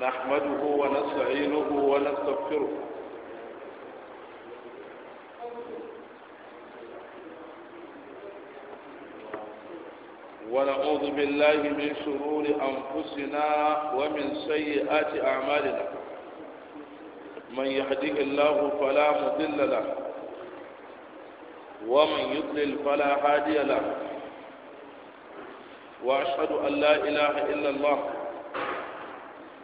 نحمده ونستعينه ونستغفره ونعوذ بالله من شرور أنفسنا ومن سيئات أعمالنا من يهده الله فلا مضل له ومن يضلل فلا هادي له وأشهد أن لا إله إلا الله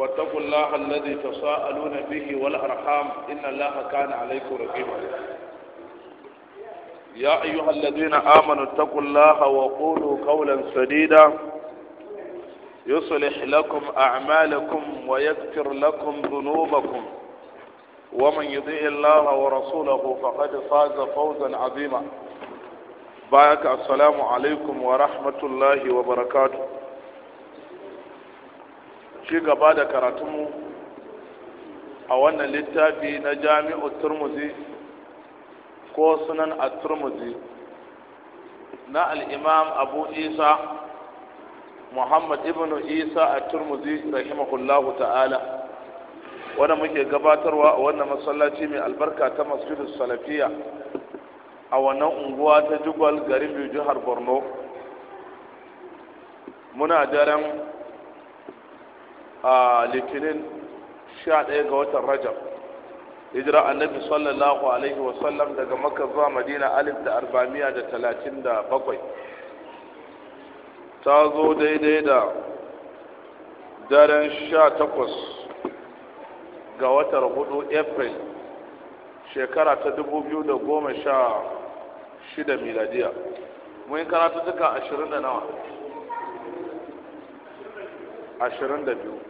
واتقوا الله الذي تساءلون به والأرحام إن الله كان عليكم رقيبا يا أيها الذين آمنوا اتقوا الله وقولوا قولا سديدا يصلح لكم أعمالكم ويكفر لكم ذنوبكم ومن يطيع الله ورسوله فقد فاز فوزا عظيما بارك السلام عليكم ورحمة الله وبركاته ci gaba da karatunmu a wannan littafi na jami'u turmuzi ko sunan a turmuzi na al'imam abu isa muhammad ibn isa a turmuzi rahimahullahu ta'ala wanda muke gabatarwa a wannan masallaci mai albarka ta masjidus salafiya a wannan unguwa ta jugwal garin biyu jihar borno muna daren a litinin 11 ga watan rajab hijira annabi sallallahu alaihi wasallam daga makka zuwa madina alif da arba'amiya da talatin da bakwai ta zo daidai da daren 18 ga watan hudu april shekara ta 2016 miladiya mun karatu duka 20 da nawa 22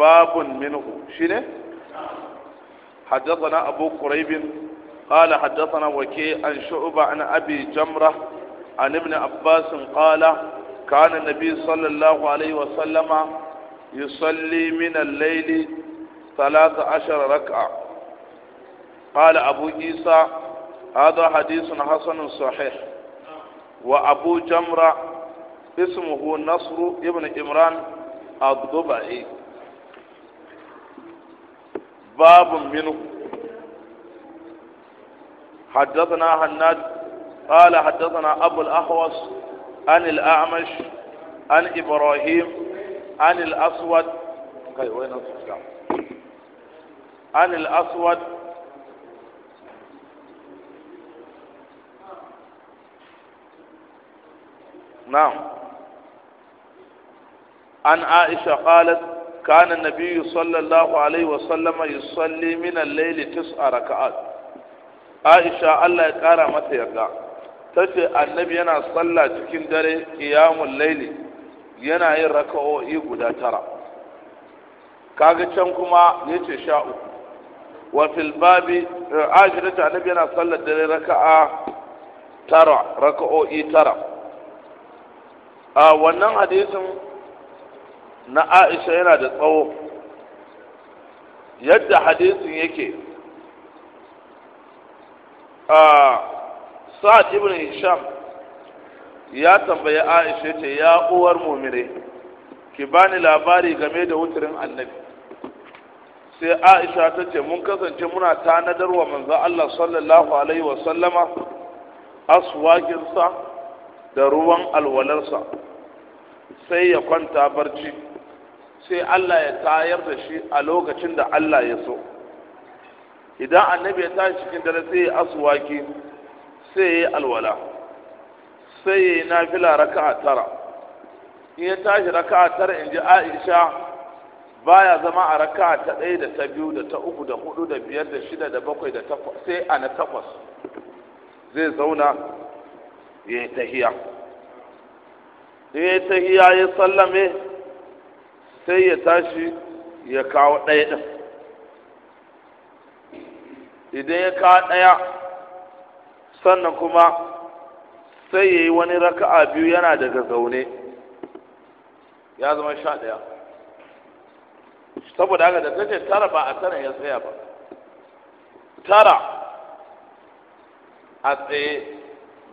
باب منه شنو حدثنا أبو قريب قال حدثنا وكيع عن شعبة عن أبي جمرة عن ابن عباس قال كان النبي صلى الله عليه وسلم يصلي من الليل ثلاث عشر ركعة قال أبو عيسى هذا حديث حسن صحيح وأبو جمرة اسمه نصر ابن إمران الضبعي باب منه حدثنا هناد قال حدثنا أبو الأحوص عن الأعمش عن إبراهيم عن الأسود وين عن الأسود نعم عن عائشة قالت كان النبي صلى الله عليه وسلم يصلي من الليل تسع ركعات عائشة الله يقرأ متى يرجع تشي النبي أنا صلى تكين دري قيام الليل yana yin raka'o'i guda tara kaga can kuma ya ce wa fil babi ajira annabi yana sallar dare raka'a tara tara a wannan hadisin na aisha yana da tsawo yadda hadisin yake a sa'ad ibn hisham ya tambayi aisha ce ya uwar mumire ki bani labari game da wutirin annabi sai aisha ta ce mun kasance muna tanadar wa manzo Allah sallallahu alaihi wa sallama aswakinsa da ruwan alwalarsa sai ya kwanta barci sai Allah ya tayar da shi a lokacin da Allah ya so idan annabi ya tashi cikin dare sai ya aswaki sai ya yi alwala sai ya yi nafila raka'a tara in ya tashi raka'a tara in ji Aisha baya zama a raka'a ta ɗaya da ta biyu da ta uku da hudu da biyar da shida da bakwai da takwas sai a na takwas zai zauna ya yi tahiya in ya yi tahiya ya sallame sai ya tashi ya kawo ɗaya ɗin idan ya kawo ɗaya sannan kuma sai ya yi wani raka'a biyu yana daga zaune ya zama sha ɗaya saboda haka da kace tara ba a tara ya tsaya ba tara a tsaye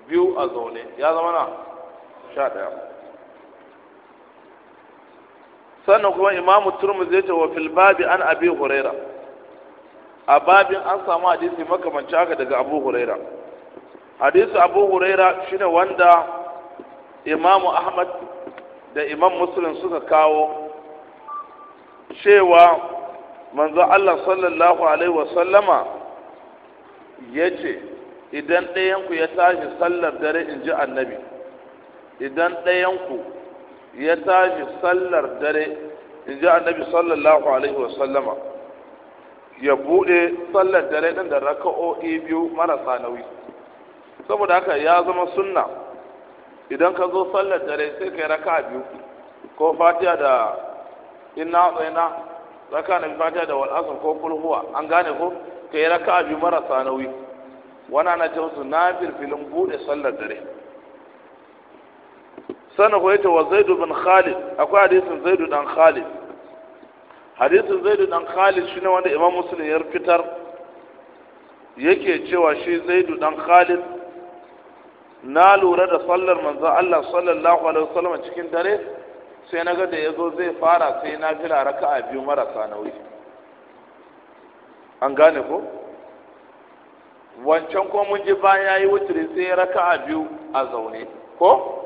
biyu a zaune ya zama na sha ɗaya sannan kuma imamu turmuzi ya ce wa filbabi an abi huraira a babin an samu hadisi makamanci haka daga abu huraira hadisi abu huraira shine wanda imamu ahmad da imam muslim suka kawo cewa manzo allah sallallahu alaihi wasallama ya ce idan ɗayanku ya tashi sallar dare in ji annabi idan ɗayanku ya tashi sallar dare in ji annabi sallallahu alaihi wa sallama ya bude sallar dare din da raka'o'i biyu marasa nauyi saboda haka ya zama sunna idan ka zo sallar dare sai kai raka'a biyu ko fatiha da inna tsaina raka na fatiha da wal asr ko kulhuwa? huwa an gane ko kai raka'a biyu marasa nauyi wannan na ce na nafil filin bude sallar dare sana ko yace wa zaidu bin khalid akwai hadisin zaidu dan khalid hadisin zaidu dan khalid shine wanda imam muslim ya fitar yake cewa shi zaidu dan khalid na lura da sallar manzo Allah sallallahu alaihi wasallam cikin dare sai na ga da yazo zai fara sai na fila raka'a biyu marasa nauyi an gane ko wancan ko mun ji bayan yayi wuturi sai raka'a biyu a zaune ko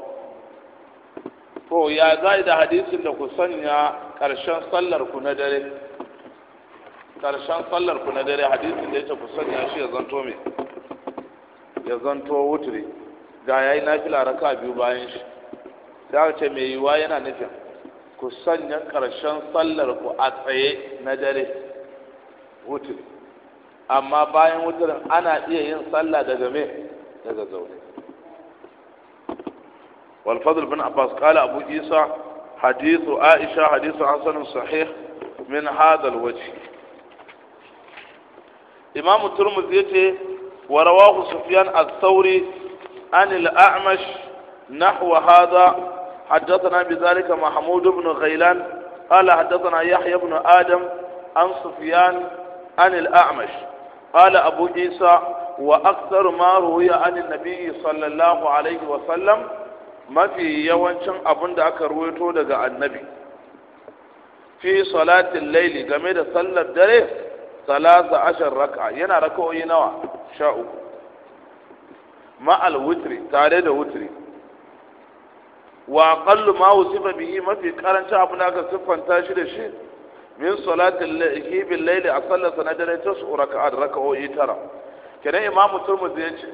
to ya zai da hadisin da ku sanya ƙarshen sallar ku na dare ƙarshen sallar ku na dare hadisin da yake ku sanya shi ya zanto me ya zanto wuturi ga yayi nafila raka biyu bayan shi da ce mai yiwa yana nufin ku sanya ƙarshen sallar ku a tsaye na dare wuturi amma bayan wuturin ana iya yin sallah daga me daga zaune والفضل بن عباس قال أبو عيسى حديث عائشة حديث حسن صحيح من هذا الوجه إمام الترمذي ورواه سفيان الثوري عن الأعمش نحو هذا حدثنا بذلك محمود بن غيلان قال حدثنا يحيى بن آدم عن سفيان عن الأعمش قال أبو عيسى وأكثر ما روي عن النبي صلى الله عليه وسلم mafi yawancin abin da aka ruwaito daga annabi fi salatin laili game da sallar dare salasa ashar raka yana raka'o'i nawa sha uku ma'al wutri tare da wutri wa aqallu ma wusifa bihi mafi karancin abin da aka siffanta shi da shi min salatin laili bil laili a sallar sanadare ta su raka'at raka'o'i tara kenan imamu turmuzi ya ce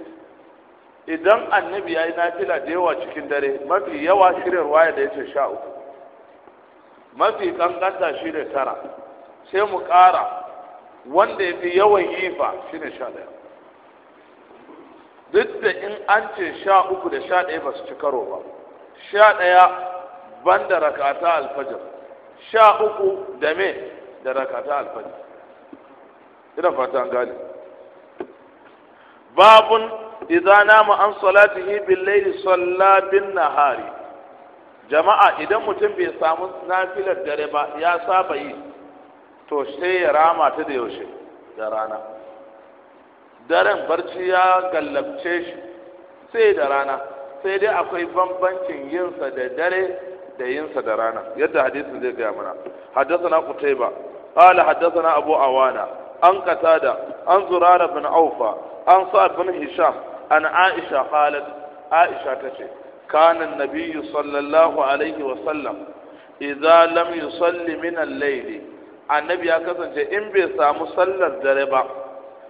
idan annabi ya yi nafila da yawa cikin dare mafi yawa shirin waye da ya ce sha uku mafi kankanta shi ne tara sai mu ƙara wanda ya fi yawan yi fa shi ne sha ɗaya duk da in an ce sha uku da sha ɗaya ba su ci karo ba sha ɗaya ban da rakata alfajir sha uku da me da rakata alfajir ina fata an gane babun idza nama an salatihi bil layli salla nahari jama'a idan mutum bai samu nafilar dare ba ya saba yi to sai ya rama ta da yaushe da rana daren barci ya gallabce shi sai da rana sai dai akwai bambancin yinsa da dare da yinsa da rana yadda hadisin zai gaya mana haddasa na kutaiba قال حدثنا أبو عوانة an qatada an zurara bin aufa an sa'ad bin hisham an aisha qalat aisha tace kana an-nabiyyu sallallahu alaihi wa sallam idza lam yusalli min al-layli annabi ya kasance in bai samu sallar dare ba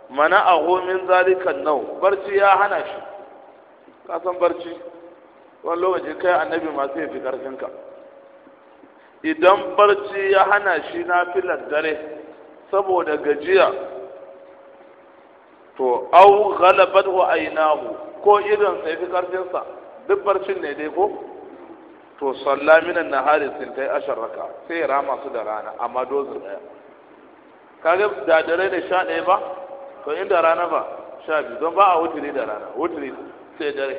mana aho min zalika nau barci ya hana shi ka san barci wani lokaci kai annabi ma sai fi karfin ka idan barci ya hana shi na filar dare saboda gajiya to au wa aynahu ko idan sai fi karfin sa duk barcin ne dai ko to salla minan nahari sintai ashar raka sai rama su da rana amma dozu daya kaga da dare ne sha ɗaya ba to inda rana ba sha biyu don ba a wuturi da rana wuturi sai dare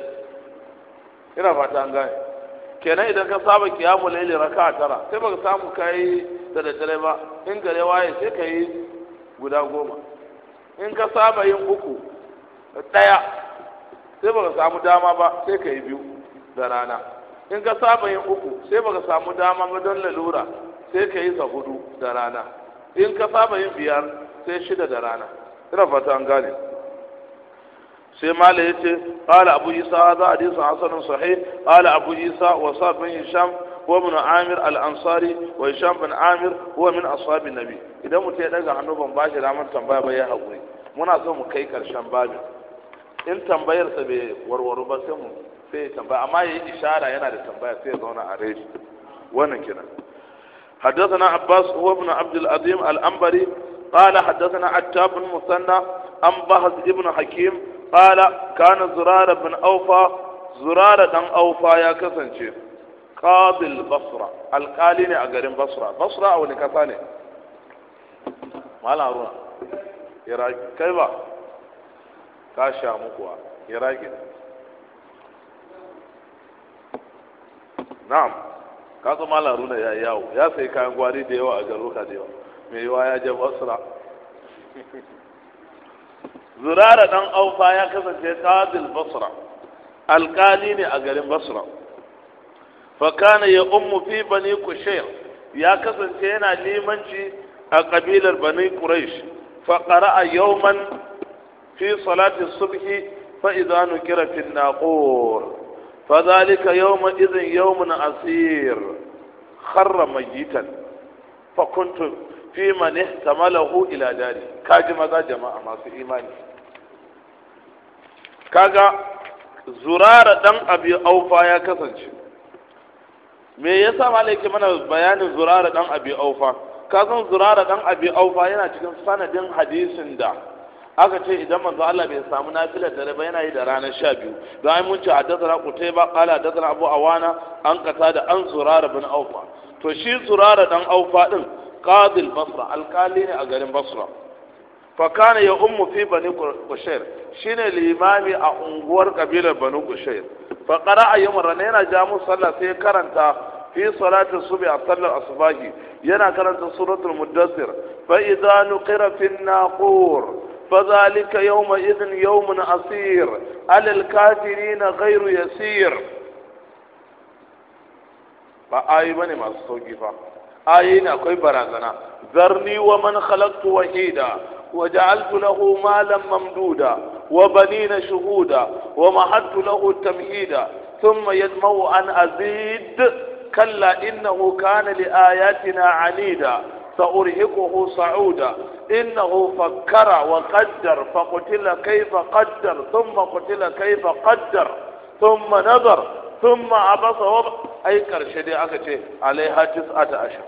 ina fata an gane kenan idan ka saba kiyamu laili raka tara sai baka samu kai da daddare ba in gare waye sai ka yi guda goma in ka saba yin uku ɗaya sai baka samu dama ba sai ka yi biyu da rana in ka saba yin uku sai baka samu dama ba don lalura sai ka yi sa hudu da rana in ka saba yin biyar sai shida da rana ina fata an gane sai mala ya ce ƙala abu isa hada hadisun hasanun sahih ƙala abu isa wa sa bin hisham هو من عامر الأنصاري وهشام بن عامر هو من أصحاب النبي إذا متى يدعى عنه بمباشر عمل تنبأ بيا هقولي muna so mu kai karshen babin in tambayar sa bai warware ba sai mu sai ya tambaya amma ishara yana da tambaya sai ya zauna a reji wannan kenan حدثنا عباس هو ابن عبد العظيم الأنبري قال حدثنا عتاب بن مثنى عن بهز ابن حكيم qala kana zurara bin ɗan zurara aufa ya kasance qadil basra alqali ne a garin basra basra a wani kasa ne malam haruna iraki kai ba ka sha mukuwa iraki na'am ka san malam haruna ya yawo ya sai kayan gwari da yawa a garuka da yawa mai yawa ya je basra زرارة دان أوفا يا كذا قاد البصرة القاليني أجر البصرة فكان يأم في بني كشير يا كذا سينا ليمنجي القبيلة بني قريش فقرأ يوما في صلاة الصبح فإذا نكر في الناقور فذلك يوم إذن يوم أسير خر ميتا فكنت في من احتمله إلى ذلك كاجم ذا جماعة ما في إيماني kaga zurara dan abi aufa ya kasance me yasa malaike mana bayanin zurara dan abi aufa kazan zurara dan abi aufa yana cikin sanadin hadisin da aka ce idan manzo Allah bai samu nafilar dare ba yana yi da ranar 12 da ai mun ce hadathana qutayba qala hadathana abu awana an kasa da an zurara bin aufa to shi zurara dan aufa din qadil basra alkali ne a garin basra فكان يؤم في بني قشير شين الإمام أنغور قبيلة بني قشير فقرأ يوم رنين جامو صلى في كرنتا في صلاة الصبح أصلى الأصباحي ينا كرنتا سورة المدسر فإذا نقر في الناقور فذلك يومئذ يوم أسير على الكافرين غير يسير فآي بني ما استوجفا آيين أكوي برازنا ذرني ومن خلقت وحيدا وجعلت له مالا ممدودا وبنين شهودا ومهدت له تمهيدا ثم يدمع أن أزيد كلا إنه كان لآياتنا عنيدا سأرهقه صعودا إنه فكر وقدر فقتل كيف قدر ثم قتل كيف قدر ثم نظر ثم عبس وضع أي كرشة عليها تسعة أشهر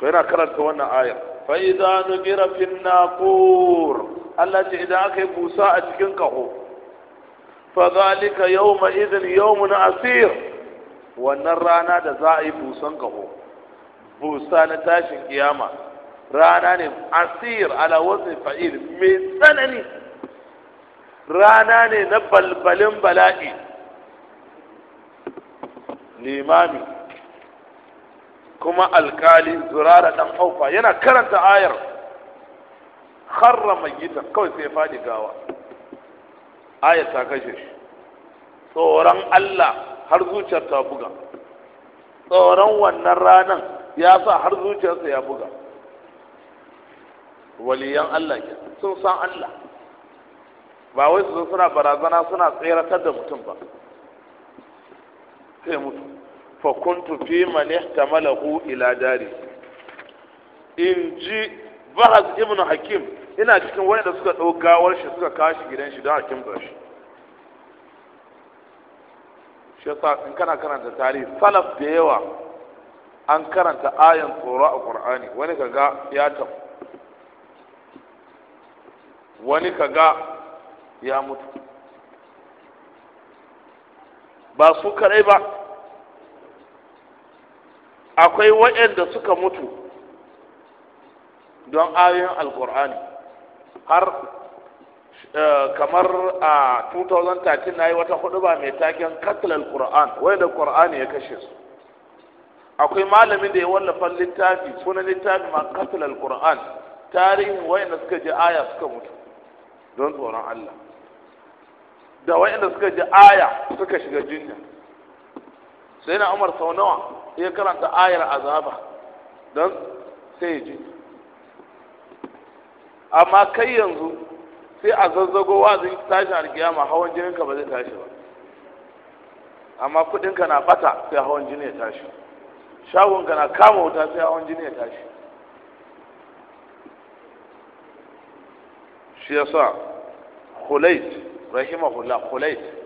فهنا كررت وانا آية فإذا نقر في الناقور التي إذا أكي بوساء تكنكه فذلك يومئذ na عسير wannan rana da za a yi busan kaho busa na tashin kiyama rana ne asir ala wasu fa'il mai tsanani rana ne na balbalin bala'i limami kuma alkali zurara dan aufa yana karanta ayar kharra gita kawai sai fadi gawa ayar ta kashe shi tsoron Allah har zuciyar ta buga tsoron wannan ranan ya sa har zuciyarsa ya buga waliyan Allah ke sun san Allah ba wai su suna barazana suna tseratar da mutum ba sai mutu fa kuntu fi man ihtamalahu ila dari in ji bahaz ibnu hakim ina cikin wanda suka ɗau gawar shi suka kashi gidan shi don Hakim ba shi shata in kana karanta tarihi salaf da yawa an karanta ayan tsoro a qur'ani wani kaga ya ta wani kaga ya mutu ba su kare ba akwai waɗanda suka mutu don ayoyin alkur'ani har eh, kamar a 2013 na yi wata hudu ba mai taken katil kur'an wanda kur'ani ya kashe su akwai malamin da ya wallafa littafi sunan littafi ma katil kur'an tarihin wayanda suka ji aya suka mutu don tsoron Allah da wayanda suka ji aya suka shiga jinya sai na umar sau nawa ya karanta ayar azaba don sai ya ji amma kai yanzu sai a zazzago wazin tashi alkiyama hawan jinin ka ba zai tashi ba amma kudin ka na bata sai hawan jini ya tashi shagon ka na kama wuta sai hawan jini ya tashi shi yasa khulait rahimahullah khulait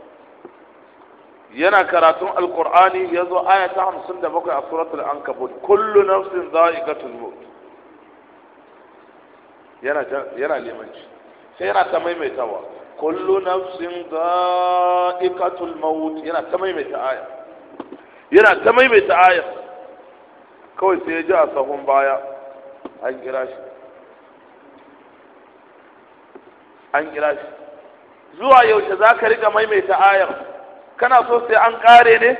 yana karatun alkur'ani ya zo aya ta hamsin da bakwai a suratul ankabut kullu nafsin za'iqatul maut yana yana limanci sai yana ta maimaitawa kullu nafsin za'iqatul maut yana ta maimaita aya yana ta maimaita aya kawai sai ya ji a sahun baya an kira shi an kira shi zuwa yaushe za ka riga maimaita ayar kana so sai an kare ne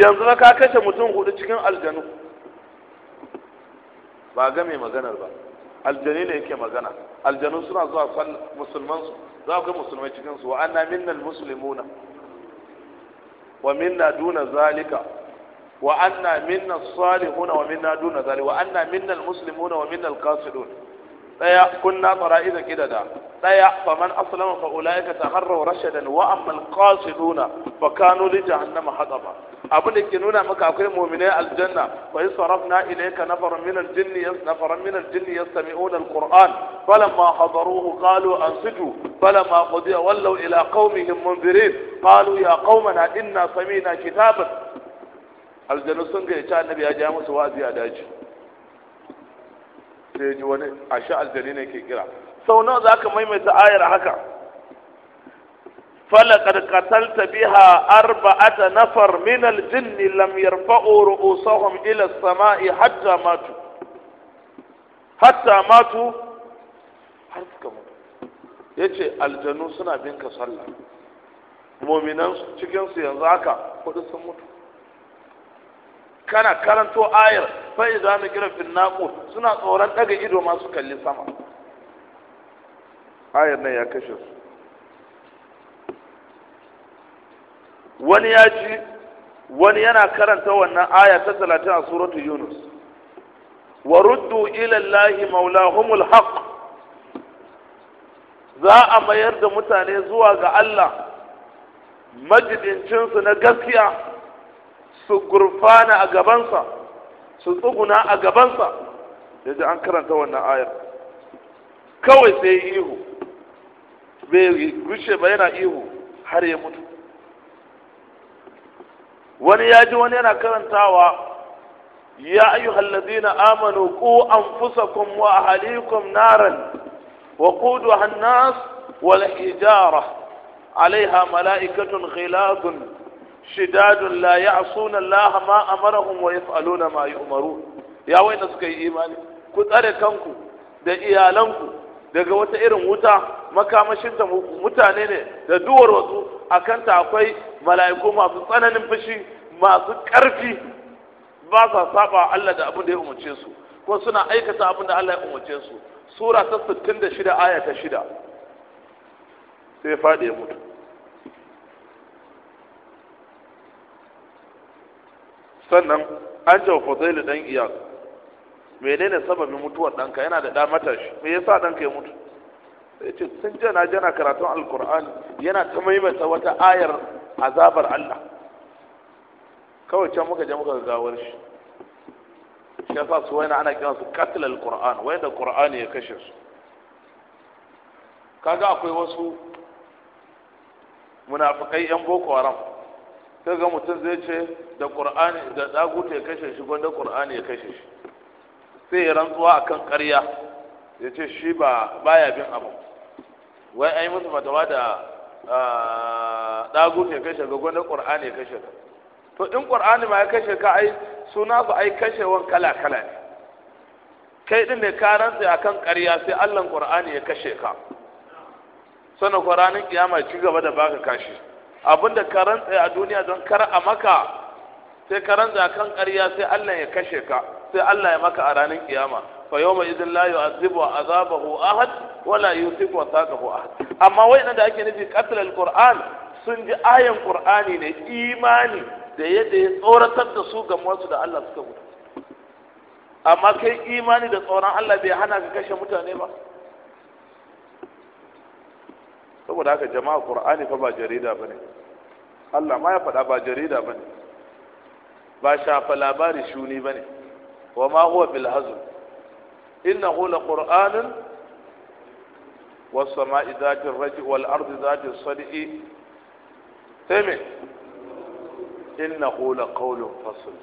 yanzu na ka kashe mutum hudu cikin aljanu ba ga mai maganar ba aljani ne yake magana aljanu suna zuwa musulman su za ku musulmai cikin su wa anna minnal muslimuna wa minna duna zalika wa anna minna salihuna wa minna duna zalika wa anna minnal muslimuna wa minnal qasidun ضيع كنا طرائذ كده ده ضيع فمن أسلم فأولئك تغروا رشدا وأما القاصدون فكانوا لجهنم حضبا أبو لكنونا مكاكل مؤمنين الجنة وإن صرفنا إليك نفر من الجن نفر من الجن يستمعون القرآن فلما حضروه قالوا أنسجوا فلما قضي ولوا إلى قومهم منذرين قالوا يا قومنا إنا سمينا كتابا الجنة سنجي النبي أجامس وازي أداجه sai ji wani a sha aljani ne ke kira sau nawa za ka maimaita ayar haka falakar ta biha arba'ata nafar min aljinni lam yarfa'u ru'usahum ila samai hatta matu hatta matu har suka mutu yace aljanu suna bin ka sallah muminan cikinsu yanzu haka kudu sun mutu kana karanto ayar fa idza nukira fil suna tsoron daga ido masu kalli sama ayar nan ya kashe su wani ya ji wani yana karanta wannan aya ta talatin a suratu yunus wa ruddu ila allahi maulahumul haqq za a mayar da mutane zuwa ga allah majidincinsu na gaskiya su gurfana a gabansa su tsuguna a gabansa da ji an karanta wannan ayar kawai sai yi ihu bai rushe ba yana ihu har ya mutu wani ya ji wani yana karantawa ya ayyuhal ladina amanu ku anfusakum wa ahlikum naran wa quduha an-nas wal hijara alaiha mala'ikatun ghiladun shidadun لا يعصون الله ما امرهم ويفعلون ما ma يا ya suka yi imani ku tsare kanku da iyalanku daga wata irin wuta makamashin ta mutane ne da duwar wasu akan ta akwai mala'iku masu tsananin fushi masu ƙarfi. ba sa saba Allah da abin da ya umarce su ko suna aikata abin da Allah ya umarce su sura ta 66 aya ta 6 sai faɗi ya mutu sannan an jawo fadailu dan iyas menene sababin mutuwar ɗanka yana da ɗa matashi me yasa danka ya mutu sai ce sun jana jana karatun alkur'ani yana ta maimaita wata ayar azabar allah kawai can muka je muka gawar shi shi yasa su wani ana kiran su katil alkur'an da qur'ani ya kashe su kaga akwai wasu munafikai yan boko haram sai ga mutum zai ce da ƙur'ani da daguta ya kashe shi gwanda ƙur'ani ya kashe shi sai ya rantsuwa a kan ƙarya ya ce shi ba baya bin abu wai ai musu fatawa da daguta ya kashe ga gwanda ƙur'ani ya kashe ka to in ƙur'ani ma ya kashe ka ai suna ba ai kashewan kala kala ne kai din ne ka a kan ƙarya sai Allah ƙur'ani ya kashe ka sannan ranar kiyama ci gaba da baka kashe. abinda ka rantsa a duniya don kar a maka sai ka rantsa kan ƙarya sai Allah ya kashe ka sai Allah ya maka a ranar kiyama fa yawma idin la yu'azzibu azabahu ahad wala yusifu wasaqahu ahad amma wai da ake nufi qatl alquran sun ji ayan qur'ani ne imani da yadda ya tsoratar da su ga wasu da Allah suka gudu amma kai imani da tsoron Allah bai hana ka kashe mutane ba saboda haka jama'a qur'ani fa ba jarida bane Allah ma ya faɗa ba jarida bane ba shafa labari shuni bane wa ma huwa bil hazl innahu laqur'anun والسماء ذات الرجع والأرض ذات الصدع سمع إنه لقول فصل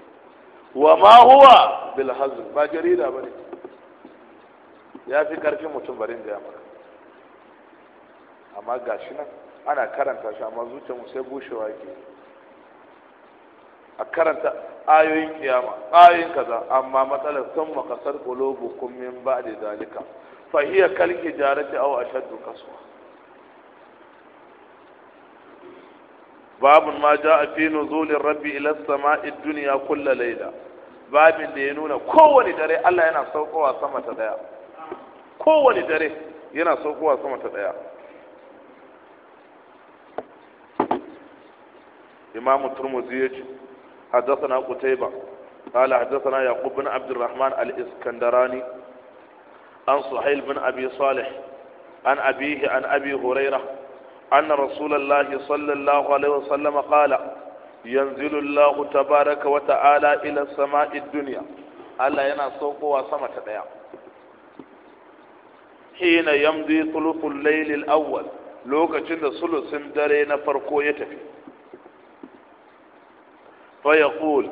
وما هو بالهزل ما جريدة بني يا في كركي متنبرين دي أمر amma shi nan ana karanta shi amma zuciyarmu sai bushewa ke a karanta ayoyin kiyama ayoyin kaza amma matsalar sun makasar qulubukum min da zalika fa hiya kal hijarati aw ashaddu qaswa babun ma jaa fi nuzulir rabbi ila as-sama'i ad-dunya kull layla babin da ya nuna kowane dare Allah yana saukowa sama ta daya kowane dare yana saukowa sama ta daya إمام الترمذي حدثنا قتيبة قال حدثنا يعقوب بن عبد الرحمن الإسكندراني عن صهيل بن أبي صالح عن أبيه عن أبي هريرة أن رسول الله صلى الله عليه وسلم قال ينزل الله تبارك وتعالى إلى السماء الدنيا ألا ينسوق وسمة ديا حين يمضي ثلث الليل الأول لوكا da ثلث dare na يتفي fa yaqul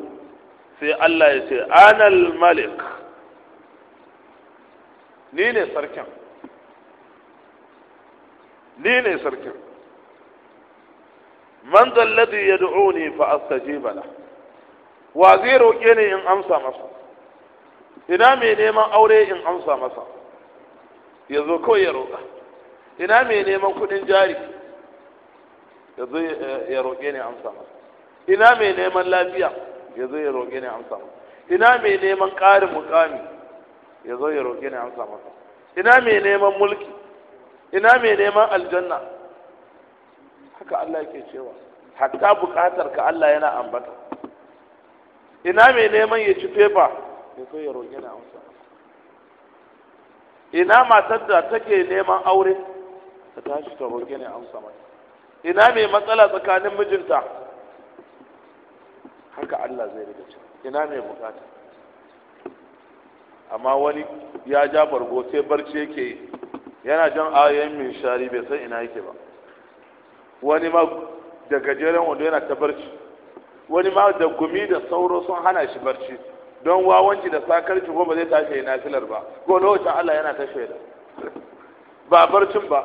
sai Allah ya ce anal malik ni ne sarkin ni ne sarkin man zalladi ya du'uni fa astajiba la wa zai roƙe ni in amsa masa ina mai neman aure in amsa masa ya zo kawai ya roƙa ina mai neman kuɗin jari ya zo ya roƙe amsa masa ina mai neman lafiya ya zo ya roƙe ni amsa masa ina mai neman ƙarin mukami ya zo ya roƙe ni amsa masa ina mai neman mulki ina mai neman aljanna haka Allah yake cewa hatta buƙatar ka Allah yana ambata ina mai neman ya ci fefa ya zo ya roƙe ni amsa ina matar da take neman aure ta tashi ta roƙe ni amsa mata ina mai matsala tsakanin mijinta haka Allah zai rika ci ina mai bukata amma wani ya ja bargo sai barci yake yi yana jan ayoyin min shari bai san ina yake ba wani ma da gajeren wando yana ta barci wani ma da gumi da sauro sun hana shi barci don wawanci da sakarci ko ba zai tashi ina filar ba ko lokacin Allah yana ta shaida ba barcin ba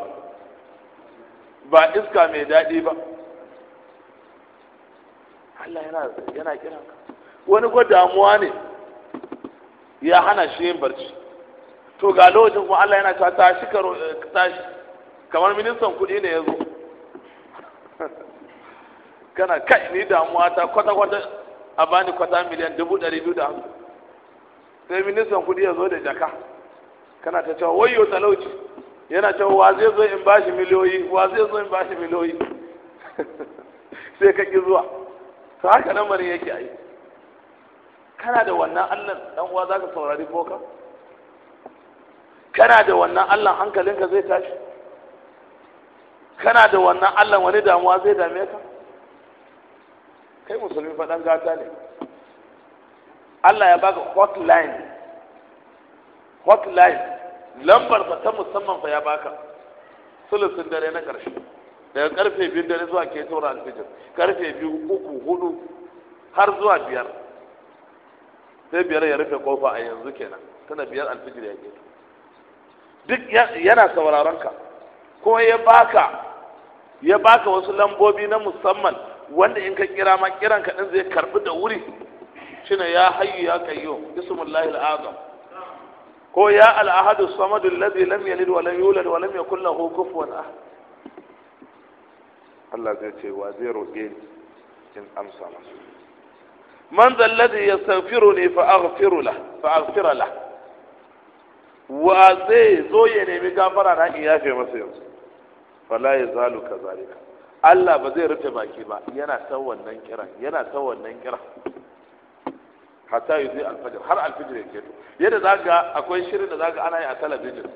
ba iska mai daɗi ba Allah yana yana kiran ka wani ko damuwa ne ya hana shi yin barci to ga lokacin kuma Allah yana cewa tashi ka eh, tashi kamar ministan kuɗi ne ya zo kana kai ni damuwa ta kwata kwata a bani kwata miliyan dubu ɗari biyu da hamsin sai ministan kuɗi ya zo da jaka kana ta cewa wayo talauci yana cewa wa zai zo in bashi miliyoyi wa zai zo in bashi miliyoyi sai ka ki zuwa to haka lamarin yake ai kana da wannan Allah dan uwa zaka saurari boka kana da wannan Allah hankalinka zai tashi kana da wannan Allah wani damuwa zai dame ka kai musulmi fa dan gata ne Allah ya baka hotline hotline lambar ta musamman fa ya baka sulusun dare na ƙarshe daga karfe biyu dare zuwa ke tura alfijir karfe biyu uku hudu har zuwa biyar sai biyar ya rufe kofa a yanzu kenan tana biyar alfijir ya keto duk yana sauraron ka ko ya baka ya baka wasu lambobi na musamman wanda in ka kira ma kiran ka din zai karbi da wuri shine ya hayyu ya kayyo bismillahil azam ko ya al-ahadu samadu alladhi lam yalid wa lam yulad wa lam yakul lahu kufuwan ahad Allah zai ce wa zai roƙe ni in amsa masu man zallazi ya fa ne fa'afirala wa zai zo ya nemi gafara na in yafe masa yanzu fala ka zalika Allah ba zai rufe baki ba yana ta wannan kira yana ta wannan kira hatta zai alfajar har alfajr yake to yadda zaka akwai shirin da zaka ana yi a talabijin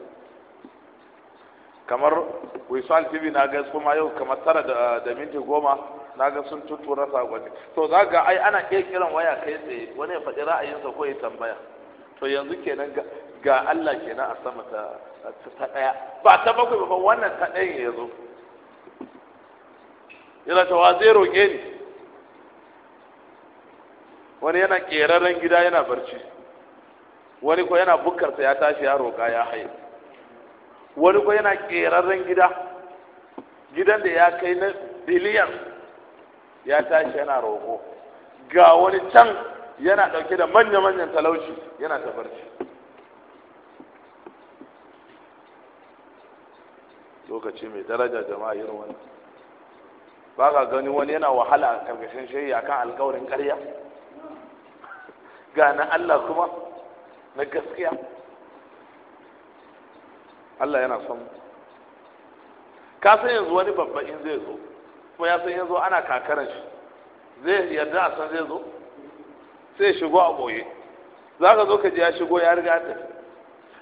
kamar wisal tv na ga kuma yau kamar tara da minti goma na ga sun tuttura sakonni to za ga ai ana iya kiran waya kai tsaye wani ya faɗi ra'ayinsa ko ya tambaya to yanzu kenan ga Allah kenan a sama ta ta ɗaya ba ta bakwai ba wannan ta ɗayan ya zo yana ta wa zai roƙe ni wani yana ƙeraren gida yana barci wani ko yana bukkarsa ya tashi ya roƙa ya haye wani ko yana ƙerarren gida gidan da ya kai na biliyan ya tashi yana roƙo ga wani can yana ɗauke da manya-manyan talauci yana tabarci lokaci mai daraja jama'a irin wani ba ka gani wani yana wahala a karkashin shayi kan alkawarin karya ga na Allah kuma na gaskiya Allah yana son ka san yanzu wani babba in zai zo kuma ya san yanzu ana kakaran shi zai yarda a san zai zo sai shigo a boye za ka zo ka ji ya shigo ya riga ta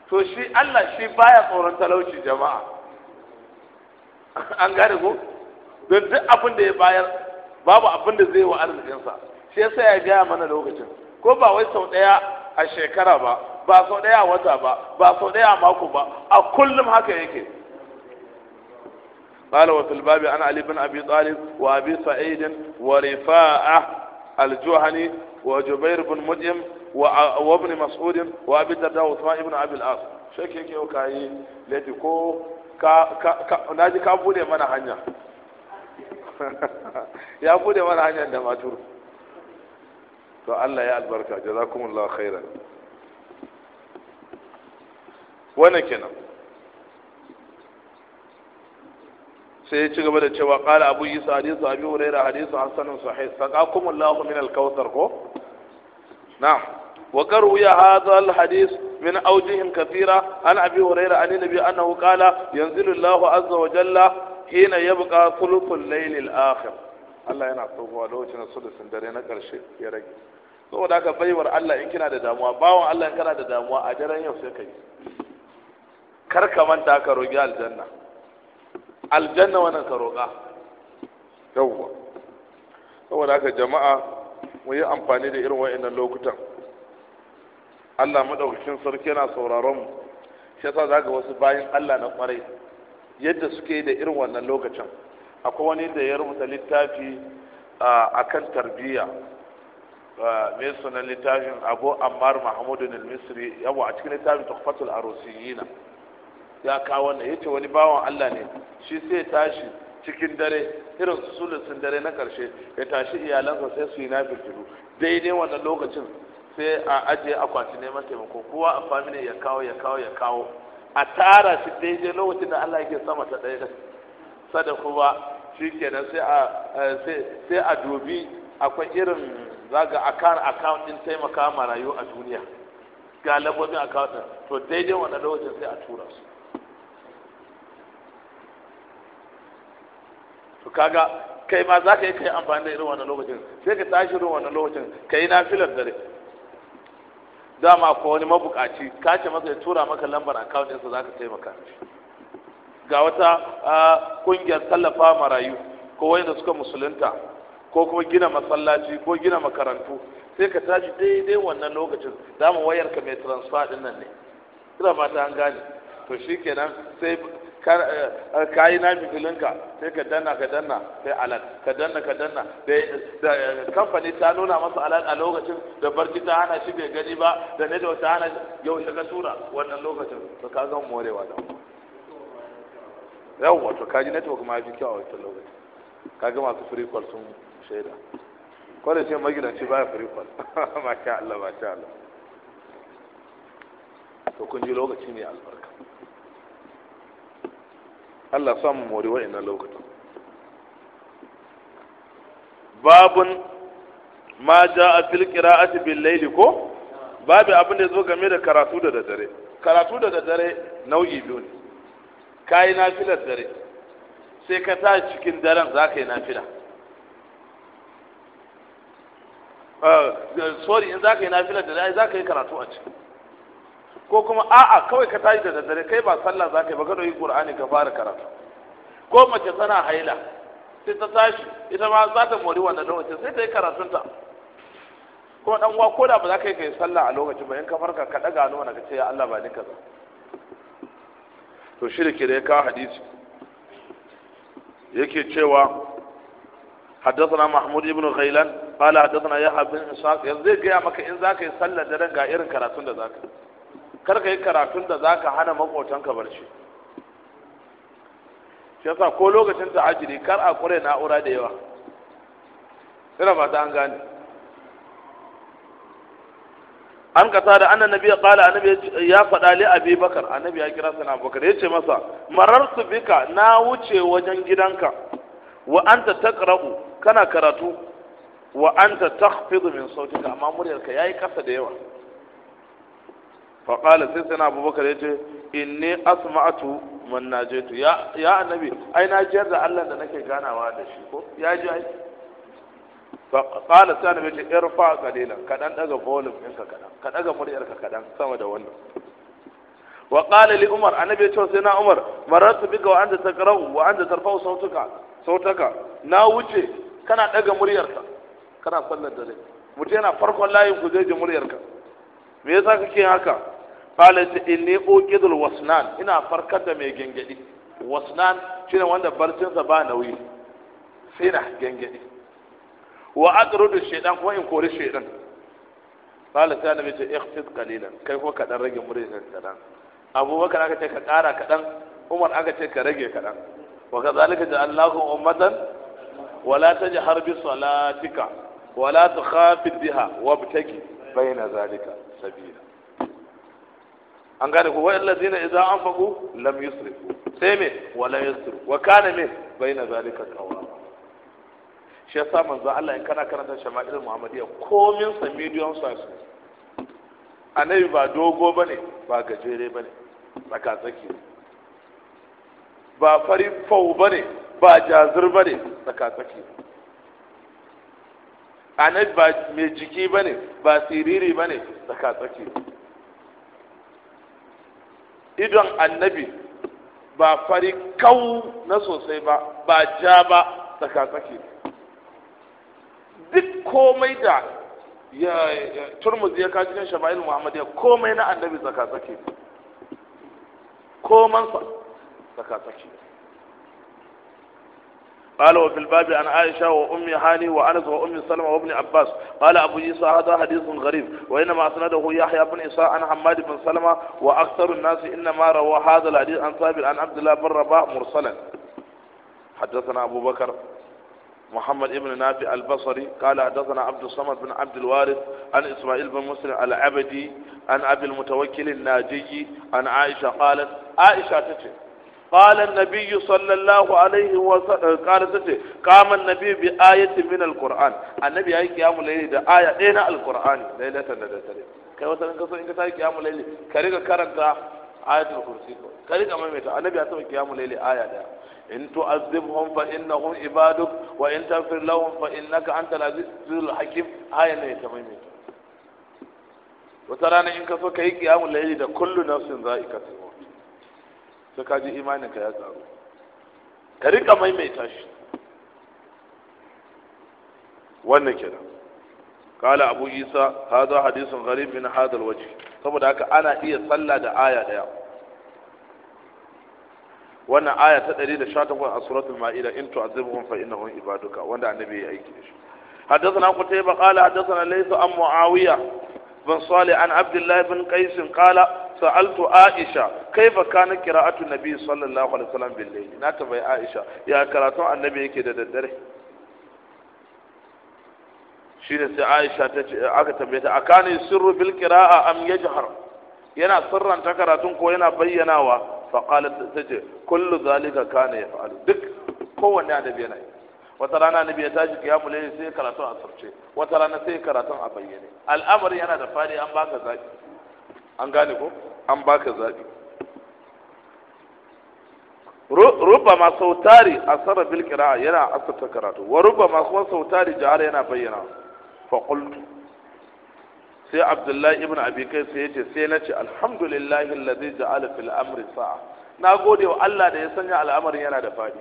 to shi Allah shi baya tsoron talauci jama'a an gane ko don duk abin da ya bayar babu abin da zai wa arzikinsa shi yasa ya gaya mana lokacin ko ba wai sau ɗaya a shekara ba ba sau ɗaya a wata ba ba sau ɗaya a mako ba a kullum haka yake قال وفي الباب عن علي بن ابي طالب وابي سعيد ورفاعه الجهني وجبير بن مدعم وابن مسعود وابي الدرداء وعثمان بن ابي العاص شكي يكي وكاي لتي كو ka ka naji ka bude mana hanya ya bude mana hanyar da maturu to Allah ya albarka jazakumullahu khairan wannan kenan sai ya ci gaba da cewa qala abu isa hadithu abi huraira hadithu hasanun sahih saqakum allah min al ko na wa qaru ya hadha al hadith min awjih kathira an abi huraira an nabi annahu qala yanzilu allah azza wa jalla hina yabqa thuluthul layl al akhir Allah yana tsohuwa lokacin da sulusun dare na ƙarshe ya rage saboda haka baiwar Allah in kina da damuwa bawon Allah in kana da damuwa a daren yau sai ka yi kar ka manta ka roƙi aljanna aljanna wannan ka roƙa yawwa saboda haka jama'a mu yi amfani da irin wa'annan lokutan Allah madaukakin sarki yana sauraron mu shi yasa zaka wasu bayan Allah na kwarai yadda suke da irin wannan lokacin akwai wani da ya rubuta littafi a kan tarbiyya mai sunan littafin abu ammar mahamudu na misri yawa a cikin littafin tuhfatul arusiyina ya kawo wannan yace wani bawan Allah ne shi sai tashi cikin dare irin sulusun dare na karshe ya tashi iyalansa sai su yi na firfiru daidai wannan lokacin sai a ajiye akwati neman taimako kowa a famine ya kawo ya kawo ya kawo a tara shi daidai lokacin da Allah yake sama ta ɗaya sada kuma shi kenan sai a eh, sai a dubi akwai irin zaga akan account din taimaka marayu a duniya ga lambobin account to daidai wannan lokacin sai a tura su kaga kai ma za ka yi kai amfani da irin wannan lokacin sai ka tashi irin wannan lokacin ka yi nafilar dare dama ko wani mabukaci ka ce masa ya tura maka lambar account ɗinsa za ka taimaka ga wata kungiyar tallafa marayu ko wanda suka musulunta ko kuma gina masallaci ko gina makarantu sai ka tashi daidai wannan lokacin dama mu wayar ka mai transfer ɗin nan ne ina ta an gane to shi shikenan sai Eh, ka yi nafi filinka sai ka danna ka danna sai alal ka danna ka danna da eh, kamfani ta nuna masa alal a lokacin da barci ta hana shi bai gani ba da ne da wata hana yaushe ka tura wannan lokacin to ka zan morewa da Yau wato kaji network ma fi kyau a wata lokacin ga masu free call sun shaida kwanan ce magidanci baya free call masha Allah masha Allah to kun ji lokaci ne albarka Allah sa mu more wa'annan lokacin babun ma a fil a bil laili ko babu abin da zo game da karatu da daddare karatu da daddare nau'i biyu ne na nafilar dare sai ka ta cikin daren za ka yi nafila ah, sorry in za ka yi nafilar dare za ka yi karatu a ciki ko kuma a'a kawai ka tashi da daddare kai ba sallah za ka yi ba ka ɗauki qur'ani ka fara karatu ko mace tana haila sai ta tashi ita ma za ta mori wannan lokacin sai ta yi karatunta kuma dan uwa ko da ba za ka yi kai sallah a lokacin ba in ka farka ka daga hannu ka ce ya Allah ba ni kaza to shi da ke da ya kawo hadisi yake cewa حدثنا محمود بن غيلان قال حدثنا يحيى بن اسحاق يزيد جاء مكه ان ذاك يصلى درن غير irin ذاك kar ka yi karatun da zaka hana makotanka barci shi yasa ko lokacin ta'ajiri kar a kure na'ura da yawa ina ta an gane an kasa da annan nabi kala annabi ya faɗa li abi bakar annabi ya kira sana bakar ya ce masa marar su bika na wuce wajen gidanka wa anta taqra'u kana karatu wa anta takhfidu min sautika amma muryarka ya yi kasa da yawa faƙala sai sai na abubakar ya ce in ne asma'atu man je ya ya annabi ai na jiyar da Allah da nake ganawa da shi ko ya ji ai faƙala sai annabi ce ƴar fa ka kaɗan ɗaga volume ɗinka kaɗan ka daga muryarka kaɗan sama da wannan wa ƙala li umar annabi ya ce sai na umar marartu bika wa anta taqra'u wa anta tarfa'u sautuka sautaka na wuce kana ɗaga muryarka kana sallar dare mutum yana farkon layin ku zai ji muryarka me yasa kake haka qala inni uqidul wasnan ina farkar da mai gengedi wasnan shine wanda barcinsa ba nauyi sina gengedi wa aqrudu shaytan ko in kori shaytan qala ta nabi ta ikhfid qalilan kai ko ka dan rage muryar kadan abubakar aka ce ka kara kadan umar aka ce ka rage kadan wa kadhalika ja'alnakum ummatan ولا تجهر بصلاتك ولا تخافت بها وابتغي بين ذلك سبيلا an gane ku wa'in lazina idza anfaqu lam yusrifu sai me wa lam yusrifu wa kana me na zalika kawa shi yasa manzo Allah in kana karanta shama'il muhammadiyya komin sa medium size annabi ba dogo bane ba gajere bane tsaka tsaki ba fari fau bane ba jazir bane tsaka tsaki annabi ba mai jiki bane ba siriri bane tsaka tsaki idon annabi ba fari kau na sosai ba ba ja ba tsakatsaki duk komai da ya turmuzi ya kaji kan shama'il muhammad ya komai na annabi tsakatsaki komansa tsakatsaki قال وفي الباب عن عائشة وأم هاني وأنس وأم سلمة وابن عباس قال أبو عيسى هذا حديث غريب وإنما أسنده يحيى بن عيسى عن حماد بن سلمة وأكثر الناس إنما روى هذا الحديث عن ثابت عن عبد الله بن رباح مرسلا حدثنا أبو بكر محمد بن نافع البصري قال حدثنا عبد الصمد بن عبد الوارث عن إسماعيل بن مسلم العبدي عن أبي المتوكل الناجي عن عائشة قالت عائشة تتي قال النبي صلى الله عليه وسلم قال تتي قام النبي بآية من القرآن النبي أي قيام الليل ده آية أين القرآن ليلة النذر kai wata in kaso in ka sai kiyamu laili ka riga karanta ayatul kursi ka riga maimaita annabi ya saba kiyamu laili aya daya in tu'azzibhum fa innahum wa in taghfir lahum fa innaka antal azizul hakim aya ne ta maimaita wata rana in kaso da sai ka ji imaninka ya tsaro ka rika maimaita shi wannan kenan kala abu isa hadha hadisun gari min hadal waje. saboda haka ana iya tsalla da aya daya wannan aya ta 118 a suratul ma'ida in tu'azibhum fa innahum ibaduka wanda annabi ya aiki da shi حدثنا قتيبة قال حدثنا ليس عن معاوية بن صالح عن عبد الله بن قيس قال سألت عائشة كيف كان قراءة النبي صلى الله عليه وسلم بالليل ناتبع عائشة يا قراءة النبي كده shi ne sai Aisha ta ce aka tambaye ta akani sirru bil qira'a am yajhar yana sirran ta karatun ko yana bayyanawa fa qalat tace kullu zalika kana yaf'alu duk kowanne yana yi wata rana annabi ya tashi kiyamu laili sai karatun a sarce wata rana sai karatun a bayyane al'amari yana da fari an baka zabi an gane ko an baka zabi rubba ma sautari a sarra bilkira yana asarta karatu wa rubba ma kuma sautari jihar yana bayyana fa qultu sai abdullahi ibn abi kai sai yace sai na ce alhamdulillahi alladhi ja'ala fil amri sa'a na gode wa Allah da ya sanya al'amarin yana da fadi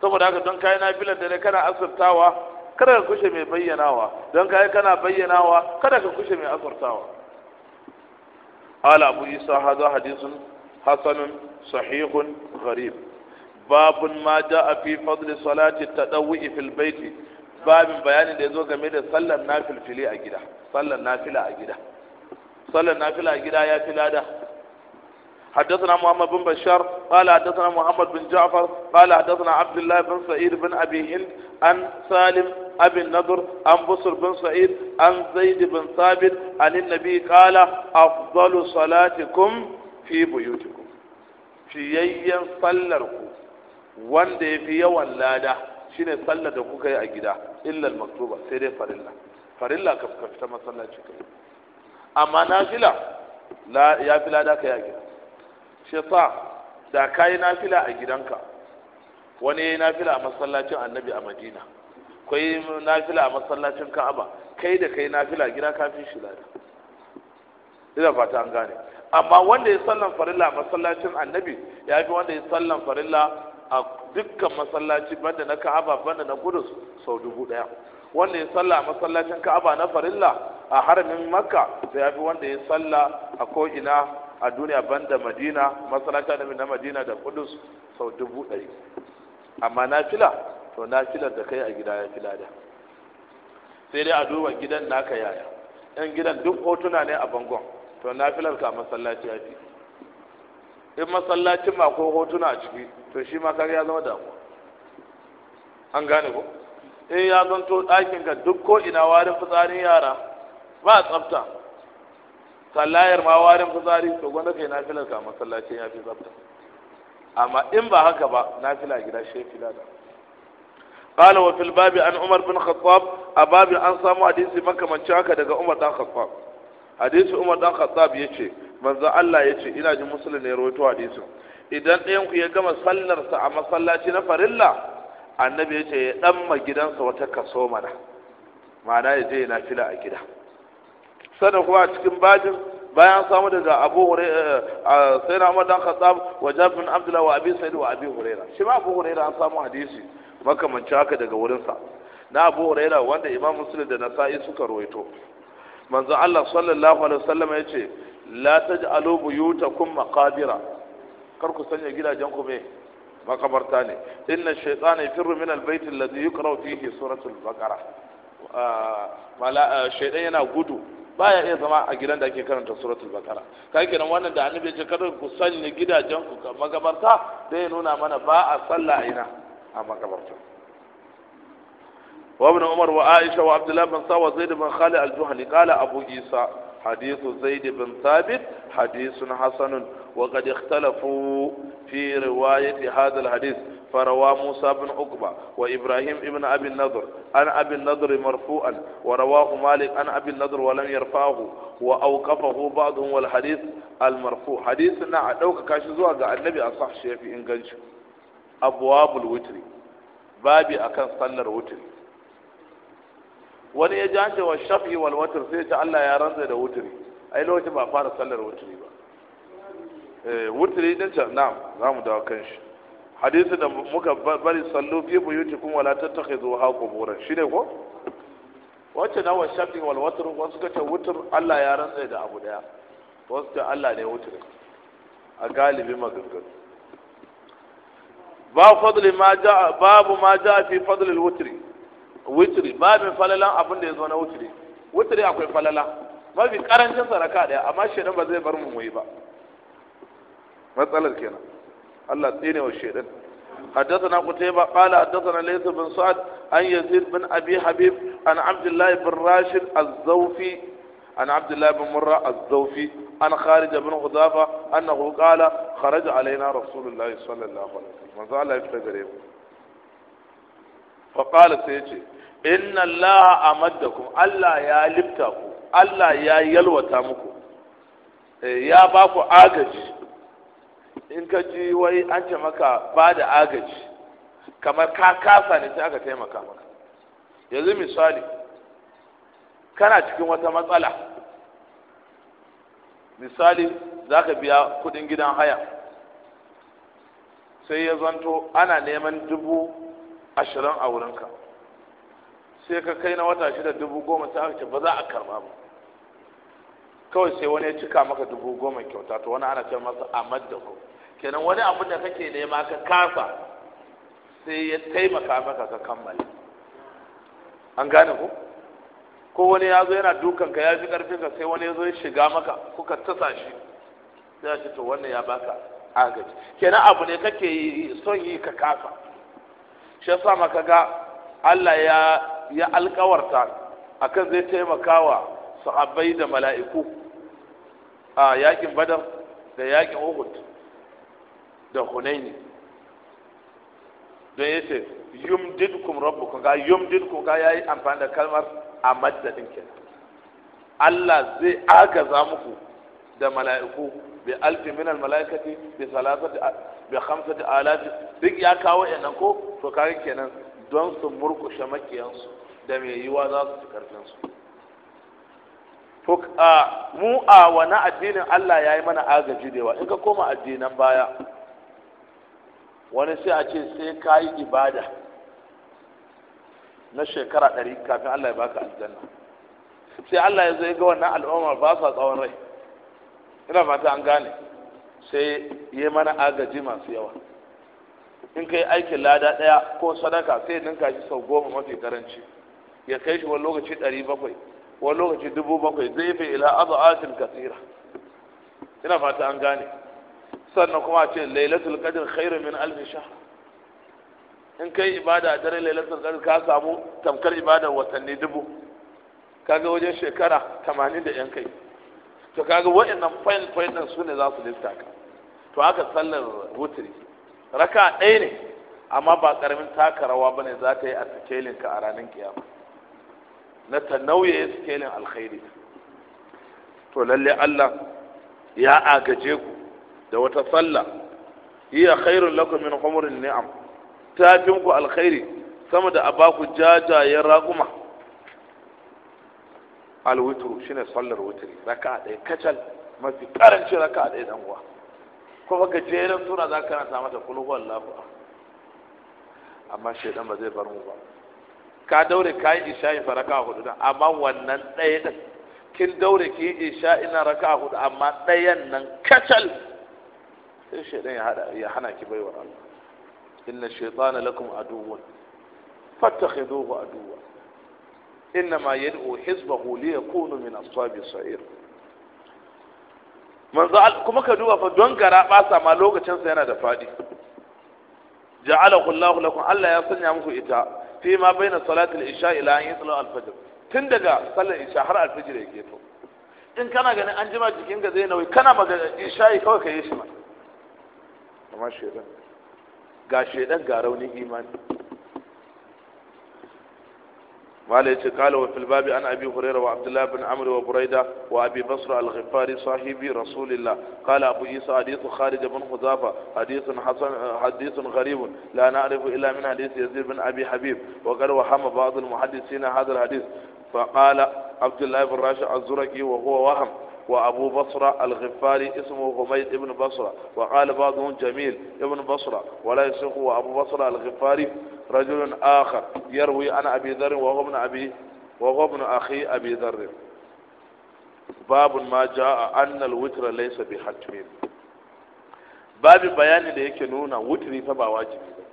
saboda haka don kayi nafilar ne kana asurtawa kada ka kushe mai bayyanawa don kayi kana bayyanawa kada ka kushe mai asurtawa ala abu isa haza hadisun hasanun sahihun gharib babun ma a fi fadli salati tadawwi fil baiti babin bayanin da ya zo game da sallar fili a gida sallar nafila a gida sallar nafila a gida ya fi lada حدثنا محمد بن بشار قال حدثنا محمد بن جعفر قال حدثنا عبد الله بن سعيد بن أبي هند عن سالم أبي النضر عن بصر بن سعيد عن زيد بن ثابت عن النبي قال أفضل صلاتكم في بيوتكم في يين صلركم wanda ya fi yawan lada shine sallar da kuka yi a gida illal maktuba sai dai farilla farilla ka fita masallaci kai amma nafila ya fi lada ka yi a gida shita da ka yi nafila a gidanka wani ya yi nafila a masallacin annabi a madina kai nafila a masallacin ka'aba kai da kai nafila a gida kafin shi lada ina fata an gane amma wanda ya sallan farilla a masallacin annabi ya fi wanda ya sallan farilla a dukkan masallaci banda na ka'aba banda na kudus sau dubu daya wanda ya salla a masallacin ka'aba na farilla a haramin makka sai ya fi wanda ya salla a ko'ina a duniya banda madina masalata da na madina da kudus sau dubu ɗari amma na fila to na filar da kai a gida ya fila da sai dai a duba gidan naka yaya yan gidan duk hotuna ne a bangon to na filar ka masallaci ya fi in masallacin ma ko hotuna a ciki to shi ma kar ya zama damuwa an gane ko in eh, ya zanto ɗakin ka duk ko ina warin fitsarin yara ba tsafta sallayar ma warin fuzari to gwanda kai nafilar ka masallacin ya fi zabta, amma in ba haka ba nafila gida shi fila da قال وفي الباب عن عمر بن خطاب أباب أن سامو حديث مكة من شاكا دقا عمر dan خطاب حديث عمر بن خطاب يتشي من ذا الله يتشي إلى جي مسلم يرويتو حديثه idan ɗayan ku ya gama sallarsa a masallaci na farilla annabi ya ce ya ɗan ma gidansa wata kaso mana ma'ana ya je na fila a gida sannan kuma a cikin bajin bayan samu daga abu eh, eh, sai na dan khattab wa jafin abdullahi abdullah wa abi sa'id wa abi huraira shi ma abu huraira an samu hadisi makamanci haka daga wurinsa na abu huraira wanda imam muslim da nasa'i suka ruwaito manzo Allah sallallahu alaihi wasallam ya ce la taj'alu buyutakum maqabira kar ku sanya gidajen ku me makabarta ne inna shaytana yafirru min albayt alladhi yuqra fihi suratul baqara ah, eh, shaytan yana gudu baya iya zama a gidan da ake karanta suratul bakara kai kenan wannan da annabi ce kada ku sanya gidajen ku magabarta ya nuna mana ba a a ina a magabarta وابن wa وعائشة bin الله بن zaid bin khalid al-juhani qala abu isa حديث زيد بن ثابت حديث حسن وقد اختلفوا في رواية هذا الحديث فروى موسى بن عقبة وإبراهيم بن أبي النضر عن أبي النضر مرفوعا ورواه مالك عن أبي النضر ولم يرفعه وأوقفه بعضهم والحديث المرفوع حديث نعم لو كاشزوا قال النبي أصح شيء في إنجلش أبواب الوتر بابي أكن صلى الوتر wani ya ja shi wa shafi wal watar sai ta Allah ya rantsa da wuturi ai lokacin ba fara sallar wuturi ba eh wuturi din ta na'am zamu dawo kan shi hadisi da muka bari sallu fi kun wala tattakhidhu ha quburan shine ko wacce da wa shafi wal watar wasu ta wutur Allah ya rantsa da abu daya wasu ta Allah ne wuturi a galibi maganganu ba fadli ma ja babu ma ja fi fadli al-wutri witri babin falalan abin da ya zo na witri witri akwai falala mafi karancin saraka daya amma shedan ba zai bar mu muyi ba matsalar kenan Allah tsine wa shedan حدثنا قتيبة قال حدثنا ليث بن سعد عن يزيد بن أبي حبيب عن عبد الله بن راشد الزوفي عن عبد الله بن مرة الزوفي عن خارج بن غضافة أنه قال خرج علينا رسول الله صلى الله عليه وسلم ماذا الله يفتقر فقال سيجي inna Allah amaddakum allah ya lifta ku allah ya yalwata muku eh, ya ba ku agaji in ka ji wai an ce maka ba da agaji kamar ka kasa ne sai aka taimaka maka yanzu misali kana cikin wata matsala misali za ka biya kudin gidan haya sai ya zanto ana neman dubu ashirin a wurinka sai ka kai na wata shida dubu goma sai aka ce ba za a karba ba kawai sai wani ya cika maka dubu goma kyauta to wani ana ce masa amad da ku kenan wani abu da kake nema ka kasa sai ya taimaka maka ka kammala an gane ku ko wani ya zo yana dukan ka ya fi karfin ka sai wani ya zo ya shiga maka kuka tasa shi sai ya ce to wannan ya baka agaji kenan abu ne kake son yi ka kasa shi yasa maka ga Allah ya ya alkawarta akan zai taimakawa sahabbai da mala'iku a yakin badar da yakin uhud da hunaini don ya ce didkum rabbukum ga didkum ga yayi amfani da kalmar a maddadin kenan Allah zai agaza muku da mala'iku bi alfi min al mala'ikati bi salasati bi khamsati alaf duk ya kawo yanan ko to kage kenan don su murkushe makiyansu da mai yiwa za su ci karfinsu mu a wani addinin Allah ya yi mana agaji da yawa in ka koma addinan baya wani sai a ce sai ka yi ibada na shekara ɗari kafin Allah ya baka aljanna sai Allah ya zai ga wannan al'umma ba sa tsawon rai ina fata an gane sai yi mana agaji masu yawa in kai aikin lada ɗaya ko sadaka sai ninka shi sau goma mafi karanci ya kai shi wani lokaci ɗari bakwai wani lokaci dubu bakwai zai fi ila azu'atin kasira ina fata an gane sannan kuma ce lailatul qadr khairu min alf shahr in kai ibada a dare lailatul qadr ka samu tamkar ibada watanni dubu kaga wajen shekara tamanin da yan kai to kaga waɗannan fayin fayin su ne za su lissa ka to haka sallar wutri raka ɗaya ne amma ba ƙaramin taka rawa ba ne za ta yi a sikelin ka a ranar kiyama na ta nauye sikelin alkhairi to lalle Allah ya agaje ku da wata sallah iya khairun lakum min ni'am ta ku alkhairi sama da a abaku jajayen raguma, alwitru shine sallar wutri raka ɗaya kacal mafi ƙaranci raka ɗaya ɗan kuma gajeren sura za ka karanta mata kul huwallahu amma shaidan ba zai bar mu ba ka daure ka yi isha'i fa raka'a hudu amma wannan ɗaya din kin daure ki yi isha'i na raka'a hudu amma ɗayan nan kacal sai shaidan ya hada ya hana ki baiwa Allah inna shaytana lakum aduwwun fattakhiduhu aduwwa innama yad'u hizbahu liyakunu min ashabi sa'ir manzo kuma ka duba fa don gara sa ma lokacinsa yana da faɗi. ja'alahu Allahu lakum Allah ya sanya muku ita fi ma baina salatil isha ila an yatlu al-fajr tun daga sallar isha har al-fajr yake to in kana ganin an jima jikin ka zai nauyi kana maga isha kawai ka yi shi ma amma shedan ga shedan ga raunin imani قال قال وفي الباب عن أبي هريرة وعبد الله بن عمرو وبريدة وأبي بصر الغفاري صاحب رسول الله قال أبو عيسى حديث خارج بن خزافة حديث حسن حديث غريب لا نعرف إلا من حديث يزيد بن أبي حبيب وقد وهم بعض المحدثين هذا الحديث فقال عبد الله بن راشد الزركي وهو وهم وأبو بصرة الغفاري اسمه حميد ابن بصرة وقال بعضهم جميل ابن بصرة ولا يصح وأبو بصرة الغفاري رجل آخر يروي عن أبي ذر وهو ابن أبي وهو ابن أخي أبي ذر باب ما جاء أن الوتر ليس بحتمين babu bayani da yake nuna wuturi fa ba wajibi ba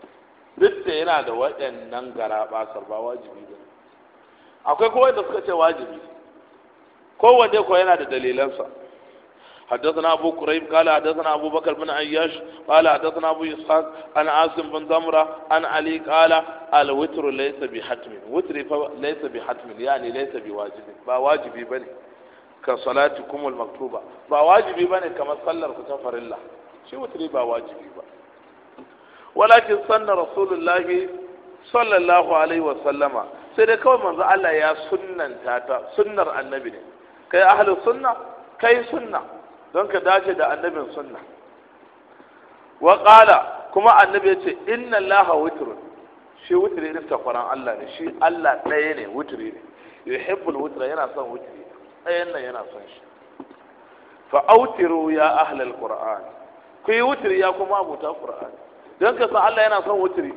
duk da yana da waɗannan gara ba wajibi ba akwai kowai da suka ce wajibi kowanne ko yana da dalilansa حدثنا أبو كريب قال حدثنا أبو بكر بن عياش قال حدثنا أبو إسحاق عن عاصم بن زمرة عن علي قال الوتر ليس بحتم وتر ليس بحتم يعني ليس بواجب واجبي بني كصلاتكم المكتوبة واجبي بني كما صلى كتفر الله شو وتري واجبي بقى ولكن سن رسول الله صلى الله عليه وسلم sai dai kawai manzo Allah ya sunnanta ta sunnar annabi ne kai ahli sunna kai sunna don ka dace da annabin sunna wa qala kuma annabi ya ce inna allaha witrun shi wutri ne ta kwaran Allah ne shi Allah ɗaya ne wutri ne yuhibbul wutra yana son wutri ɗayan nan yana son shi fa autiru ya ahlal qur'an ku yi wutri ya kuma abuta qur'an don ka san Allah yana son wutri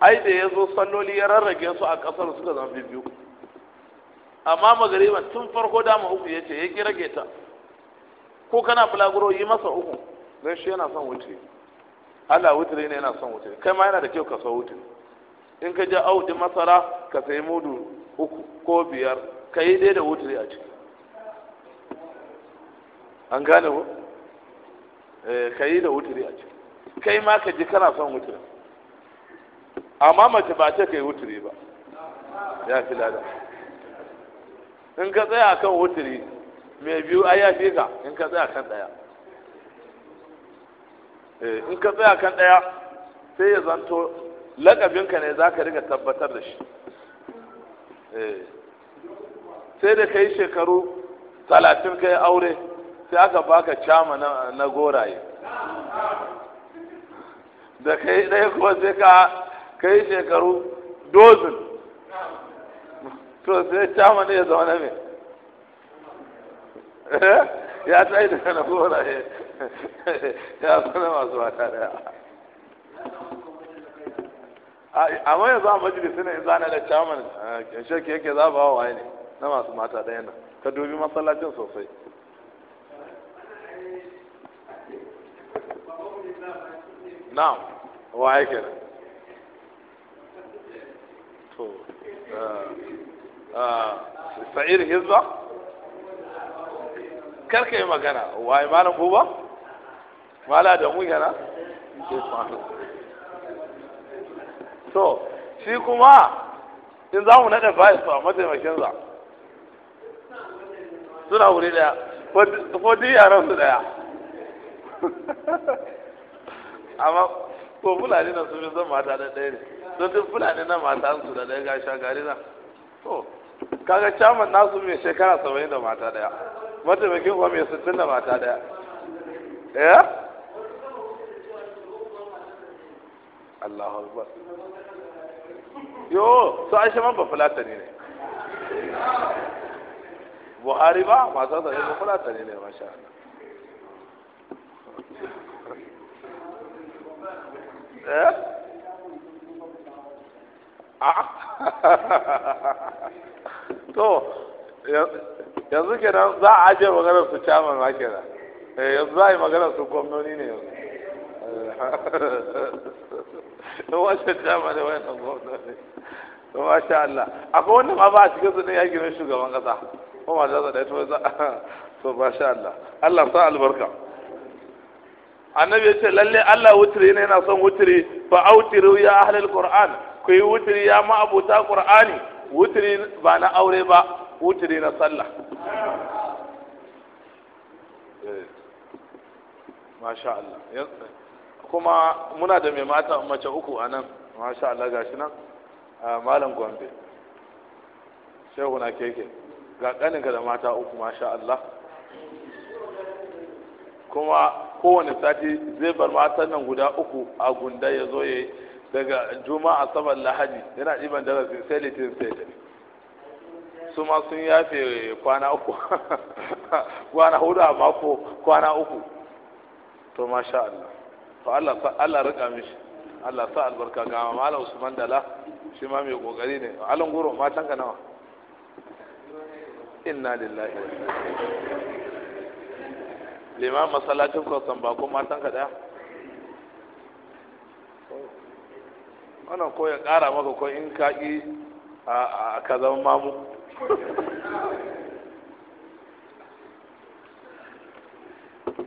ai da yazo zo salloli ya rarrage su a ƙasar suka zama bibiyu. amma magariba tun farko dama uku ya ce ya ki rage ta ko kana bulaguro yi masa uku don shi yana son wuce Allah wutiri ne yana son wutiri kai ma yana da kyau ka so wutiri in ka je audi masara ka sai mudu uku ko biyar ka yi dai da wutiri a ciki an gane ko eh, ka yi da wutiri a ciki kai ma ka ji kana son wutiri amma mace ba ce ka yi wutiri ba ya fi lada in ka tsaya kan wuturi mai biyu ai ya fi ka in ka tsaya kan ɗaya eh, in ka tsaya kan ɗaya sai ya zanto lakabinka ne za ka riga tabbatar da shi eh, sai da ka yi shekaru talatin ka yi aure sai aka baka cama na goraye da ka yi ɗaya kuma sai ka yi shekaru dozin to sai caman ne ya zama na eh? ya tsaye daga na gora eh. ya zama masu wata daya amma yanzu a majalisi ne in zana da chairman eh, shirki yake zabawa waye ne na masu mata ɗaya nan ka dubi masallacin sosai na'am waye kenan to sa'ir hizba karka yi magana waye malam buba mala da mu gana to shi kuma in za mu naɗa bayan su a mataimakin za suna wuri ɗaya ko duk yaran su ɗaya amma ko fulani na su fi son mata da ɗaya ne don duk fulani na mata su da ɗaya ga shagari na to kaga chairman nasu mai shekara saba'in da mata daya mataimakin kuma mai sittin da mata daya eh Allahu akbar yo su aisha man ba fulatani ne buhari ba masu zaɓe ba fulatani ne masha eh a ah. to yanzu kenan za a ajiye maganar su chairman ma kenan eh, yanzu za a yi maganar su gwamnoni ne yanzu eh, wace chairman ne wani gwamnoni to masha Allah akwai wanda ma ba a cikin su ne ya gina shugaban kasa ko ma za da to za to sha Allah Allah sa albarka annabi ya ce lalle Allah wutiri ne yana son wutiri fa autiru ya ahlul qur'an ku yi wutiri ya ma abuta qur'ani wutiri ba na aure ba wutiri na sallah eh, masha Allah kuma muna da mai mata mace uku a nan masha Allah shi nan malam gombe shehu na keke ga ka da mata uku masha Allah kuma kowane sati zai bar matan nan guda uku a gunda ya zo ya daga juma'a asabar lahadi yana ɗiban darasi sai litin sai tafi su ma sun yafe kwana uku kwana hudu a mako kwana uku to masha Allah to Allah Allah rika mishi Allah sa albarka ga malam Usman Dala shi ma mai kokari ne alan goro matan ka nawa inna lillahi wa inna ilaihi liman masallacin san ba ko matan ka daya wannan ko ya ƙara maka ko in ka ƙi a ka zama mamu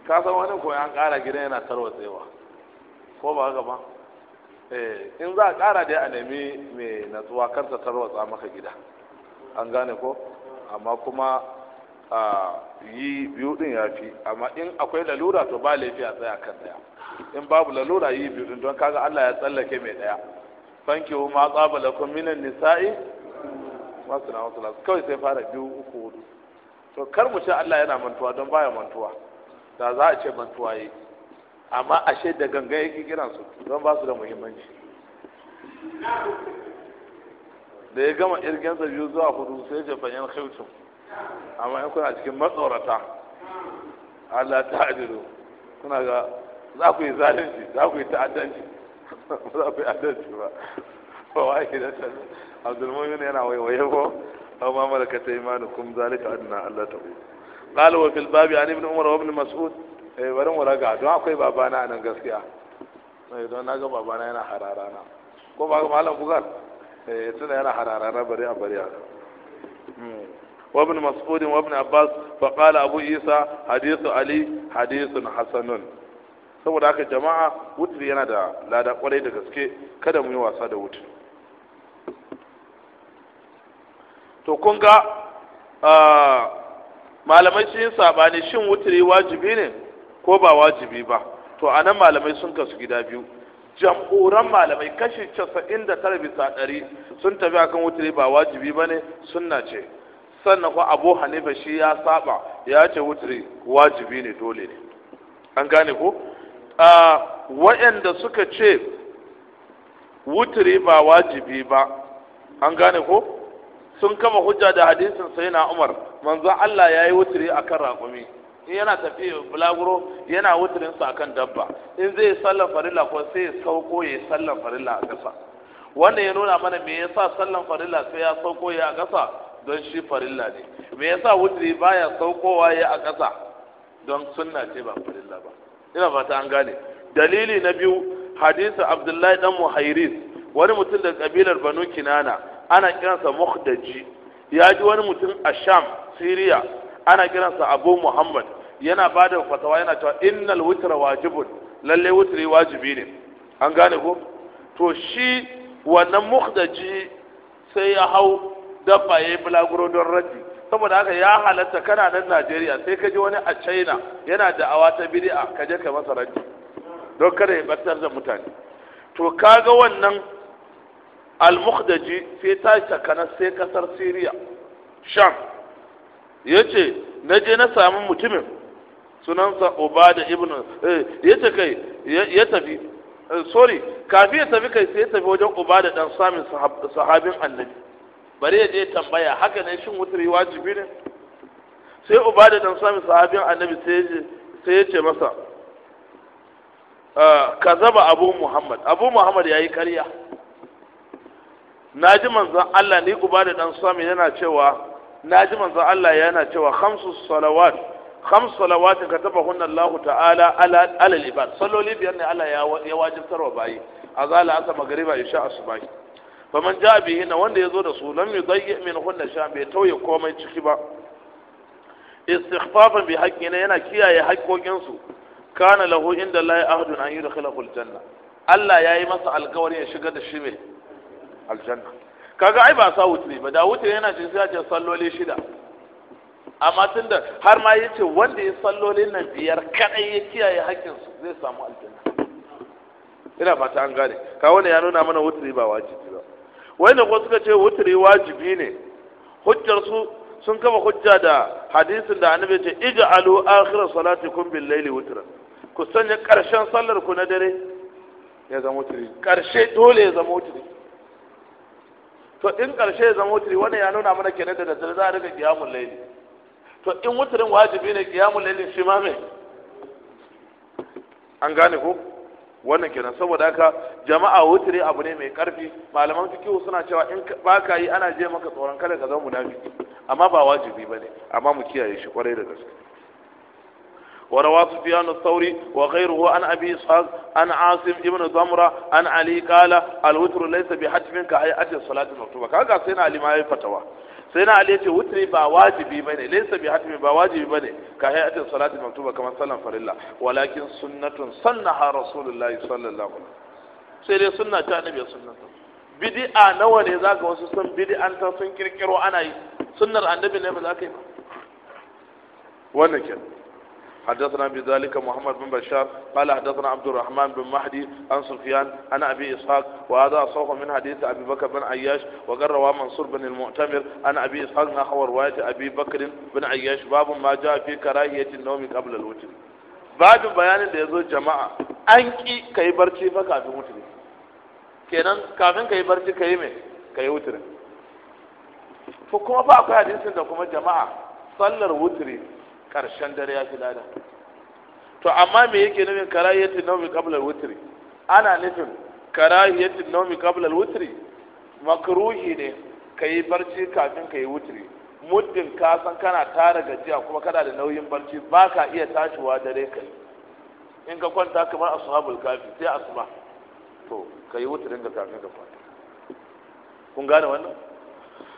ka san wani ko an ƙara gidan yana tarwatsewa ko ba haka ba eh, in za a ƙara dai a nemi mai natsuwa karta tarwatsa maka gida an gane ko amma kuma a yi biyu din ya fi amma in akwai lalura to ba laifi a tsaya kan daya in babu lalura yi biyu din don kaga Allah ya tsallake mai daya fanki ma tsaba lakum minan nisa'i masana lasu kawai sai fara biyu uku hudu to kar mu ce Allah yana mantuwa don baya mantuwa da za a ce mantuwa yi amma ashe da ganga yake kiran su don ba su da muhimmanci da ya gama irgensa biyu zuwa hudu sai ce fanyan khiltum amma in kuna cikin matsorata Allah ta kuna ga za ku yi zalunci za ku yi ta'addanci ba za ku yi adalci ba ba wa ake da sallah abdulmumin yana waiwaye ko aw ma malakat imanukum zalika adna Allah ta'u qala wa fil babi an ibn umar wa ibn mas'ud eh bari mu raga don akwai babana nan gaskiya eh don naga babana yana hararana ko ba ga malam bugar eh tuna yana hararana bari a bari a وابن مسعود وابن عباس فقال أبو عيسى حديث علي حديث حسن saboda haka jama'a wutar yana da lada kwarai da gaske kada mu yi wasa da wutar to kun ga malamai sun yi sabani shin wuturi wajibi ne ko ba wajibi ba to anan malamai sun kasu gida biyu jam'uran malamai kashi casa'in da tara bisa ɗari sun tafi akan wuturi ba wajibi ba ne na ce sannan kuma abu hanifa shi ya saba ya ce wuturi wajibi ne dole ne an gane ko a waɗanda suka ce wuturi ba wajibi ba an gane ko sun kama hujja da hadisin sai na umar manzon allah ya yi wuturi a kan raƙumi in yana tafiya bulaguro yana wuturin sa kan dabba in zai sallan farilla ko sai ya sauko ya sallan farilla a ƙasa wannan ya nuna mana me yasa sallan farilla sai ya sauko ya a ƙasa don shi farilla ne me yasa wuturi baya saukowa ya a ƙasa don sunna ce ba farilla ba ina fata an gane dalili na biyu hadisi abdullahi dan muhairis wani mutum da kabilar banu kinana ana kiransa muhdaji ya ji wani mutum a sham siriya ana kiransa abu muhammad yana bada da fatawa yana cewa innal witra wajibun lalle witri wajibi ne an gane ko to shi wannan muhdaji sai ya hau dabba ya yi bulaguro don raji saboda haka ya halatta kana nan Najeriya sai ka ji wani a China yana da awa ta bid'a ka je ka masa raddi don kada ya batar da mutane to kaga wannan al-mukhdaji sai ta takana sai kasar Syria Sham yace na je na samu mutumin sunansa Ubada ibn eh, yace kai ya tafi eh, sorry kafin ya tafi kai sai ya tafi wajen Ubada dan samun sahabin annabi bari ya je tambaya haka ne shin wuturi wajibi ne sai da dan sami sahabin annabi sai ya ce masa ah, ka zaba abu muhammad abu muhammad ya yi karya na ji manzan allah ni da dan sami yana cewa na ji manzan allah yana cewa khamsu salawat khamsu salawat ka taba hunna allah ta'ala ala alal ibad salloli biyar ne allah ya wajibtarwa bayi azala asa magriba isha asubahi faman ja bihi na wanda ya zo da su lam yudayyi min hunna sha bai tauye komai ciki ba istighfafan bi haqqina yana kiyaye su kana lahu inda Allah ahdun an yudkhilahu aljanna Allah yayi masa alƙawari ya shigar da shi mai aljanna kaga ai ba sa wuce ba da wuce yana cin sai ce salloli shida amma tunda har ma yace wanda ya salloli nan biyar kadai ya kiyaye haƙƙinsu zai samu aljanna ina fata an gane kawo ne ya nuna mana wuce ba wajibi ba wai da kuma suka ce wuturi wajibi ne hujjar su sun kafa hujja da hadisin da annabi ce ij'alu akhir salatikum bil layli wutra ku sanya karshen sallar ku na dare ya zama wuturi karshe dole ya zama wuturi to in karshe ya zama wuturi wannan ya nuna mana kenan da daddare za a riga qiyamul layli to in wuturin wajibi ne qiyamul layli shi ma me an gane ko wannan kenan saboda haka jama'a wutiri abu ne mai karfi malaman fikihu suna cewa in ba ka yi ana je maka tsoron kada ka zama munafiki amma ba wajibi ba ne amma mu kiyaye shi kwarai da gaske وروى سفيان الثوري وغيره عن ابي اسحاق عن عاصم ابن ضمره عن علي قال الوتر ليس بحتم كهيئه الصلاه المكتوبه كذا سيدنا علي ما فتوى sai na ali yace wutri ba wajibi bane laysa bi hatmi ba wajibi bane ka hayatin salati maktuba kamar sallan farilla walakin sunnatun sannaha rasulullahi sallallahu alaihi wasallam sai dai sunna ta annabi sunnatun bid'a nawa ne zaka wasu san bid'an ta sun kirkiro ana yi sunnar annabi ne ba zaka yi ba wannan kenan حدثنا بذلك محمد بن بشار قال حدثنا عبد الرحمن بن مهدي عن سفيان عن ابي اسحاق وهذا صوغ من حديث ابي بكر بن عياش وقد روى منصور بن المؤتمر عن ابي اسحاق نحو روايه ابي بكر بن عياش باب ما جاء في كراهيه النوم قبل الوتر babin bayanin da ya zo jama'a an ƙi ka yi barci fa kafin wuturi kenan kafin ka yi barci ka yi mai ka yi wuturi kuma fa akwai hadisin da kuma jama'a sallar wuturi karshen dare ya fi lada to amma me yake nufin karayyatin nawmi qabla al ana nufin karayyatin nawmi qabla al makaruhi ne ne yi barci kafin ka yi witri muddin ka san kana tara gajiya kuma kana da nauyin barci ba ka iya tashiwa dare kai in ka kwanta kamar ashabul kafi sai asuba to ka yi witrin ga kafin ka kwanta kun gane wannan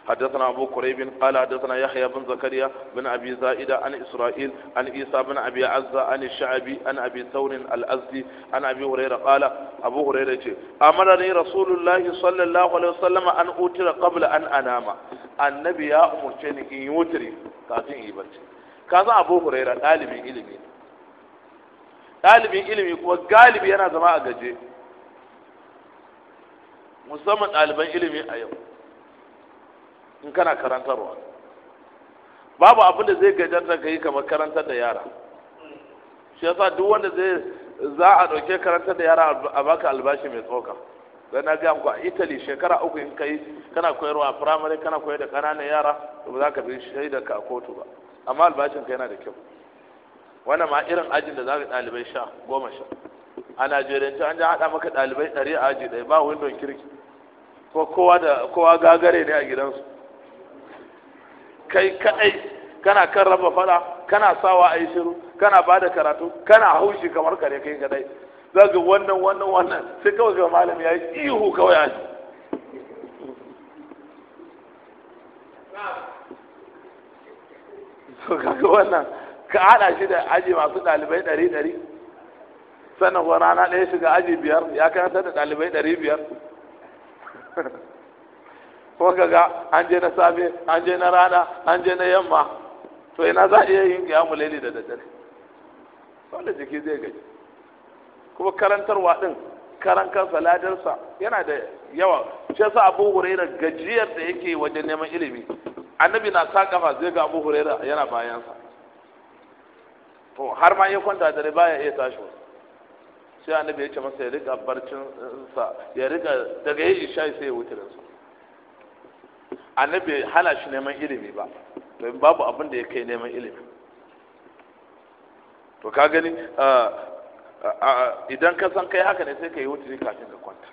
حدثنا أبو كريب قال حدثنا يحيى بن زكريا بن أبي زائدة عن إسرائيل عن عيسى بن أبي عزة عن الشعبي عن أبي ثور الأزدي عن أبي هريرة قال أبو هريرة أمرني رسول الله صلى الله عليه وسلم أن أوتر قبل أن أنام النبي يا أمرتني إن يوتري كاتين يبتي kaza abu هريرة ɗalibin ilimi ɗalibin ilimi kuma galibi yana zama a gaje musamman ɗaliban ilimi a yau in kana karantarwa babu abin da zai gajanta ka yi kamar karantar da yara shi yasa duk wanda zai za a ɗauke karantar da yara a baka albashi mai tsoka dan na ga ku a Italy shekara uku in kai kana koyarwa a primary kana koyar da kananan yara to ba za ka bi shaidar ka a kotu ba amma albashin ka yana da kyau wannan ma irin ajin da za ka ɗalibai sha goma sha a Najeriya an ji haɗa maka ɗalibai ɗari a aji ɗaya ba windon kirki ko kowa da kowa gagare ne a gidansu kai kadai kana kan raba fada kana sawa a yi shiru kana ba da karatu kana haushi kamar kare kai kadai za ga wannan wannan wannan sai kawai ga malam ya yi ihu kawai a shi so kaga wannan ka haɗa shi da aji masu ɗalibai ɗari ɗari sannan ko rana ɗaya shiga aji biyar ya karanta da ɗalibai ɗari biyar ko ga an je na safe an je na rana an je na yamma to ina za a iya yin kiyamu laili da daddare wanda jiki zai gaji kuma karantarwa din karan kansa ladarsa yana da yawa shi yasa abu huraira gajiyar da yake wajen neman ilimi annabi na sa kafa zai ga abu huraira yana bayansa to har ma ya kwanta dare baya iya tashi sai annabi ya ce masa ya riga barcinsa, ya riga daga ya isha sai ya wuce da su. annabi hana shi neman ilimi ba domin babu abin da ya kai neman ilimi to ka gani idan ka san kai haka ne sai ka yi wuturi kafin ka kwanta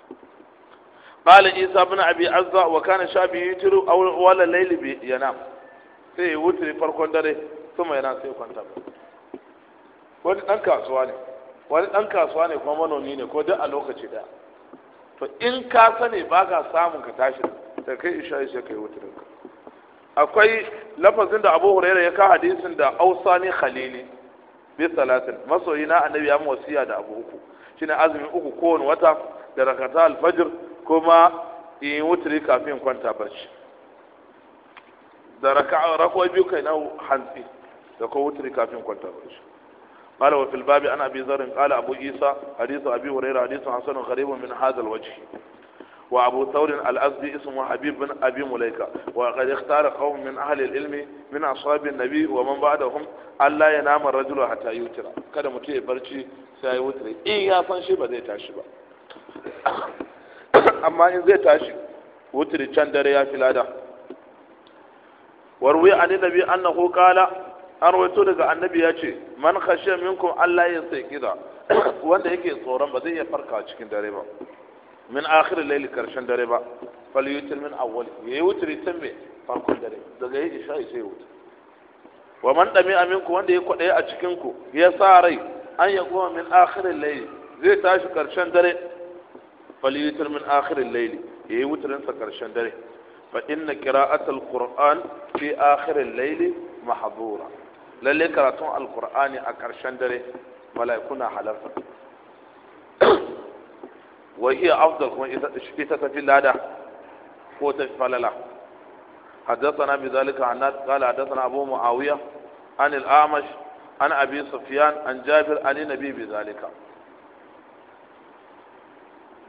qala isa ibn abi azza wa kana shabi yutiru aw wala layl bi yanam sai wuturi farkon dare kuma yana sai kwanta wani dan kasuwa ne wani dan kasuwa ne kuma manomi ne ko duk a lokaci daya to in ka sani ba ka samun ka tashi Da kai isha'i sai kai wutirinka akwai lafazin da abu hurairu ya ka hadisin da ne khalili bi salatin masoyi na annabi ya wasiya da abu uku shine azumin uku kowane wata da rakata alfajir kuma in wutiri kafin kwanta barci da rakawa biyu kai na hantsi da kuma wutiri kafin kwanta barci قال وفي الباب عن ابي ذر قال ابو عيسى حديث ابي هريره حديث حسن غريب من هذا الوجه wa ثور الأزدي اسمه حبيب بن أبي مليكة وقد اختار قوم من أهل العلم من أصحاب النبي ومن بعدهم ألا ينام الرجل حتى يوتر kada mutum ya barci sai ya wuce in ya san ba zai tashi ba amma in zai tashi wutar can dare ya fi lada warwi an nabi annahu qala an rawaito daga annabi ya ce man khashiya minkum Allah ya sai kida wanda yake tsoron ba zai iya farka cikin dare ba min akhir layl karshen dare ba fal yutir min awwal yayi wutri tun me farkon dare daga yi isha sai wuta wa man aminku wanda ya kwadaye a cikin ku ya sa rai an ya min akhir layl zai tashi karshen dare fal yutir min akhir layl yayi wutrin sa karshen dare fa inna qira'at quran karatun al-qur'ani a karshen dare malaikuna halarta وهي افضل afdal kuma ita tafi lada ko tafi حدثنا بذلك عن ناس قال حدثنا أبو معاوية عن الأعمش عن أبي سفيان عن جابر عن النبي بذلك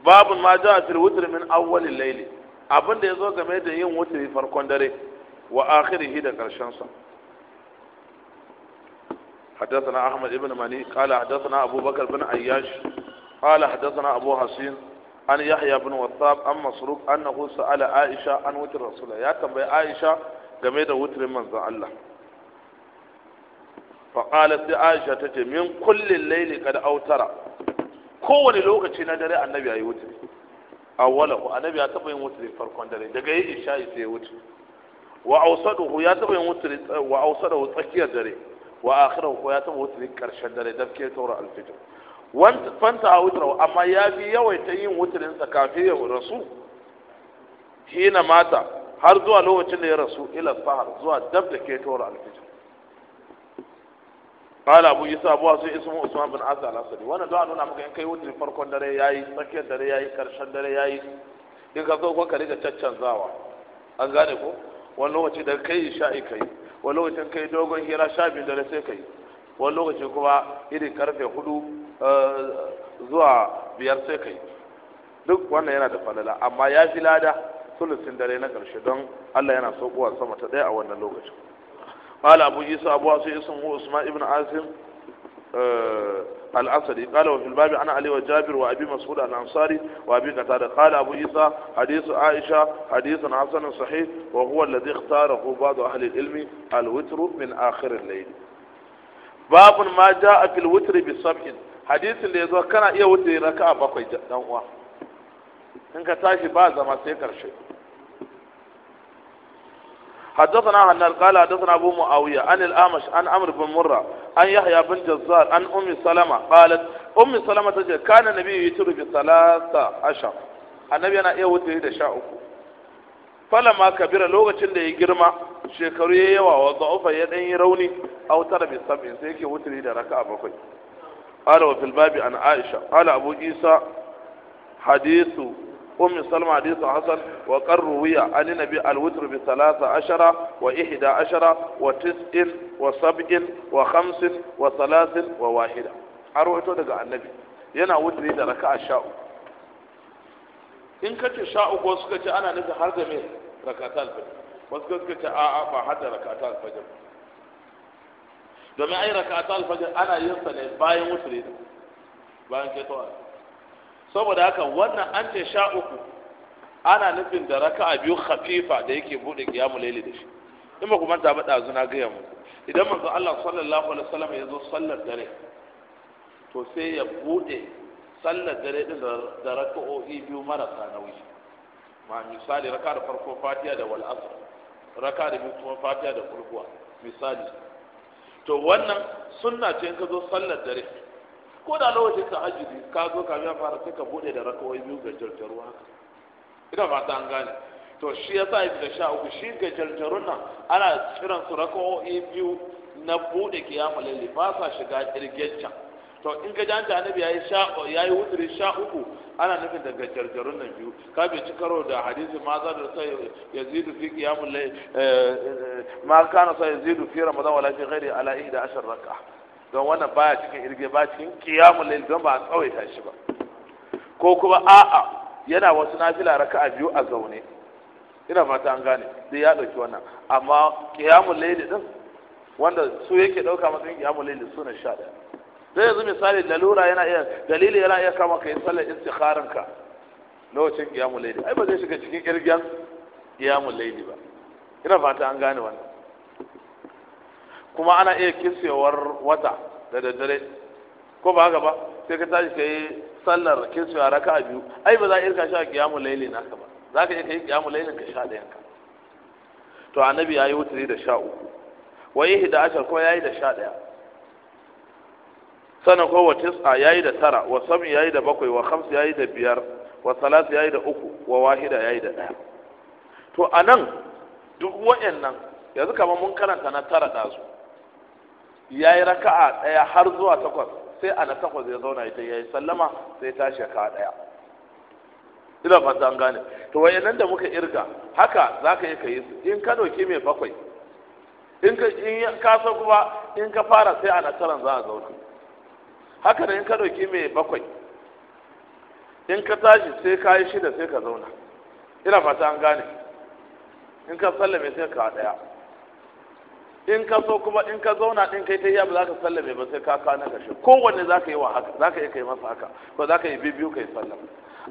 باب ما جاء في الوتر من أول الليل أبن da ya zo game وتر yin داري farkon dare wa حدثنا أحمد بن مني قال حدثنا أبو بكر بن عياش قال حدثنا أبو حسين عن يحيى بن وثاب عن مسروق أنه سأل عائشة عن وتر رسول الله يا تنبي عائشة game da wuturin manzon Allah faƙala sai aisha ta ce min kullin laili kad autara kowane lokaci na dare annabi ya yi wuturi annabi ya taɓa yin wuturi farkon dare daga yi isha'i sai ya wuturi wa ausaduhu ya taɓa yin wuturi wa tsakiyar dare ya taɓa ƙarshen dare fanta a wutar amma ya fi yawaita yin wutarinsa kafin ya rasu shi na mata har zuwa lokacin da ya rasu ila sahar zuwa dab da ke tora alfijir kala abu isa abuwa sai mu usman bin asa al-asadi wannan don nuna maka in kai wutar farkon dare ya yi tsakiyar dare ya yi karshen dare ya yi. in ka zo ko ka caccan caccanzawa an gane ko wani lokaci da kai sha'i kai wani lokacin kai dogon hira sha biyu dare sai kai wani lokaci kuma irin karfe hudu zuwa biyar sai kai duk wannan yana da falala amma ya fi lada sulusin dare na karshe don Allah yana sokowa sama ta ɗaya a wannan lokacin قال أبو عيسى أبو عاصي اسمه اسماء ابن عاصم الأسدي قال وفي الباب عن علي وجابر وأبي مسعود الأنصاري وأبي قتادة قال أبو عيسى حديث عائشة حديث حسن صحيح وهو الذي اختاره بعض أهل العلم الوتر من آخر الليل باب ما جاء في الوتر بالصبح حديث اللي يزوى كان ايه وتر ركعة بقوي دنوا انك تاشي بعض ما سيكر شيء حدثنا عن قال حدثنا ابو معاوية عن الامش عن عمرو بن مرة عن يحيى بن جزار عن ام سلمة قالت ام سلمة تجد كان النبي يتر بثلاثه ثلاثة عشر النبي انا يا إيه وتر ده falama kabira lokacin da ya girma shekaru ya yawa wa za'ufa ya ɗan yi rauni aw tara bi sab'in sai yake wuturi da raka'a bakwai qala wa fil babi an aisha qala abu isa hadithu أم سلمة حديث حسن وقر روي wa النبي الوتر بثلاثة عشرة وإحدى عشرة وتسع وسبع وخمس وثلاث وواحدة أرويته لقى النبي ينا وتر إذا ركع الشاء in ka ce sha uku suka ce ana nufin har da mai rakata alfajir wasu ka suka ce a'a ba har da rakata alfajir domin ai rakata alfajir ana yin sa ne bayan wuturi bayan ketowa saboda haka wannan an ce sha uku ana nufin da raka'a biyu khafifa da yake bude kiyamu laili da shi in ba ku manta ba dazu na gaya mu idan manzo Allah sallallahu alaihi wasallam ya zo sallar dare to sai ya bude sallar dare din da raka'o'i biyu marasa nauyi ma misali raka da farko fatiha da wal asr raka da biyu kuma fatiha da kulhuwa misali to wannan sunna ce in ka zo sallar dare ko da lokacin ta ajiri ka zo ka biya fara sai ka bude da raka'o'i biyu ga jarjaru haka ina fata an gane to shi ya sa da sha uku shi ga jarjarun nan ana kiran su raka'o'i biyu na bude kiyamul laili ba sa shiga irgeccen to in ka janta annabi yayi sha yayi wuduri sha uku ana nufin daga jarjarun nan biyu ka bi ci karo da hadisi ma za da sai yazidu fi qiyamul layl eh, eh, ma kana sai yazidu fi ramadan wala fi ghairi ala 11 rak'a don wannan baya cikin irge ba cikin qiyamul layl don ba a tsawaita shi ba ko kuma a'a yana wasu nafila raka'a biyu a zaune ina fata an gane dai ya dauki wannan amma qiyamul layl din wanda su yake dauka matsayin qiyamul layl sunan 11 sai yanzu misali lalura yana iya dalili yana iya kama kai sallar istikharan ka lokacin qiyamul layli ai ba zai shiga cikin irgen qiyamul layli ba ina fata an gane wannan kuma ana iya kisewar wata da daddare ko ba haka ba sai ka tashi kai sallar kisewa raka biyu ai ba za a irka shi a qiyamul na ka ba za ka iya kai qiyamul ka sha ɗayan ka to annabi ya yi wuturi da sha uku wa yi ashar ko ya yi da sha ɗaya sanin ko wa tis'a yayi da tara wa sami yayi da bakwai wa khams yayi da biyar wa ya yayi da uku wa wahida yayi da daya to anan duk wayannan yanzu kamar mun karanta na tara da su yayi raka'a daya har zuwa takwas sai ana takwas ya zauna ita yayi sallama sai tashi ka daya ina fata an gane to wayannan da muka irga haka zaka yi kai su in ka ɗauki mai bakwai in ka in ka kuma in ka fara sai ana taran za a zauna haka da in ka ɗauki mai bakwai in ka tashi sai ka yi shida sai ka zauna ina fata an gane in ka sallame sai ka ɗaya in ka so kuma in ka zauna in kai ta yi ba za ka sallame ba sai ka kawo ka shi kowanne za ka yi wa haka za ka yi kai masa haka ko za ka yi biyu ka yi sallama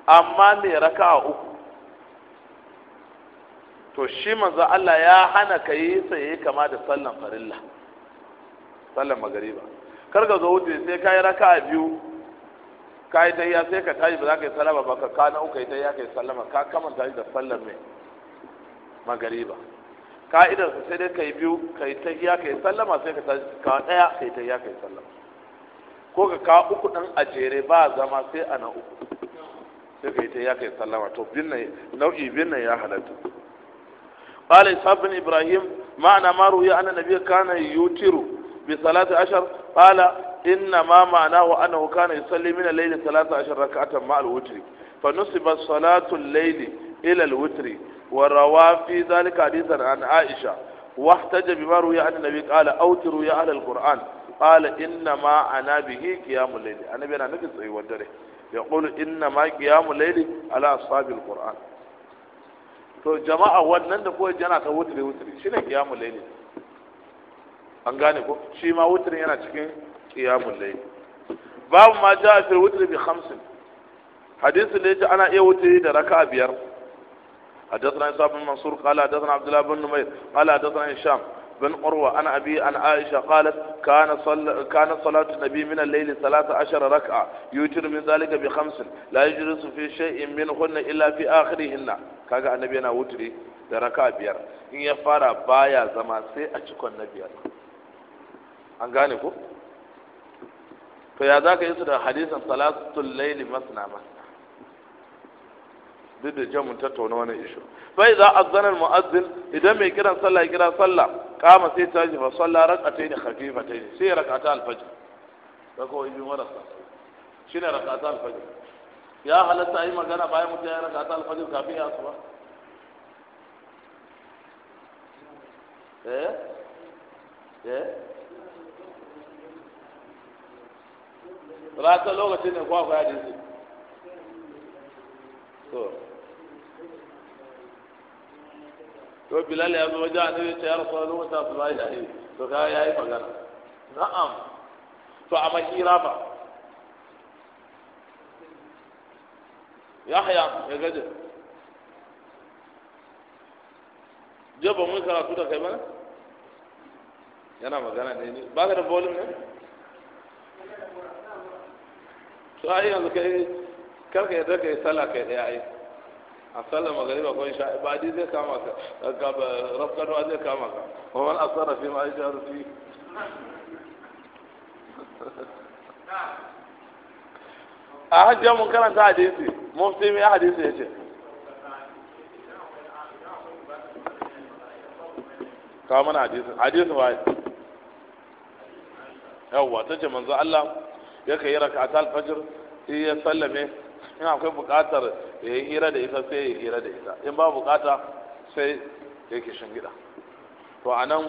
amma mai raka a uku to shi manzo Allah ya hana ka yi sai kama da sallan farilla sallan magariba kar ka zo wuce sai ka yi a biyu ka yi tahiya sai ka tashi ba za ka yi sallama ba ka kana uka yi tahiya ka yi sallama ka kamanta shi da sallar mai magariba ka'idar sai dai ka yi biyu ka yi tahiya ka yi sallama sai ka tashi ka daya ka yi tahiya ka yi sallama ko ka ka uku ɗin a jere ba zama sai a na uku sai ka yi tahiya ka yi sallama to nau'i bin nan ya halatta قال إسحاق بن إبراهيم معنى ما روي أن النبي كان يوتر بصلاة عشر قال إنما معناه أنه كان يصلي من الليل ثلاث عشر ركعة مع الوتر فنصب صلاة الليل إلى الوتر وروى في ذلك حديثا عن عائشة واحتج بما روي عن النبي قال أوتروا يا أهل القرآن قال إنما أنا به قيام الليل أنا بنا نفس أي ودره يقول إنما قيام الليل على أصحاب القرآن تو جماعة wannan da kawai وتري ta شنو قيام الليل an gane ko shi ma wutirin yana cikin qiyamul layl babu ma jaa fil wutri bi khams hadisin da yace ana iya wutiri da raka'a biyar حدثنا إسحاق بن منصور قال حدثنا عبد الله بن نمير قال حدثنا هشام بن عروة عن أبي عن عائشة قالت كان صل... كان صلاة النبي من الليل ثلاث عشر ركعة يوتر من ذلك بخمس لا يجلس في شيء منهن إلا في آخرهن كاغا النبي أنا وتري da raka biyar in ya fara baya zama sai a cikon an gane ko to ya za ka yi su da hadisan salatul laili masna masna duk da jan mun tattauna wani ishu fa za a al-mu'azzin idan mai kiran sallah kira sallah kama sai tashi fa sallah rak'atayn khafifatayn sai rak'ata al-fajr rako ibn warasa ne rak'ata al-fajr ya halatta yi magana bayan mutum ya rak'ata al-fajr kafin ya suwa eh eh ba ta lokacin da kwa kwa dinsu to to bilal ya zo wajen annabi ta yar sallu wata su bai yi to ka yi magana na'am to a makira ba yahya ya gaje je ba mun karatu da kai ba yana magana ne ba ka da volume ne to ai yanzu kai kar ka yadda kai sallah kai daya ai a sallar magariba ko isha ba dai zai kama ka rafkanuwa zai kama ka wa wani asara fi ma isha rufi a hajjiyar mun karanta hadisi mufti mai hadisi ya ce kawo mana hadisi hadisi ba yi. yawwa ta ce manzo Allah ya ka yi rakata alfajir ya sallame in akwai buƙatar ya yi hira da ita sai ya yi hira da ita in ba buƙata sai ya ke shingida to a nan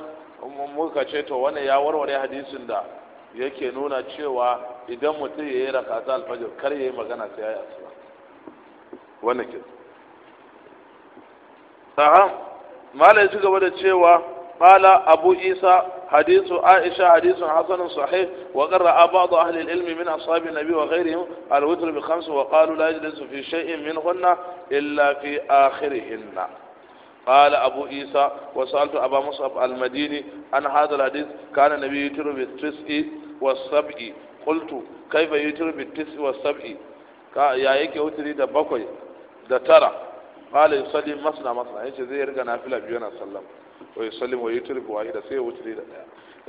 muka ce to wannan ya warware hadisin da yake nuna cewa idan mutum ya yi rakata alfajir kar ya yi magana sai ya yi asuba wannan ke saham malai su gaba da cewa Bala abu isa حديث عائشة حديث حسن صحيح وقرأ بعض أهل العلم من أصحاب النبي وغيرهم الوتر بخمس وقالوا لا يجلس في شيء منهن إلا في آخرهن قال أبو عيسى وسألت أبا مصعب المديني عن هذا الحديث كان النبي يتر بالتسع والسبع قلت كيف يتر بالتسع والسبع يا إيك وتري دبكوي بكوي ترى قال يصلي مصنع مصنع إيش زي يرجع نافلة بيونا صلى الله عليه وسلم ويسلم ويترك واحدة سيئة وتريد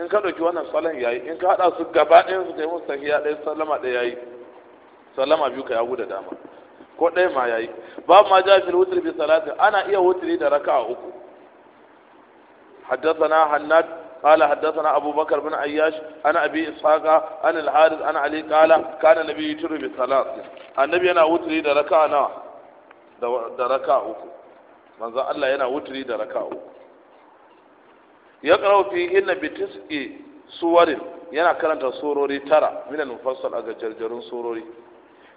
إن كان جوانا صلاة ياي إن كان هذا سقابا إن كان مستحيا لي سلام عليه ياي سلام عليك يا أبو داما قد ما ياي باب ما جاء في الوتر بصلاة أنا إيه وتريد ركعة أكو حدثنا حناد قال حدثنا أبو بكر بن عياش أنا أبي إسحاق أنا الحارث أنا علي قال كان النبي يتر بصلاة النبي أنا وتري دركة أنا دركة من ذا الله أنا وتري دركة أكو ya qara'u fi hinna bi tis'i suwarin yana karanta surori tara min al-mufassal a jarjarun surori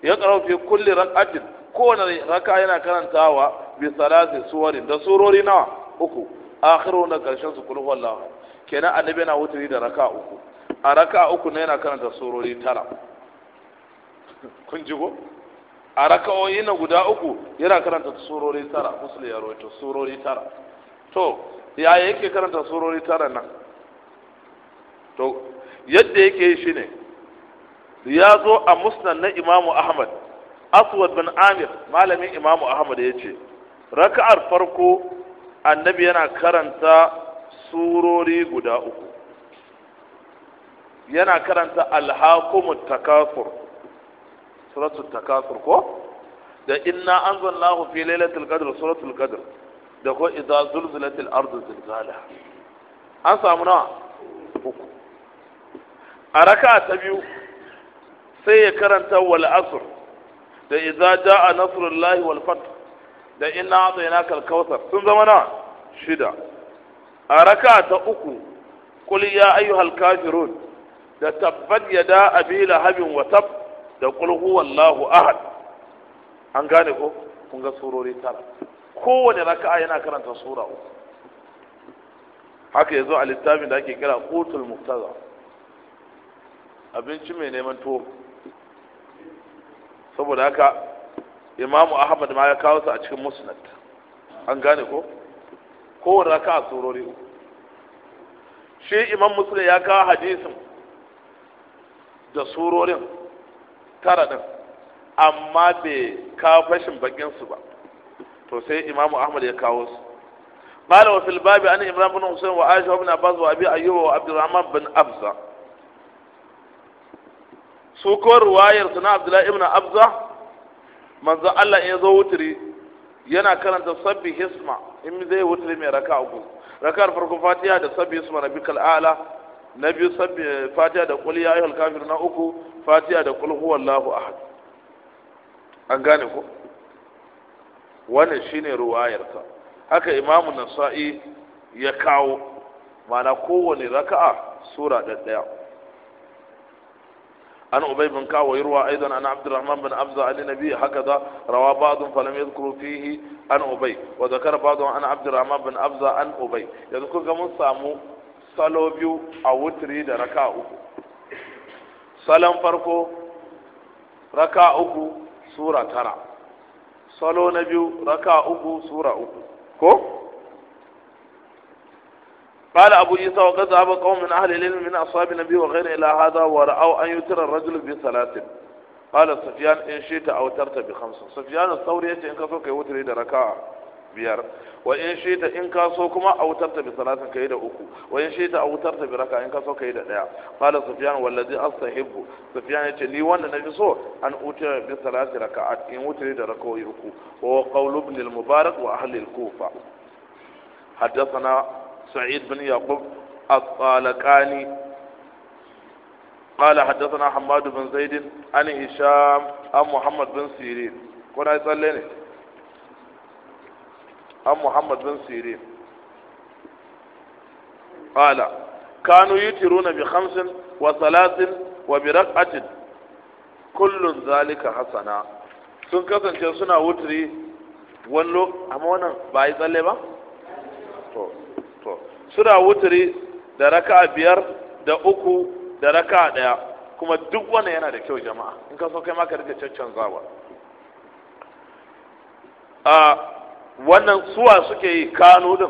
ya qara'u fi kulli rak'atin kowane raka yana karantawa bi salati suwarin da surori nawa uku akhiru na karshen su kullu wallahu kenan annabi yana wuturi da raka uku a raka uku ne yana karanta surori tara kun ji ko a raka'o'i na guda uku yana karanta surori tara musul ya rawaito surori tara to ya yake karanta surori tara nan to yadda yake yi ne, ya zo a musnan na imamu ahmad aswad bin amir malamin imamu ahmad ya ce raka'ar farko annabi yana karanta surori guda uku yana karanta alhakumu takasur suratul takasur ko da inna lahu fi lailatul qadr suratul qadr da ko idza zulzilatil ardu zilzala an samu nawa uku a raka'a ta biyu sai ya karanta wal asr da idza jaa nasrullahi wal fath da inna a'tainaka al kawthar sun zama nawa shida a raka'a ta uku qul ya ayyuhal kafirun da tabbat yada abi lahabin wa tab da qul huwallahu ahad an gane ko kun ga surori tara kowane raka'a yana karanta sura uku haka yazo a littafin da ake kira qutul muktaza abinci mai neman tuwo saboda haka imamu ahmad ma ya kawo su a cikin musnad an gane ko kowane raka'a surori uku shi imam muslim ya kawo hadisin da surorin tara din amma bai kawo fashin bakin su ba to sai imamu ahmad ya kawo su قال وفي الباب عن عمران بن حسين وعائشة بن عباس وأبي أيوب وعبد الرحمن بن أبزة سوكو رواية سنة عبد الله بن أبزة من ذا الله إن وتري yana karanta sabbi hisma in zai wuce mai raka uku rakar farko fatiha da sabbi hisma na bikal ala na sabbi eh, fatiha da kul ya ayyuhal kafir na uku fatiha da huwallahu ahad an gane ko wannan shine ruwayarsa haka imamu nasa'i ya kawo mana kowane raka'a sura ɗaya an ubay bin kawo yarwa aidan an abdurrahman bin abza ali nabi haka da rawa ba'dun falam yadhkuru fihi an ubay wa zakara ba'dun an abdurrahman bin abza an ubay yanzu kun ga mun samu salo biyu a wutri da raka'a uku salon farko raka'a uku sura tara salo na biyu raka uku sura uku ko قال أبو عيسى وقد ذهب قوم من أهل العلم من أصحاب النبي وغير إلى هذا ورأوا أن يتر الرجل بثلاث قال سفيان إن شئت أوترت بخمسة سفيان الثوري إن كفوك يوتر إلى ركعة biyar wa in shi ta in kuma a wutar ta bi salatin kai da uku wa in shi ta wutar ta biraka in ka so kai da daya fada sufyan wallazi sahibu safiyan ce ni wanda na fi so an uta bi raka a in wutar da raka'o'i uku wa qawlu ibn al-mubarak wa ahli al-kufa حدثنا سعيد بن يعقوب الطالقاني قال حدثنا حماد بن زيد عن هشام عن محمد بن سيرين كنا يصلي an muhammad bin sirin qala kanu yutiruna bi khamsin wa salatin wa bi raq'atin kullun zalika hasana sun kasance suna wuturi wallo amma wannan ba yi tsalle ba to to suna wuturi da raka'a biyar da uku da raka'a daya kuma duk wannan yana da kyau jama'a in ka so kai ma ka rike caccanzawa a wannan suwa suke yi kano din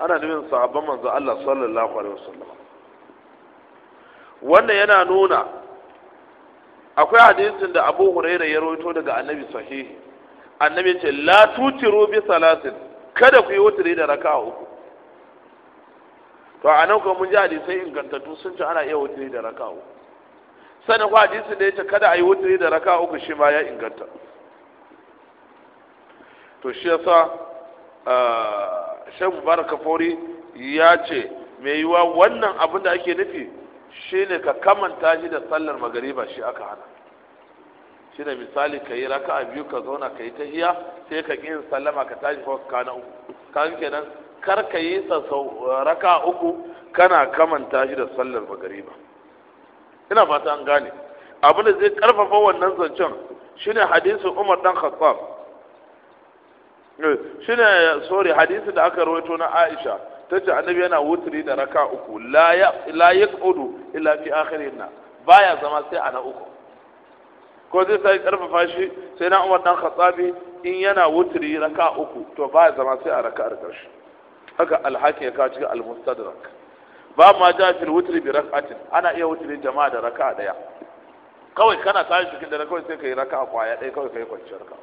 ana nufin sahabban manzo Allah sallallahu alaihi wasallam wannan yana nuna akwai hadisin da Abu Hurairah ya rawaito daga Annabi sahihi Annabi ce la tutiru bi salatin kada ku yi wutiri da raka'a uku to a ko kuma mun ji hadisai ingantattu sun ce ana iya wutiri da raka'a uku sannan kuma hadisin da ya ce kada a yi wutiri da raka'a uku shi ma ya inganta to shi yasa Ah, shan mubarak fori ya ce mai yiwa wannan abin da ake nufi shine ka kamanta shi da sallar magariba shi aka hana shi ne misali ka yi raka a biyu ka zauna ka yi ta iya sai ka ƙin sallama ka tashi ko ka na uku kan kenan kar ka yi eh, raka uku kana kamanta shi da sallar magariba ina fata an gane abin da zai karfafa wannan zancen shine hadisin Umar dan Khattab Eh, shine sorry hadisi da aka rawaito na Aisha tace annabi yana wutri da raka uku la la yaqudu illa fi akhirin na baya zama sai ana uku ko zai sai karfafa shi sai na Umar dan Khattabi in yana wutri raka uku to baya zama sai a raka'ar karshe haka alhaki ya kawo cikin almustadrak ba ma ja fil wutri bi rak'atin ana iya wutri jama'a da raka'a daya kawai kana tashi cikin da kawai sai kai raka'a kwaya daya kawai kai kwanciyar ka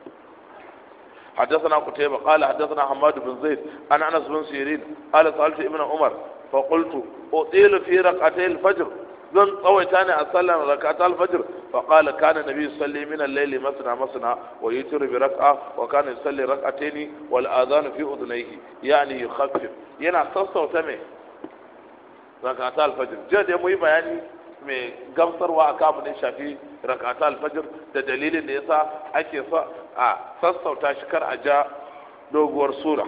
حدثنا قتيبة قال حدثنا حماد بن زيد أنا أنس بن سيرين قال سألت ابن عمر فقلت أطيل في ركعتي الفجر ذن طوي تاني أصلى ركعة الفجر فقال كان النبي يصلي من الليل مثنى مثنى ويتر بركعة وكان يصلي ركعتين والآذان في أذنيه يعني يخفف ينعصص وتمه ركعة الفجر جد يا يعني mai gamsarwa a kafin ya shafi rakata alfajir da dalilin da yasa ake sa a sassauta shi kar a ja doguwar sura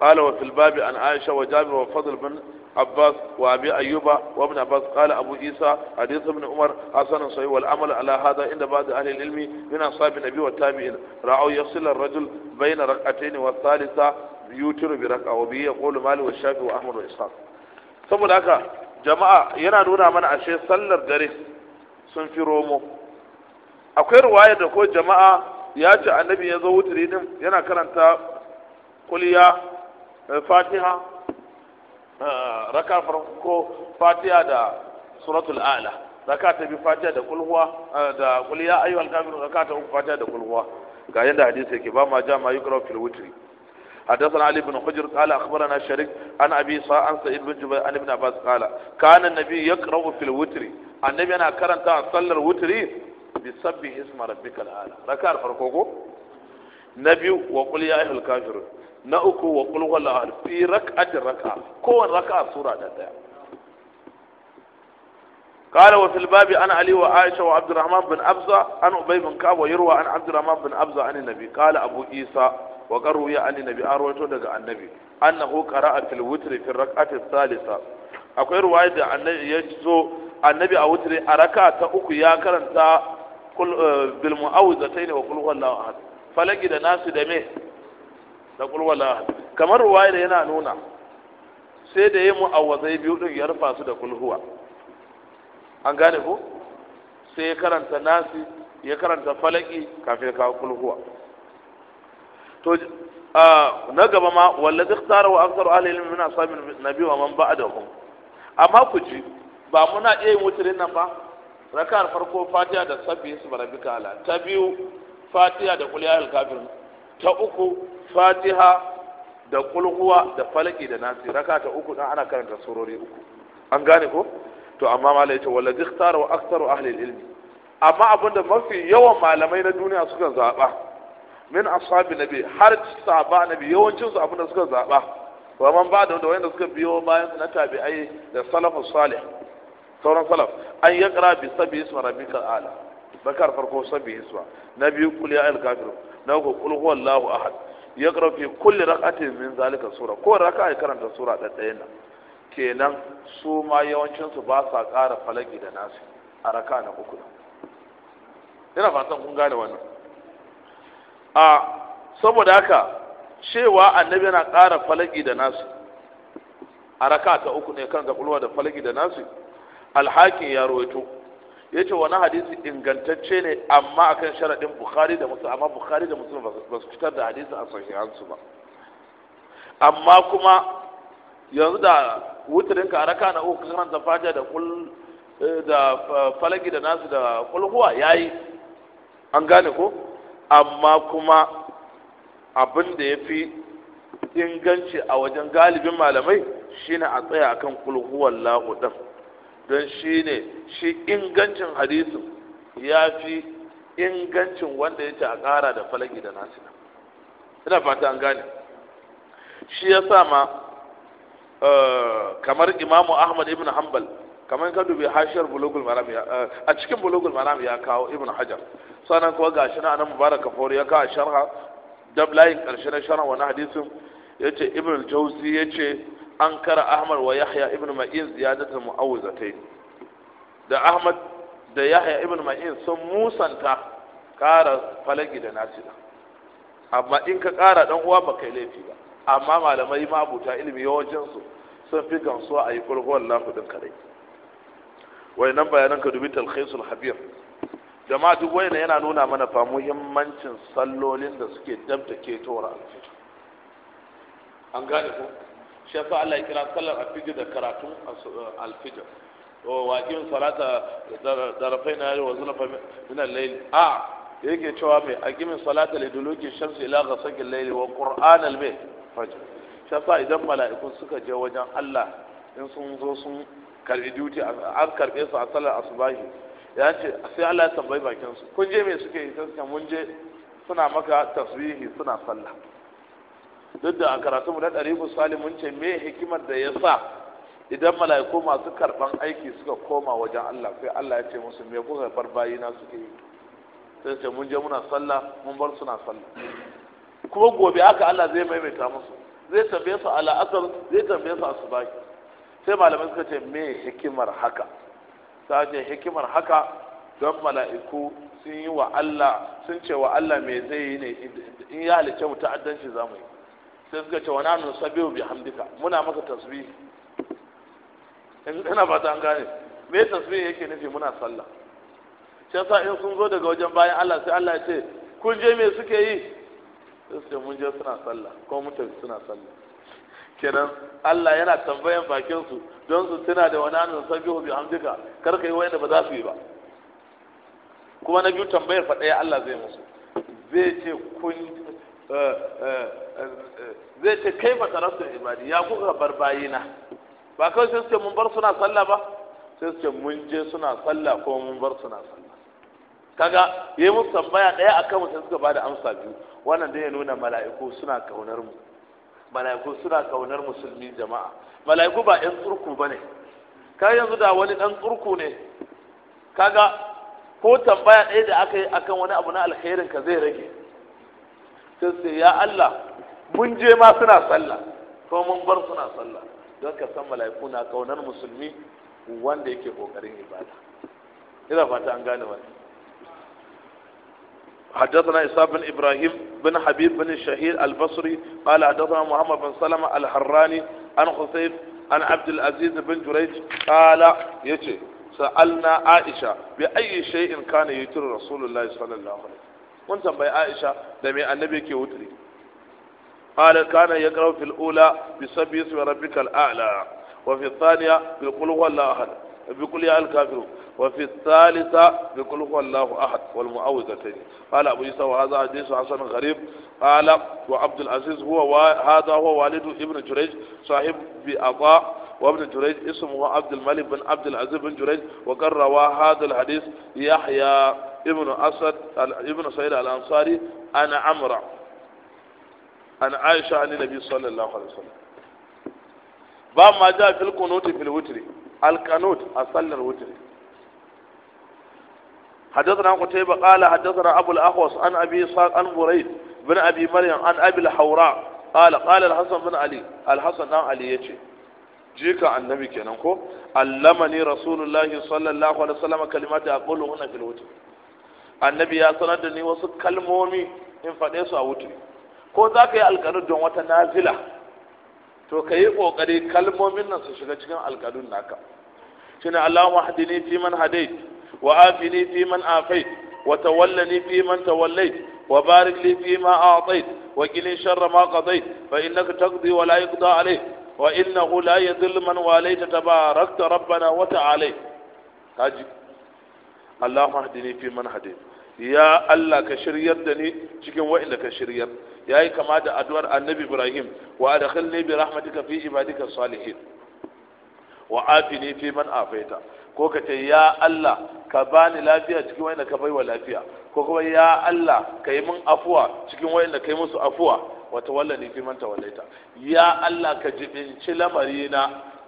قال وفي الباب عن عائشة وجابر وفضل بن عباس وابي ايوب وابن عباس قال ابو عيسى حديث ابن عمر حسن صحيح والعمل على هذا عند بعض اهل العلم من اصحاب النبي والتابعين راوا يصل الرجل بين ركعتين والثالثه يوتر بركعه وبه يقول مالك والشافعي واحمد واسحاق saboda haka jama'a yana nuna mana ashe sallar dare sun fi romo akwai ruwaya da ko jama'a ya ce annabi ya zo wuturi din yana karanta kuliya eh, fatiha eh, raka farko fatiha da suratul a'la raka ta bi fatiha da kulhuwa eh, da kuliya ayyuhal kafirun raka ta uku fatiha da kulhuwa ga yadda hadisi yake ba ma jama'a yukra fil wutri حدثنا علي بن حجر قال أخبرنا شريك عن أبي صاع عن سعيد بن جبير عن ابن عباس قال كان النبي يقرأ في الوتر النبي أنا كرنت صلى الوتر بسبح اسم ربك الأعلى ركع فرقوكو نبي وقل يا أهل الكافر نأكو وقل هو kul في ركعة fi كون ركعة سورة rak'a قال وفي الباب انا علي وعائشة وعبد الرحمن بن أبزة عن أبي بن كعب ويروى عن عبد الرحمن بن أبزة عن النبي قال أبو عيسى wa qaru ya an nabi arwato daga annabi annahu qara'a fil witri fi rak'ati salisa akwai ruwaya da annabi ya zo annabi a witri a raka ta uku ya karanta eh, bil mu'awizatayn wa kul huwallahu ahad falaki da nasu da me da kul huwallahu ahad kamar ruwaya da yana nuna sai da yi mu'awazai biyu din ya rufa su da kul huwa an gane ko sai ya karanta nasu ya karanta falaki kafin ya kawo huwa to na gaba ma wallazi ikhtara wa ahli ilmi min ashabi nabi wa man ba'dahum amma ku ji ba muna iya yin wutirin nan ba rakar farko fatiha da sabbi subhanaka ala ta biyu fatiha da qul ya ayyuhal kafirun ta uku fatiha da qul huwa da falaki da nasi raka ta uku dan ana karanta surori uku an gane ko to amma malai ta wallazi ikhtara wa ahli ilmi amma abinda mafi yawan malamai na duniya suka zaba min ashabi nabi har saba nabi yawancin su abin da suka zaba wa man ba da wanda suka biyo bayan su na tabi'ai da salafus salih sauran salaf an yaqra bi sabbi isma rabbika ala bakar farko sabbi isma nabi kul ya al kafir na ko kul huwallahu ahad yaqra fi kulli raqatin min zalika sura ko raka'a karanta sura ɗaɗɗayan nan kenan su ma yawancin su ba sa ƙara falaki da nasu a raka na uku ina fatan kun gane wannan a saboda haka cewa annabi yana ƙara falaki da nasu a raka ta uku ne kan gaɓulwa da falaki da nasu alhakin ya rawaito ya ce wani hadisi ingantacce ne amma akan sharaɗin bukhari da musulun amma bukhari da musulun ba su fitar da hadisi a sahihansu ba amma kuma yanzu da wutarinka a raka na uku kan da fatiha da kul eh, da eh, falaki da nasu da kulhuwa yayi an gane ko amma kuma abin da ya fi inganci a wajen galibin malamai shine a tsaya akan kulhuwar lahu don shine shi ingancin hadisin ya fi ingancin wanda ya ce a kara da falaki da nasina ina fata an gane shi ya sa ma eh, kamar imamu ahmad ibn hanbal kamar ka dubi hashiyar bulugul maram eh, a cikin bulugul maram ya kawo ibn hajar sannan kuwa gashi na anan Mubaraka kafori ya kawo sharha dab layin karshe na sharha wani hadisin yace ibn al-jawzi yace an kara ahmad wa yahya ibn ma'in ziyadatu mu'awuzatai da ahmad da yahya ibn ma'in sun musanta kara falagi da nasida amma in ka kara dan uwa ba kai laifi ba amma malamai ma abuta ilimi yawancin su sun fi gamsuwa a yi kulhuwan lafudin kare. Wai nan bayanan ka dubi talkhisul habir jama'a duk wai yana nuna mana fa muhimmancin sallolin da suke dab da ketowar an gane ko shi yasa Allah ya kira sallar alfijir da karatun eh, alfijir waƙin salata darafai na wa wanzu na minan layl a yake cewa mai aqimin salata duluki shams ila ga sakin laili wa al-bayt fajr shi yasa idan mala'iku suka je wajen allah in sun zo sun karbi duty an karbe su a sallar asubahi ya ce sai Allah ya tambayi bakin su kun je me suke yi sai mun je suna maka tasbihi suna sallah duk da a karatu mu na ɗaribu salim mun ce me hikimar da ya sa idan mala'iku masu karɓan aiki suka koma wajen Allah sai Allah ya ce musu me kuka bar bayina suke yi sai ce mun je muna sallah mun bar suna sallah kuma gobe haka Allah zai maimaita musu zai tambaye su ala zai tambaye su asubahi sai malamai suka ce me hikimar haka ta ce hikimar haka don mala'iku sun yi wa Allah sun ce wa Allah me zai yi ne in ya halice mu ta'addanci za mu yi sai suka ce wa nanu sabihu bi hamdika muna maka tasbih ina ba ta an gane me tasbih yake nufi muna sallah sai sa in sun zo daga wajen bayan Allah sai Allah ya ce kun je me suke yi sai mun je suna sallah ko mun tafi suna sallah kenan Allah yana tambayan bakin su don su tuna da wani annu sabihu bi hamdika kar kai wanda ba za su yi ba kuma na biyu tambayar fa daya Allah zai musu zai ce kun eh, eh, eh, zai ce kai ba tarasu ibadi ya kuka bar bayina ba kawai sai su ce mun bar suna sallah ba sai su ce mun je suna sallah ko mun bar suna sallah kaga yayi musu tambaya ɗaya akan mu sai suka bada amsa biyu wannan dai ya nuna mala'iku suna kaunar mu mala'iku suna kaunar musulmi jama'a mala'iku ba yan tsurku bane ka yanzu da wani ɗan tsurku ne kaga ko tambaya ɗaya da aka yi akan wani abu na alkhairin ka zai rage sai sai ya Allah mun je ma suna sallah ko mun bar suna sallah don ka san mala'iku na kaunar musulmi wanda yake kokarin ibada ina fata an gane wani حدثنا إصاب بن إبراهيم بن حبيب بن الشهير البصري قال حدثنا محمد بن سلمة الحراني عن خصيف عن عبد العزيز بن جريج قال يجي سألنا عائشة بأي شيء كان يتر رسول الله صلى الله عليه وسلم mun بأي عائشة دمي النبي annabi وتري قال كان يقرأ في الأولى al-ula الأعلى وفي الثانية rabbikal الله wa بكل يا الكافر وفي الثالثة بكل هو الله أحد والمعوذتين قال أبو يسا وهذا حديث حسن غريب قال وعبد العزيز هو هذا هو والد ابن جريج صاحب بأطاء وابن جريج اسمه عبد الملك بن عبد العزيز بن جريج وقد روى هذا الحديث يحيى ابن أسد ابن سعيد الأنصاري أنا عمرو أنا عائشة عن النبي صلى الله عليه وسلم باب ما جاء في القنوت في الوتر alkanut a sallar wutri حدثنا قتيبة قال حدثنا أبو الأخوص عن أبي إسحاق عن بريد بن أبي مريم عن أبي الحوراء قال قال الحسن بن علي الحسن بن علي يجي جيك عن النبي كنكو علمني رسول الله صلى الله عليه وسلم كلمات أقولهن في الوتر annabi ya sanar da ni wasu kalmomi in faɗe su a wuturi ko za ka yi alƙarar don wata nazila to ka yi ƙoƙari kalmomin nan su shiga cikin alƙalun naka shine Allahumma hadini fi man hadait wa afini fi man afait wa tawallani fi man tawallait wa barik li fi ma a'tait wa qini sharra ma qadait fa innaka taqdi wa la yuqda alayk wa innahu la yadhillu man walayta tabarakta rabbana wa ta'ala kaji Allahumma hadini fi man hadait ya Allah ka shiryar da ni cikin wa'inda ka shiryar yayi kama da addu'ar annabi ibrahim wa ne bi rahmatika fi ibadika salihin wa afini fi man afaita ko ka ce ya Allah ka bani lafiya cikin wayanda ka baiwa lafiya ko kuma ya Allah ka yi min afuwa cikin wayanda ka yi musu afuwa wa tawallani fi man tawallaita ya Allah ka jibinci lamarina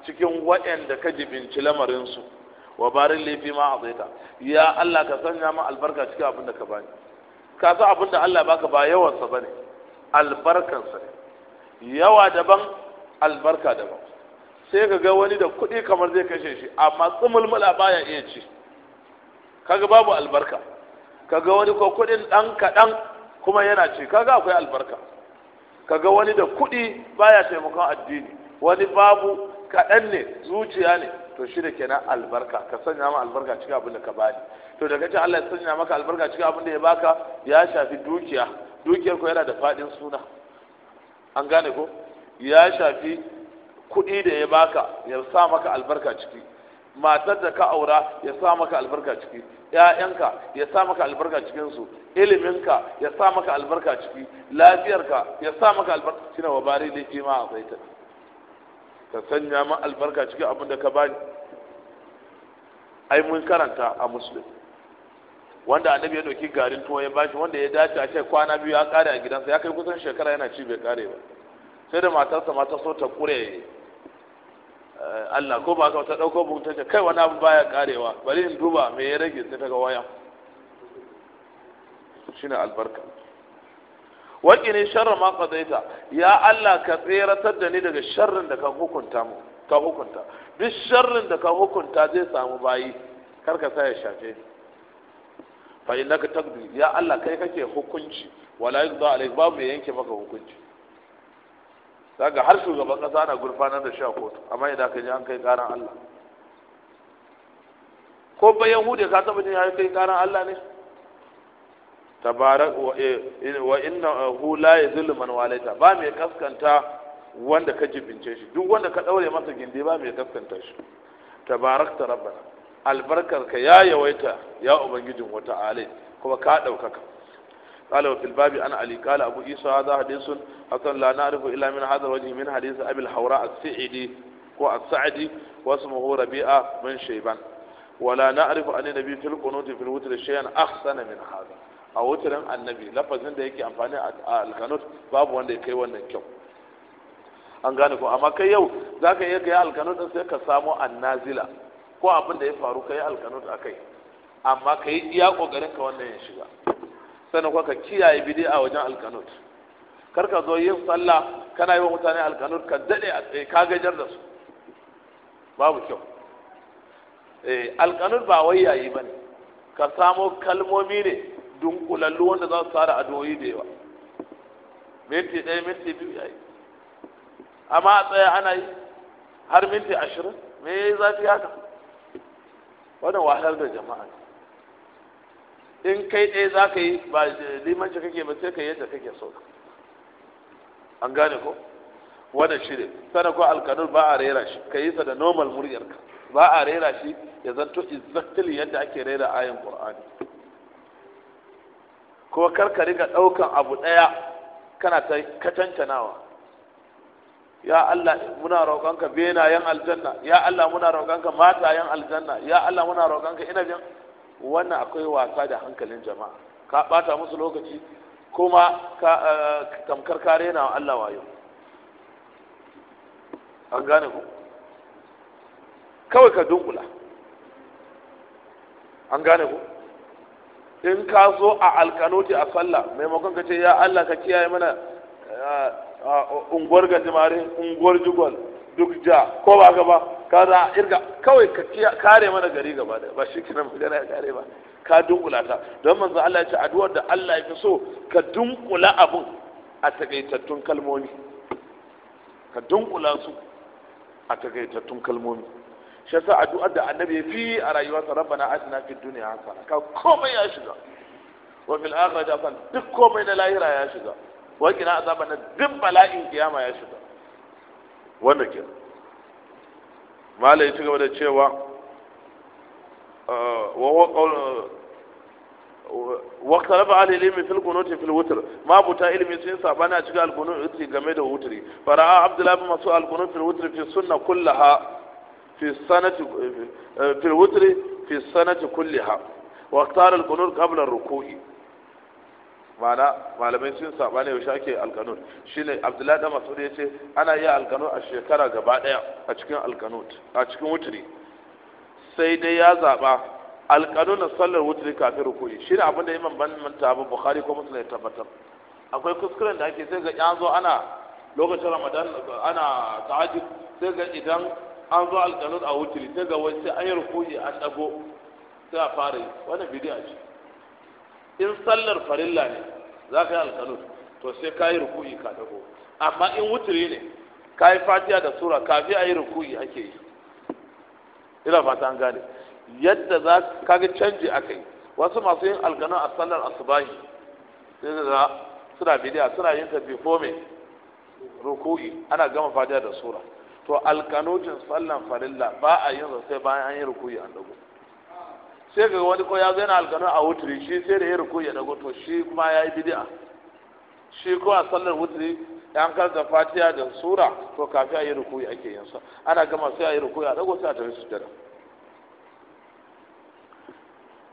cikin wayanda ka jibinci lamarin su wa barin laifi ma azaita ya Allah ka sanya min albarka cikin abin da ka bani ka san abin da Allah baka ba yawan sa bane sa yawa daban albarka daban sai ka ga wani da kuɗi kamar zai kashe shi amma tsumulmula baya iya ci kaga babu albarka kaga wani ko kuɗin ɗan kaɗan kuma yana ci kaga akwai albarka kaga wani da kuɗi baya taimakon addini wani babu kaɗan ne zuciya ne to shi da kenan albarka ka sanya ma albarka cikin abin da ka bani to daga ce Allah ya sanya maka albarka cikin abin da ya baka ya shafi dukiya dukiyar ko yana da fadin suna an gane ko ya shafi kuɗi da ya baka ya sa maka albarka ciki matar da ka aura ya sa maka albarka ciki ƴaƴanka ya sa maka albarka cikinsu iliminka ya sa maka albarka ciki lafiyarka ya sa maka albarka shine wa bari da ke ma a ta ka sanya ma albarka cikin abin da ka bani ai mun karanta a musulmi wanda annabi ya dauki garin tuwo ya bashi wanda ya dace a ce kwana biyu ya kare a gidansa ya kai kusan shekara yana ci bai kare ba sai da matarsa ma ta so ta kure eh, Allah ko ba ka ta dauko buhun ta ce kai wani abu baya karewa bari in duba me ya rage sai ta ga waya shine albarka waƙini sharra ma qadaita ya Allah ka tseratar da ni daga sharrin da ka hukunta mu ka hukunta duk sharrin da ka hukunta zai samu bayi kar ka sa ya shafe ni fa innaka taqdi ya Allah kai kake hukunci wala yuzda alayk babu mai yanke maka hukunci daga har shugaban kasa na gurfanar da shi a kotu amma idan ka ji an kai karan Allah ko bayan hude ka taba jin kai karan Allah ne tabarak wa eh, inna hu la yadhillu man walaita ba mai kaskanta wanda ka jibince shi duk wanda ka daure masa gindi ba mai kaskanta shi tabarakta rabbana albarkarka ya yawaita ya ubangijin wata alai kuma ka ɗaukaka قال وفي الباب عن علي قال أبو عيسى هذا حديث حسن لا نعرف إلا من هذا الوجه من حديث أبي الحوراء السعدي والسعدي واسمه ربيعة بن شيبان ولا نعرف أن النبي في القنوت في الوتر شيئا أحسن من هذا a wutarin annabi lafazin da yake amfani a alkanut babu wanda ya kai wannan kyau an gane ko amma kai yau za ka iya kai alkanut sai ka samo annazila ko abin da ya faru ka yi alkanut a kai amma ka yi iya ƙoƙarin ka wannan ya shiga sannan kuma ka kiyaye bidi a wajen alkanut kar ka zo yin sallah kana yi wa mutane alkanut ka daɗe a tsaye ka gajar da su babu kyau eh, alkanut ba wai yayi ba ne ka samo kalmomi ne dunkulallu wanda za su tsara adoyi da yawa minti ɗaya minti biyu yayi amma a tsaya ana yi har minti ashirin me ya yi zafi haka wannan wahalar da jama'a in kai ɗaya za ka yi ba limanci kake ba sai ka yadda kake so an gane ko wannan shi ne sana ko alkanun ba a rera shi ka yi sa da normal muryarka ba a rera shi ya zanto exactly yadda ake rera ayan ƙur'ani. ko kar ka riga ɗaukan abu ɗaya kana ta katantanawa ya Allah muna roƙonka benayen aljanna ya Allah muna roƙonka matayen aljanna ya Allah muna roƙonka inabin wannan akwai wasa da hankalin jama'a ka bata musu lokaci kuma ka eh, tamkar kare na Allah wayo an gane ku kawai ka dunkula an gane ku in ka zo a alkanoti a sallah maimakon ka ce ya Allah ka kiyaye mana eh, Ah, unguwar gajimare unguwar jugon duk ja ko ba gaba ka za a irga kawai ka kare mana gari gaba da ba shi kiran magana ya kare ba ka dunkula ta don manzo Allah ya ce addu'ar da Allah ya fi so ka dunkula abun a takaitattun kalmomi ka dunkula su a takaitattun kalmomi shi yasa addu'ar da annabi ya fi a rayuwarsa rabbana atina fid dunya hasana ka komai ya shiga wa fil akhirati hasana duk komai na lahira ya shiga wa kina azaban na duk bala'in kiyama ya shiga wanda ke malai ya ci gaba da cewa ah, wa huwa واختلف اهل العلم في القنوت في الوتر ما بوتا علم سن سابانا cikin game da wutri fara'a abdullah bin mas'ud alqunut fi alwutr fi sunna kullaha fi sanati eh, fi alwutr eh, fi sanati kullaha واختار القنوت قبل الركوع ma'ana malamai sun saba ne yaushe ake alkanut shine abdullahi da masu ya ce ana iya alkanut a shekara gaba daya a cikin alkanut a cikin wuturi sai dai ya zaba alkanut na sallar wuturi kafin rukuni shine abin da imam ban manta abu bukhari ko muslim ya tabbatar akwai kuskuren da ake sai ga ya zo ana lokacin ramadan ana tahajjud sai ga idan an zo alkanut a wuturi sai ga wani sai an yi rukuni an ɗago sai a fara yi wannan bidiyo ce in sallar farilla ne za ka yi alkanun to sai ka yi rukuyi ka dago amma in wuturi ne ka yi fatiha da sura kafi a yi rukuyi ake yi ina fata an gane yadda za ka ga canji aka yi wasu masu yin alkanun a sallar asubahi suna bidiya suna yin ta before me rukuyi ana gama fatiha da sura to alkanutin sallan farilla ba a yin sai bayan an yi rukuyi an dago sai ga wani ko ya zo yana alkanu a wuturi shi sai da ya ruku ya dago to shi kuma ya yi bidi'a shi ko a sallar wuturi ya hankal da fatiya da sura to kafi a yi ruku ya ake yin ana gama sai a yi ruku ya dago sai a tafi su jira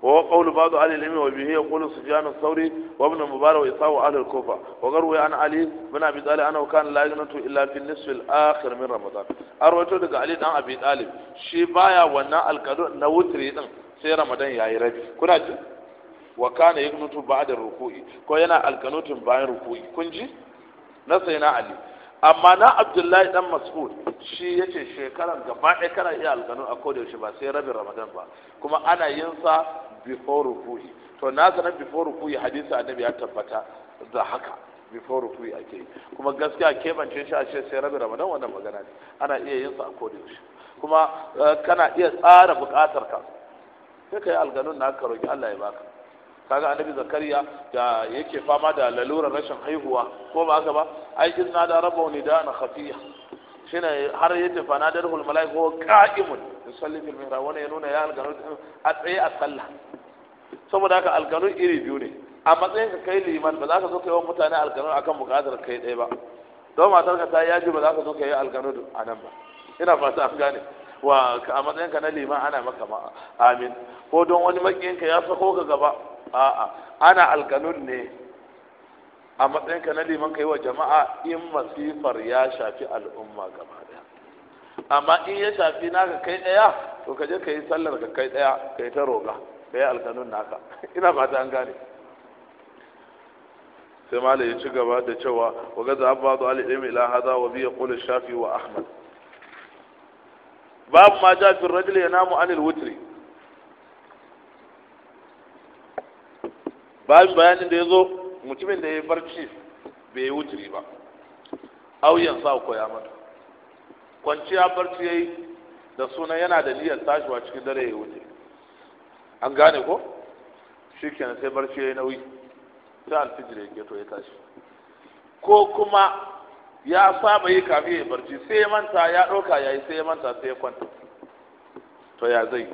wa qawlu ba'd ahli al-ilm wa bihi yaqulu sufyan ath-thawri wa ibn mubarak wa isaa ahli al-kufa wa garwa an ali bin abi talib anahu kana la yaghnatu illa fi an-nisf al-akhir min ramadan arwato daga ali dan abi talib shi baya wannan al na wutri din sai ramadan yayi rabi kuna ji wa kana ba ba'da ruku'i ko yana alqanutun bayan ruku'i kun ji na sai na ali amma na abdullahi dan mas'ud shi yace shekaran gaba ɗaya kana iya alkanu a koda yaushe ba sai rabin ramadan ba kuma ana yin sa before ruku'i to na sanar before ruku'i hadisi annabi ya tabbata da haka before ruku'i ake yi kuma gaskiya kebance shi a ce sai rabin ramadan wannan magana ne ana iya yin sa a koda yaushe kuma eh, kana iya tsara buƙatar ka sai ka yi alganun na ka roƙi Allah ya baka kaga annabi zakariya da yake fama da lalurar rashin haihuwa ko ba haka ba ai kin na da rabu ni da na khafiya shine har yace fa da ruhul malaiku qa'imun yusalli fil mihrab wani ya nuna ya alganu a tsaye a sallah saboda haka alganun iri biyu ne a matsayin ka kai liman ba za ka zo kai wa mutane alganun akan bukatar kai ɗaya ba don matar ka ta yaji ba za ka zo kai alganu a nan ba ina fata an gane wa a matsayinka na liman ana maka ma amin ko don wani makiyinka ya sako ka gaba a'a ana alkanun ne a matsayinka na liman ka yi wa jama'a in masifar ya shafi al'umma gaba daya amma in ya shafi naka kai daya to ka je ka yi sallar ka kai daya ka yi ta roga ka yi alkanun naka ina ba ta an gane sai malai ya ci gaba da cewa wa gaza abba zuwa al'ilmi ila hada wa biya kula shafi wa ahmad babu ma ja fi rajul yanamu anil wutri babu bayanin da ya zo mutumin da ya barci bai yi wutri ba auyan sa koya mata kwanciya barci yayi da sunan yana da niyyar tashiwa cikin dare ya wuce an gane ko shi kenan sai barci yayi nauyi sai alfijir ya ke to ya tashi ko kuma ya saba yi kafin ya barci sai manta ya ɗauka ya yi sai manta sai kwanta to ya zai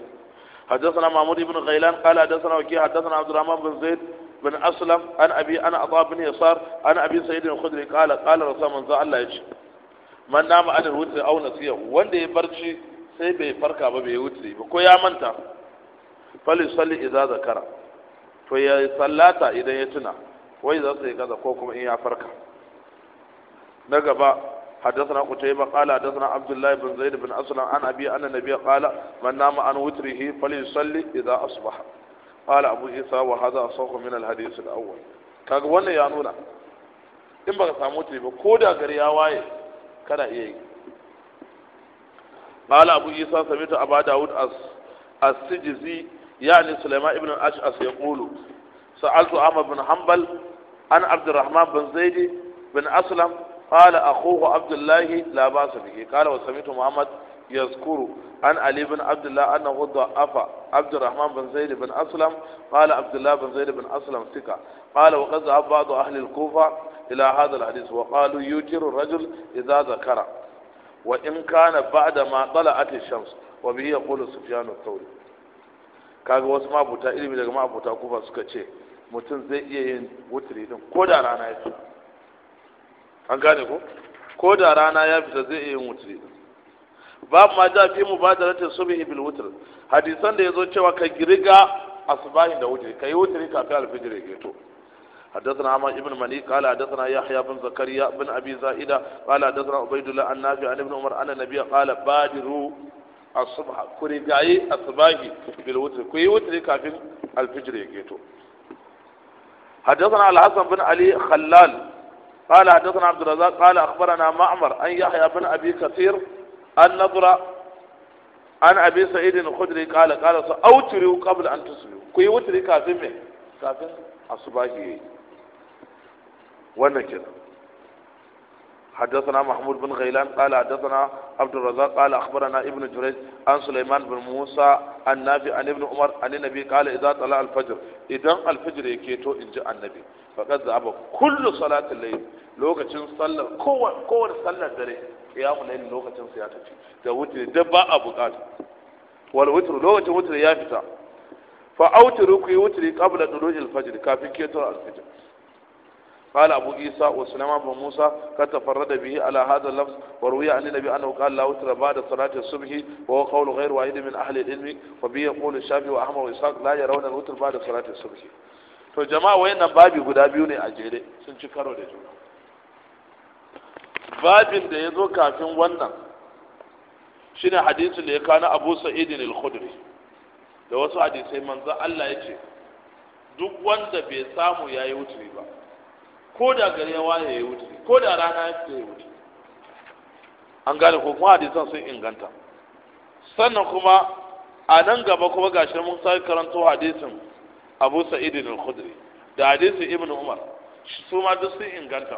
حدثنا محمود بن غيلان قال حدثنا وكيع حدثنا عبد الرحمن بن زيد بن أسلم عن أبي أنا عطاء بن يسار عن أبي سعيد الخدري قال قال رسول barci sai الله farka من نام عن الوتر ko نسيه وين دي برشي سي بي فركا ببي وتري بكو يا منتا فليصلي wai ذكر su إذا يتنا ko kuma in ya farka. نقبا حدثنا قتيبة قال حدثنا عبد الله بن زيد بن أسلم عن أبي أن النبي قال من نام عن وتره فليصلي إذا أصبح قال أبو عيسى وهذا أصح من الحديث الأول kaga wannan ya nuna in baka samu wutri ba ko da gari ya waye kana iya yi قال أبو عيسى سمعت أبا داود السجزي يعني سليمان ابن الأشعث يقول سألت أحمد بن حنبل عن عبد الرحمن بن زيد بن أسلم قال أخوه عبد الله لا بأس به قال وسمعت محمد يذكر عن علي بن عبد الله أنه ضعف عبد الرحمن بن زيد بن أسلم قال عبد الله بن زيد بن أسلم ثقة قال وقد ذهب بعض أهل الكوفة إلى هذا الحديث وقالوا يوتر الرجل إذا ذكر وإن كان بعد ما طلعت الشمس وبه يقول سفيان الثوري kaga wasu mabuta ilimi daga mabuta kufa suka ce mutum zai iya yin wutiri din ko da rana ya fito an gane ko ko da rana ya fita zai iya yin babu ma ja fi mu bada ratin subhi bil wutar hadisan da yazo cewa ka girga asbahin da wutar kai wutar kafin alfijir ya geto حدثنا عمر بن مني قال حدثنا يحيى بن زكريا بن ابي زائده قال حدثنا عبيد الله عن عن ابن عمر ان النبي قال بادروا الصبح كرجعي الصباح بالوتر كي وتر كافر الفجر يجيتو حدثنا الحسن بن علي خلال قال حدثنا عبد الرزاق قال أخبرنا معمر أن يحيى بن أبي كثير أن نظر عن أبي سعيد الخدري قال قال أوتروا قبل أن تسلوا كي وتري كافين كافين الصباحي ونكر حدثنا محمود بن غيلان قال حدثنا عبد الرزاق قال أخبرنا ابن جريج عن سليمان بن موسى عن نافع عن ابن عمر عن النبي قال إذا طلع الفجر إذا الفجر يكيتو إن جاء النبي فقد ذهب كل صلاة الليل لوكتين صلى كون كون صلى الدري قيام الليل لوكتين سياتتي ده وتر ده با أبو قال والوتر لوكتين وتر يا فتا فأوتروا كي وتري قبل طلوع الفجر كافي كيتو الفجر قال أبو عيسى وسليمان بن موسى قد تفرد به على هذا اللفظ وروي عن النبي أنه قال لا وتر بعد صلاة الصبح وهو قول غير واحد من أهل العلم وبه يقول الشافعي وأحمد وإسحاق لا يرون الوتر بعد صلاة الصبح to jama'a wayannan babi guda biyu ne a jere sun ci karo da juna babin da ya zo kafin wannan shine hadisin da ya kana Abu Sa'id al-Khudri da wasu hadisai manzo Allah ya ce duk wanda bai samu yayi wuturi ba ko da gari ya waye ya wuce ko da rana ya fita ya wuce an gane ko kuma hadisan sun inganta sannan kuma a nan gaba kuma gashi mun sai karanto hadisin Abu Sa'id al-Khudri da hadisin Ibn Umar su ma duk sun inganta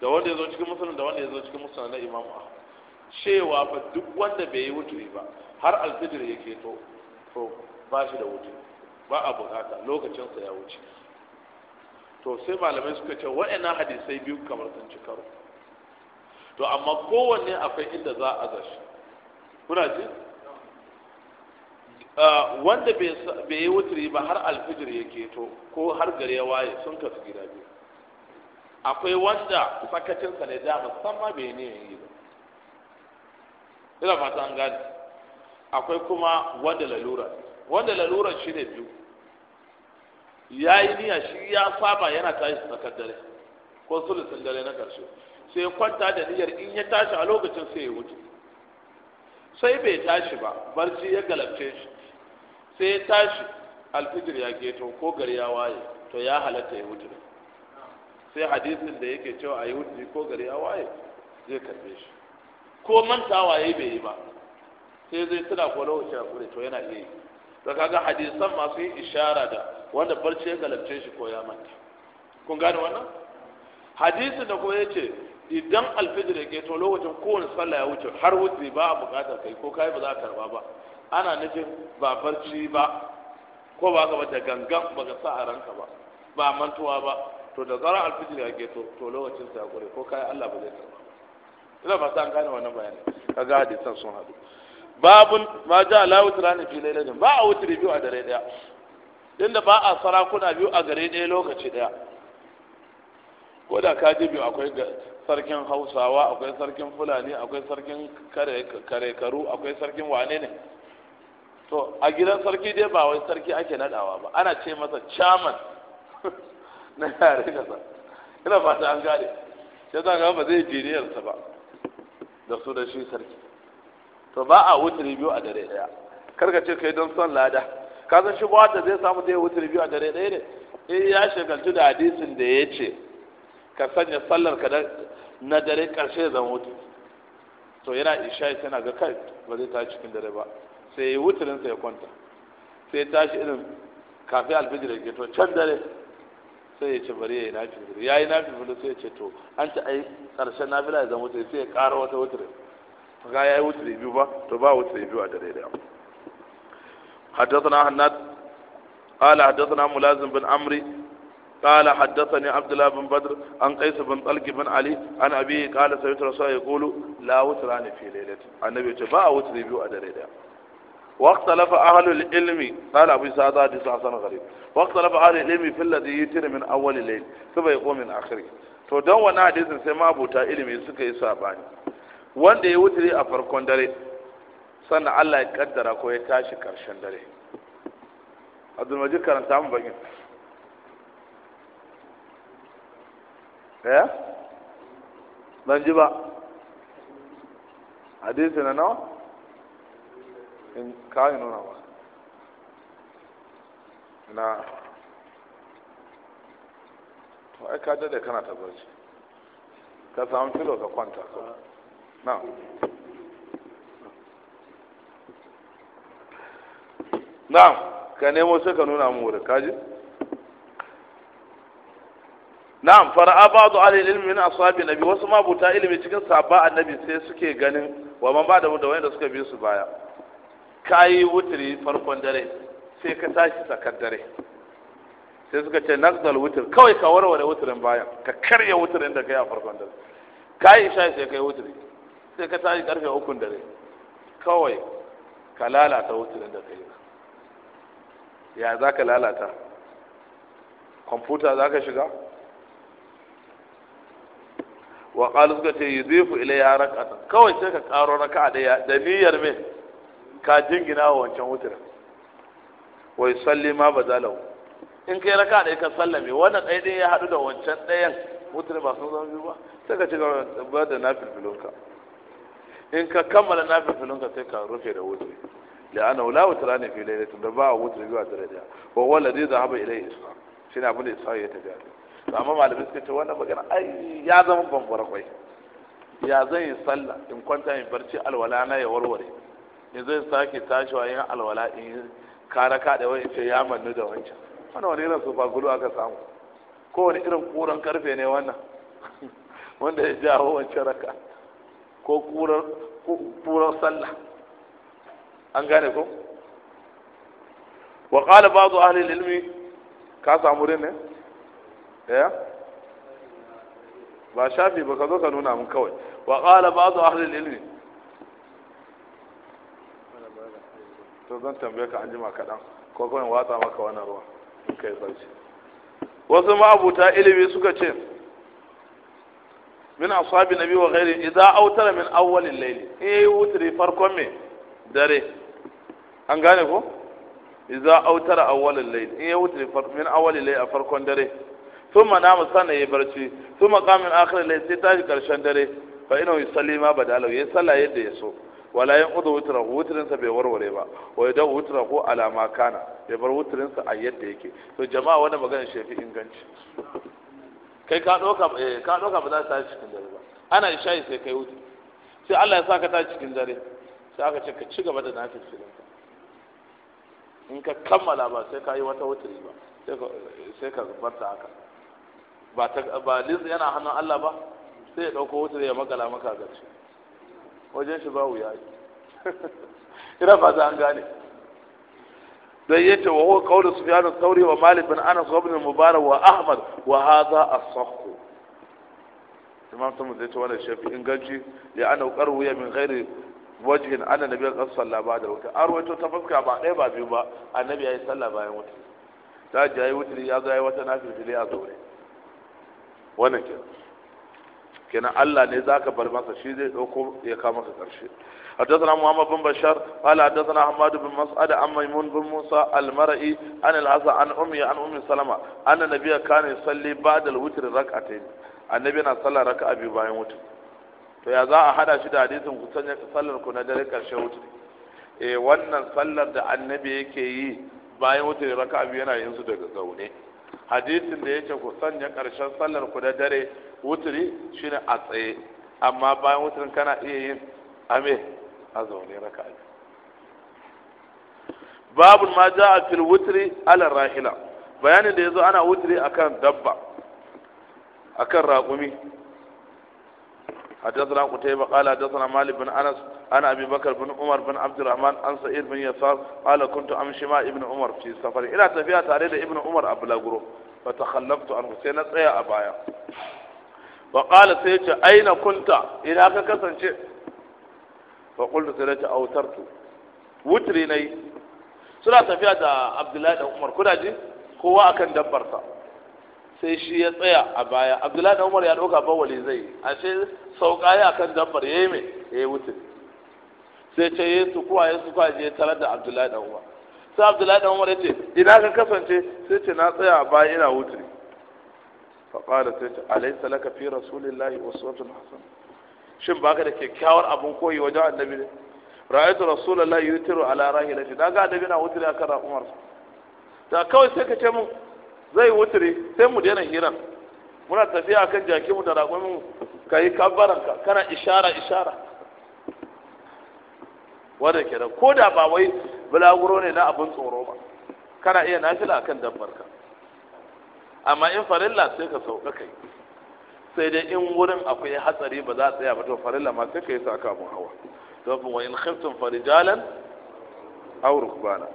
da wanda ya zo cikin musulun da wanda ya zo cikin musulun na Imam Ahmad cewa fa duk wanda bai yi wuturi ba har alfijir yake to to ba shi da wuturi ba a bukata lokacinsa ya wuce to sai malamai suka ce wa'ina hadisai biyu kamar sun ci karo to amma kowanne akwai inda za a zashi kuna ji wanda bai yi wuturi ba har alfijir ya keto ko har gare ya waye sun kasu gida biyu akwai wanda sakacinsa ne da musamman bai ne yi ba ina fata an gane akwai kuma wanda lalura wanda lalura shi ne biyu ya yi niyya shi ya saba yana tashi tsakar dare ko sulusun dare na ƙarshe sai kwanta da niyyar in ya tashi a lokacin sai ya wuce sai bai tashi ba barci ya galabce shi sai ya tashi alfijir ya geto ko gari ya waye to ya halatta ya wuce sai hadisin da yake cewa a yi wuce ko gari ya waye zai karbe shi ko mantawa ya bai yi ba sai zai tuna ko lokacin a to yana iya yi da kaga hadisan masu yin ishara da wanda barci ya galabce shi ko ya manta kun gane wannan hadisin da ko yace idan alfijir ya keto lokacin kowane sallah ya wuce har wuce ba a bukatar kai ko kai ba za a karba ba ana nufin ba barci ba ko ba ka bata gangan ba ka sa a ranka ba ba mantuwa ba to da zarar alfijir ya keto to lokacin sa ya kure ko kai Allah ba zai karba ina ba an gane wannan bayani kaga hadisan sun hadu babun ma ja la wutrani fi lailatin ba a wuce biyu a dare daya din da ba a sarakuna biyu a gare ɗaya lokaci ɗaya ko da ka ji biyu akwai sarkin hausawa akwai sarkin fulani akwai sarkin karekaru akwai sarkin wane ne to a gidan sarki dai ba wai sarki ake nadawa ba ana ce masa chairman na yare kasa ina fata an gane sai za ga ba zai jiniyarsa ba da su da shi sarki to ba a wuturi biyu a dare daya karka ce kai don son lada ka san shi da zai samu zai wutar biyu a dare ɗaya ne in eh, ya shagaltu da hadisin da ya ce ka sanya sallar ka na dare ƙarshe zan wuce to yana isha na ga kai ba zai tashi cikin dare ba sai ya wutarin sa ya kwanta sai ya tashi irin kafin alfijir ya to can dare sai ya ce bari ya yi nafi fulu ya yi nafi fulu sai ya ce to an ta ai ƙarshen fila ya zama wutar sai ya ƙara wata wutarin ga ya yi wutar biyu ba to ba wutar biyu a dare da حدثنا هناد قال حدثنا ملازم بن عمرو قال حدثني عبد الله بن بدر عن قيس بن طلق بن علي عن أبيه قال سمعت رسول يقول لا وتران في ليلة النبي يقول با وتري بيو أدري واختلف أهل العلم قال أبو سعد هذا حسن غريب واختلف أهل العلم في الذي يتر من أول الليل ثم يقوم من آخره to don wani hadisin sai mabuta ilimi suka yi sabani wanda ya wuturi a farkon dare sannan Allah ya kaddara ko ya tashi karshen dare majid karanta mu bakin eh ban ji ba hadisi na nawa in kawai nuna ba na to ai ka dade kana tabbaci ka samu filo ka kwanta na na'am ka nemo sai ka nuna mu wurin kaji na'am fara'a ba'du ahli ilmi min ashabi nabi wasu ma buta ilimi cikin sahaba annabi sai suke ganin wa man ba da da wanda suka bi su baya kai wutri farkon dare sai ka tashi sakar dare sai suka ce nakdal wutir kawai ka warware wuturin bayan ka karya wuturin da kai a farkon dare ka yi isha sai kai wuturi sai ka tashi karfe ukun dare kawai ka lalata wuturin da kai ya za ka lalata kwamfuta za ka shiga wa ƙalus suka ce zifu ila ya rakata kawai sai ka ƙaro na a ɗaya da niyyar me ka jingina wa wancan wutar Wai salli ma ba zalau in kai raka ɗaya ka sallame wannan ɗaya ya haɗu da wancan ɗayan wutar ba sun zama biyu ba sai ka ci gaba da nafilfilonka in ka kammala nafilfilonka sai ka rufe da wutar la'ana la wutra ne fi lailatin da ba wutra biyu a tare da wa huwa alladhi dhahaba ilayhi ishaq shine abin da ishaq ya tafi to amma malamai suka ce wannan magana ai ya zama bambara kwai ya zan yi sallah in kwanta in barci alwala na ya warware in zai sake tashiwa yin alwala in kara kaɗa wani ce ya mannu da wancan wannan wani irin sufa gulu aka samu kowane irin kuran karfe ne wannan wanda ya jawo wancan raka ko kurar sallah an gane ko wa qala ba'du ahli ilmi ka samu rin ne eh? ba shafi ba ka zo ka nuna mun kawai wa qala ba'du ahli ilmi to zan tambaye ka anjima kaɗan ko kawai watsa maka wannan ruwa kai barci wasu ma'abuta ilimi suka ce min ashabi nabi wa ghairi idza autara min awwalil layl eh wutri farkon me dare an gane ko idza autar awwalal layl in ya wuce min awwalil layl a farkon dare thumma namu sana ya barci thumma qama min akhir layl sai tashi karshen dare fa ina yusalli ma badala ya salla yadda ya so wala ya udu wutra wutrin sa bai warware ba wa yadau wutra ko alama kana ya bar wutrin sa a yadda yake to jama'a wannan magana shafi inganci kai ka doka eh, ka doka ba za ta cikin dare ba ana isha'i sai kai wuce sai Allah ya saka ta cikin dare sai aka ce ka ci gaba da ka. in ka kammala ba sai ka yi wata wuturi ba sai ka barta haka ba ta liz yana hannun Allah ba sai ya dauko wuturi ya makala maka a gaci wajen shi ba wuya ina ba za an gane dan yace wa huwa qawlu sufyan ath-thawri wa malik bin anas wa ibn mubarak wa ahmad wa hadha as-sahh imam tamu zai ce wannan shafi inganci li ana qarwiya min ghairi wajhin anna nabi kan sallah ba da wuta an rawaito ta fuska ba ɗaya ba biyu ba annabi yayi sallah bayan wuta ta ji yayi wuta ya ga yayi wata nafilfili a zaure wannan Ke kenan Allah ne zaka bar masa shi zai dauko ya kawo masa karshe حدثنا محمد بن بشار قال حدثنا حماد بن مسعد عن ميمون بن موسى المرئي عن العزى عن امي عن ام سلمة ان النبي كان يصلي بعد الوتر ركعتين النبي صلى ركعه باين وتر to ya za a hada shi da hadisin ku sallar ku na dare karshe wuce eh wannan sallar da annabi yake yi bayan wuce raka biyu yana yin su daga zaune hadisin da yake ku sanya karshen sallar ku na dare wuturi shine a tsaye amma bayan wuturin kana iya yin ame a zaune raka babu ma a fil wutri ala rahila bayanin da yazo ana wutri akan dabba akan raƙumi حدثنا قتيبة قال حدثنا مالك بن أنس أنا أبي بكر بن عمر بن عبد الرحمن عن سعيد بن يسار قال كنت أمشي مع ابن عمر في سفر إلى تفيها تعريض ابن عمر أبلغره فتخلفت عنه سينا سيا أبايا وقال سيدي أين كنت إلى كسن شيء فقلت سيدي أوترت وتري ني suna tafiya da abdullahi da umar kuna ji kowa akan dabbarsa sai shi ya tsaya a baya abdullahi da umar ya dauka bawali zai ce sauka ya kan dabbar mai. Ya yi wuce sai ce su kuwa su kuwa je tarar da abdullahi da umar sai abdullahi da umar ya ce, ina ka kasance sai ce na tsaya a baya ina wuce fa sai ce alaysa salaka fi rasulillahi uswatun hasan shin baka da kyakkyawar abin koyi wajen annabi ne ra'aytu rasulullahi yutiru ala rahilati daga annabi na wuce akan umar ta kawai sai ka ce mun zai wuturi sai mu daina hiran muna tafiya kan jaki mu da ragonmu ka yi kabbaranka kana ishara ishara wanda ke da ko da ba wai bulaguro ne na abin tsoro ba kana iya nafila akan dabbarka amma in farilla sai ka sauka kai sai dai in wurin akwai hatsari ba za a tsaya ba to farilla ma sai ka yi sa kamun hawa to wa in khiftum farijalan aw rukbana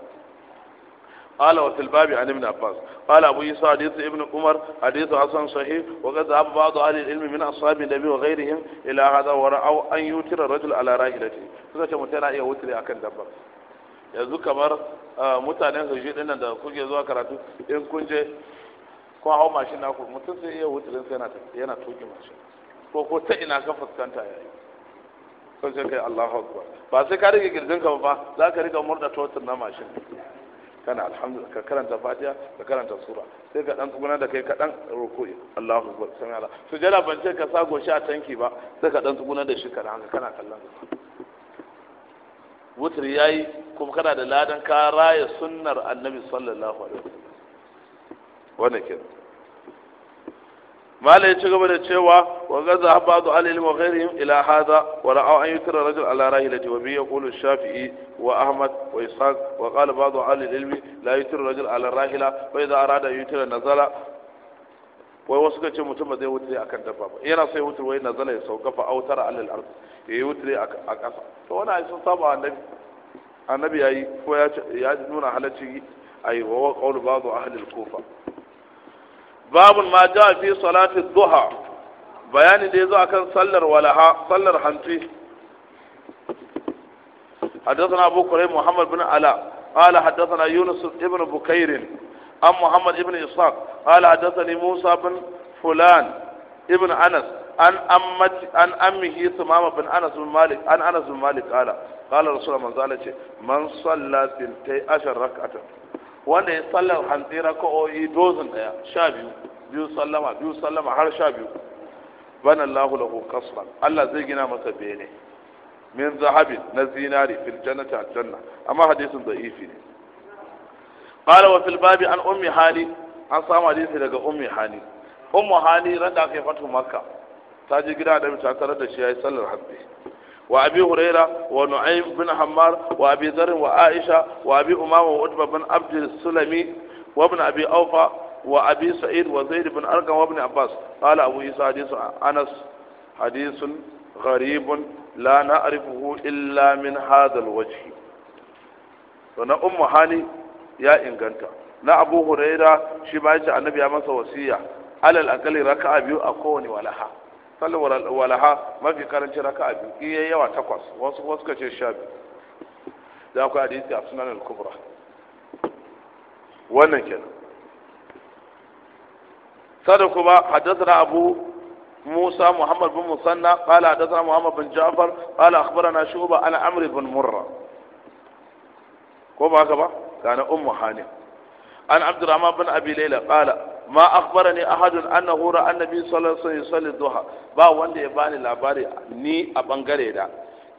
قال وفي الباب عن ابن عباس قال أبو يسوع حديث ابن عمر حديث حسن صحيح وقد ذهب بعض أهل العلم من أصحاب النبي وغيرهم إلى هذا ورأوا أن يوتر الرجل على راحلته suka ce mutum yana iya wuturi akan yanzu kamar mutanen hujji dinnan da kuke zuwa karatu in kun je hau mashin naku mutum sai iya wuturin sa yana tuki mashin ko ko ta ina ka fuskanta yayi ko sai kai Allahu akbar ba sai ka rike girjin ka ba za ka rika murda totin na mashin kana alhamdulillah ka karanta fatiha ka karanta sura sai ka dan tsuguna da kai ka dan ruku'i Allahu akbar sami Allah sujada ban ce ka sa goshi a tanki ba sai ka dan tsuguna da shi ka dan kana kallon wutar yayi kuma kana da ladan ka raya sunnar annabi sallallahu alaihi wasallam wannan kenan mala ya ci gaba da cewa wa gaza ba'du alil wa ghairihim ila hadha wa ra'a an yukra rajul ala rahilati wa bi yaqulu shafi'i wa ahmad wa ishaq wa qala ba'du alil ilmi la yukra rajul ala rahila wa idha arada yukra nazala wai wasu ka ce mutum ba zai wutare akan dabba ba yana sai wutar wai nazala ya sauka fa autara alal ard ya yi wutare a kasa to wani ai sun saba annabi annabi yayi ko ya nuna halacci ayi wa qawlu ba'du ahli al-kufa babun ma ja fi salati duha bayani da yazo akan sallar walaha sallar hanti حدثنا أبو كريم محمد بن علاء قال حدثنا يونس بن بكير عن محمد بن إسحاق قال حدثني موسى بن فلان ابن أنس عن أمت عن أمه ثمامة بن أنس بن مالك عن أنس بن مالك قال قال رسول الله من صلى سنتي عشر ركعة wanda ya sallar hantsi yi dozin daya sha biyu biyu sallama biyu sallama har sha biyu bana Allahu lahu kasran Allah zai gina masa bene min zahabin na zinari fil jannati janna. amma hadisin da'ifi ne qala wa fil an ummi hali an samu hadisi daga ummi hali ummu hali rada kai fatu makka ta je gida da ta da shi yayi sallar hantsi وأبي هريرة ونعيم بن حمار وأبي ذر وعائشة وأبي أمامة وأتبة بن عبد السلمي وابن أبي أوفى وأبي سعيد وزيد بن أرقم وابن عباس قال أبو عيسى حديث أنس حديث غريب لا نعرفه إلا من هذا الوجه فنا أم هاني يا إنغانتا na ابو هريره shi ba النبي ce annabi ya على الاقل alal akali raka'a biyu sallar walaha mafi karancin raka a biyu iya yawa takwas wasu wasu ka ce sha biyu da akwai hadisi a sunan al-kubra wannan kenan sada kuma haddasa abu موسى محمد بن مثنى قال Muhammad bin Jafar, جعفر قال اخبرنا شعبه على bin Murra. Ko ba كما ba? ام حاني عن عبد الرحمن بن ابي Laila, قال ma akhbarani ahadun annahu ra'a annabi sallallahu alaihi wasallam ba wanda ya bani labari ni a bangare da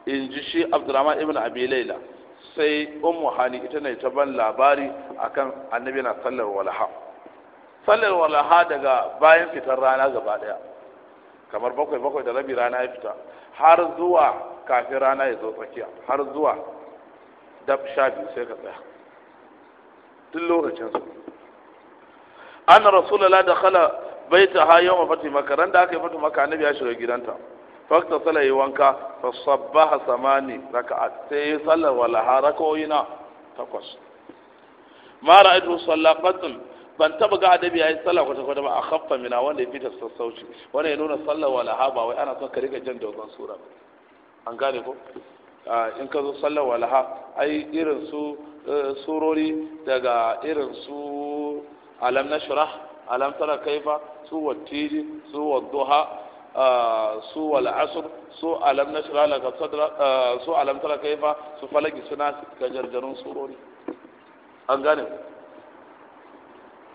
in ji shi abdurrahman ibn abi laila sai ummu ita ne ta ban labari akan annabi na sallar walaha sallar walaha daga bayan fitar rana gaba daya kamar bakwai bakwai da rabi rana ya fita har zuwa kafin rana ya zo tsakiya har zuwa dab sha biyu sai ka tsaya duk lokacin anna rasulullah dakhala baitaha yawma fati makka ran da aka yi fatu makka annabi ya shiga gidanta fakta sala yi wanka fa sabbaha samani raka'at sai sallar walaha raka'o'ina takwas ma ra'aytu sallaqatun ban taba ga adabi yayi sallah kwata kwata ba a khaffa mina wanda ya fita sassauci wanda ya nuna sallah wala haba wai ana son ka rika jan dogon sura an gane ko in ka zo sallah wala ha ai irin su eh, surori daga irin su alam nashrah alam tara kaifa su wattiri su duha, su wal su alam nashrah laka sadra su alam tara kaifa su falaki suna ga jarjarun surori an gane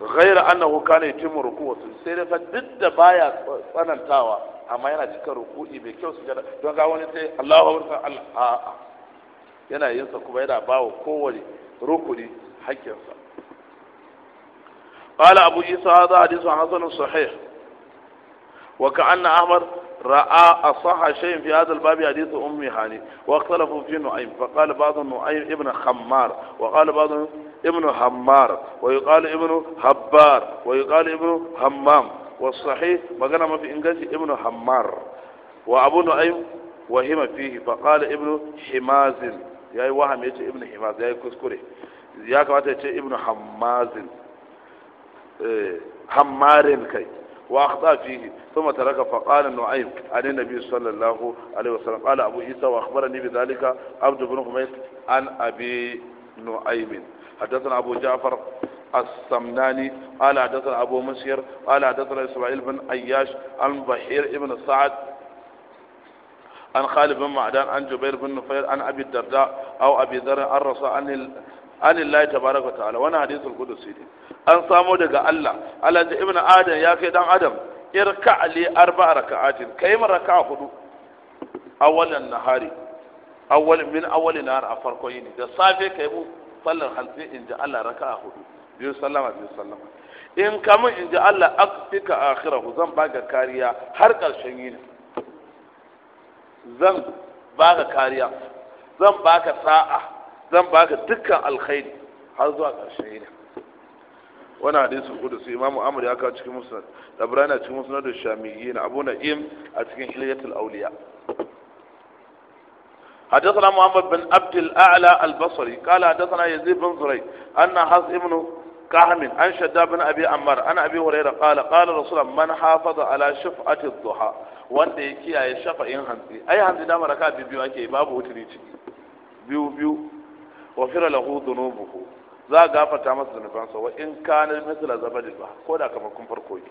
غير أنه كان sai ركوعه fa didda baya tsanantawa amma yana cika ruku'i mai kyau su jada don ga wani sai Allahu akbar Allah yana yin sa kuma yana bawa kowane rukuni hakkinsa قال أبو عيسى هذا حديث حسن صحيح وكأن أحمد رأى أصح شيء في هذا الباب حديث أم هاني واختلفوا في نعيم فقال بعض نعيم ابن خمار وقال بعض ابن همار ويقال ابن هبار ويقال ابن همام والصحيح ما كان ما في إنجاز ابن همار وأبو نعيم وهم فيه فقال ابن حماز يا وهم إيوه يجي ابن حماز يا إيوه كسكري يا كواتي ابن حماز إيه، حمار كي واخطا فيه ثم ترك فقال النعيم عن النبي صلى الله عليه وسلم قال ابو عيسى واخبرني بذلك عبد بن حميد عن ابي نعيم حدثنا ابو جعفر السمناني قال حدثنا ابو مسير قال حدثنا اسماعيل بن اياش عن بحير بن سعد عن خالد بن معدان عن جبير بن نفير عن ابي الدرداء او ابي ذر عن anillahi tabaraka ta'ala wannan hadisul qudusi ne an samo daga Allah Allah ta ibnu adam ya kai dan adam irka li arba raka'atin kai mu raka'a hudu awwalan nahari awwal min awwal nahar a farko yini da safe kai mu sallar hantsi in ji Allah raka'a hudu biyu sallama biyu sallama in kamun in ji Allah akfika akhirahu zan baka kariya har karshen yini zan baka kariya zan baka sa'a zan baka dukkan alkhairi har zuwa ƙarshen yini wani hadisu kudu su imamu amur ya kawo cikin musnad labirani na cikin musnad da shamiyyi na abu na'im a cikin hilyatul auliya حدثنا محمد بن عبد الأعلى البصري قال حدثنا يزيد بن زري أن حس ابن كهم عن شداد بن أبي عمار عن أبي هريرة قال قال رسول الله من حافظ على شفعة الضحى wanda ya kiyaye shafa'in hantsi ai hantsi da maraka biyu ake babu wuturi ciki biyu wafira lahu dhunubuhu za a gafata masa zunubansa wa in kana mithla zabadil ba ko da kamar kun farko ne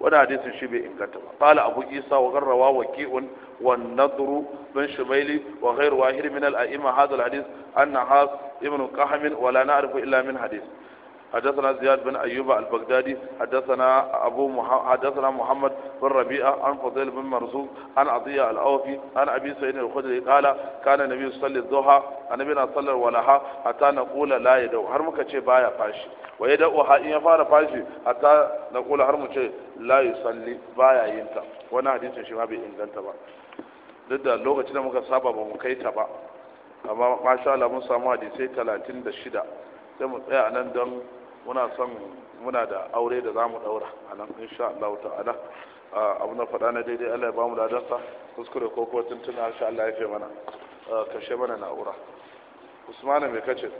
wannan hadisin shi bai inganta ba qala abu isa wa garrawa wa ki'un wa nadru bin shumaili wa ghayr wahir min al a'imma hadha al hadith anna has ibn qahm wa la na'rifu illa min hadith حدثنا زياد بن أيوب البغدادي حدثنا أبو مح... حدثنا محمد بن ربيعة عن فضيل بن مرزوق عن عطية الأوفي عن أبي سعيد الخدري قال كان النبي يصلي الضحى النبي صلى ولها حتى نقول لا يدعو har muka ce baya fashi wa yad'u ha in ya fara fashi hatta naqulu har mu ce la yusalli baya yin ta wannan hadisin shi ma bai inganta ba duk da lokacin da muka saba ba mu kai ta ba masha Allah mun samu hadisai 36 sai mu tsaya nan don muna son muna da aure da zamu daura a nan insha Allah ta'ala abu na faɗa na daidai Allah ya ba mu ladarsa kuskure ko ko tuntuna insha Allah ya fi mana kashe mana na'ura usmanu me kace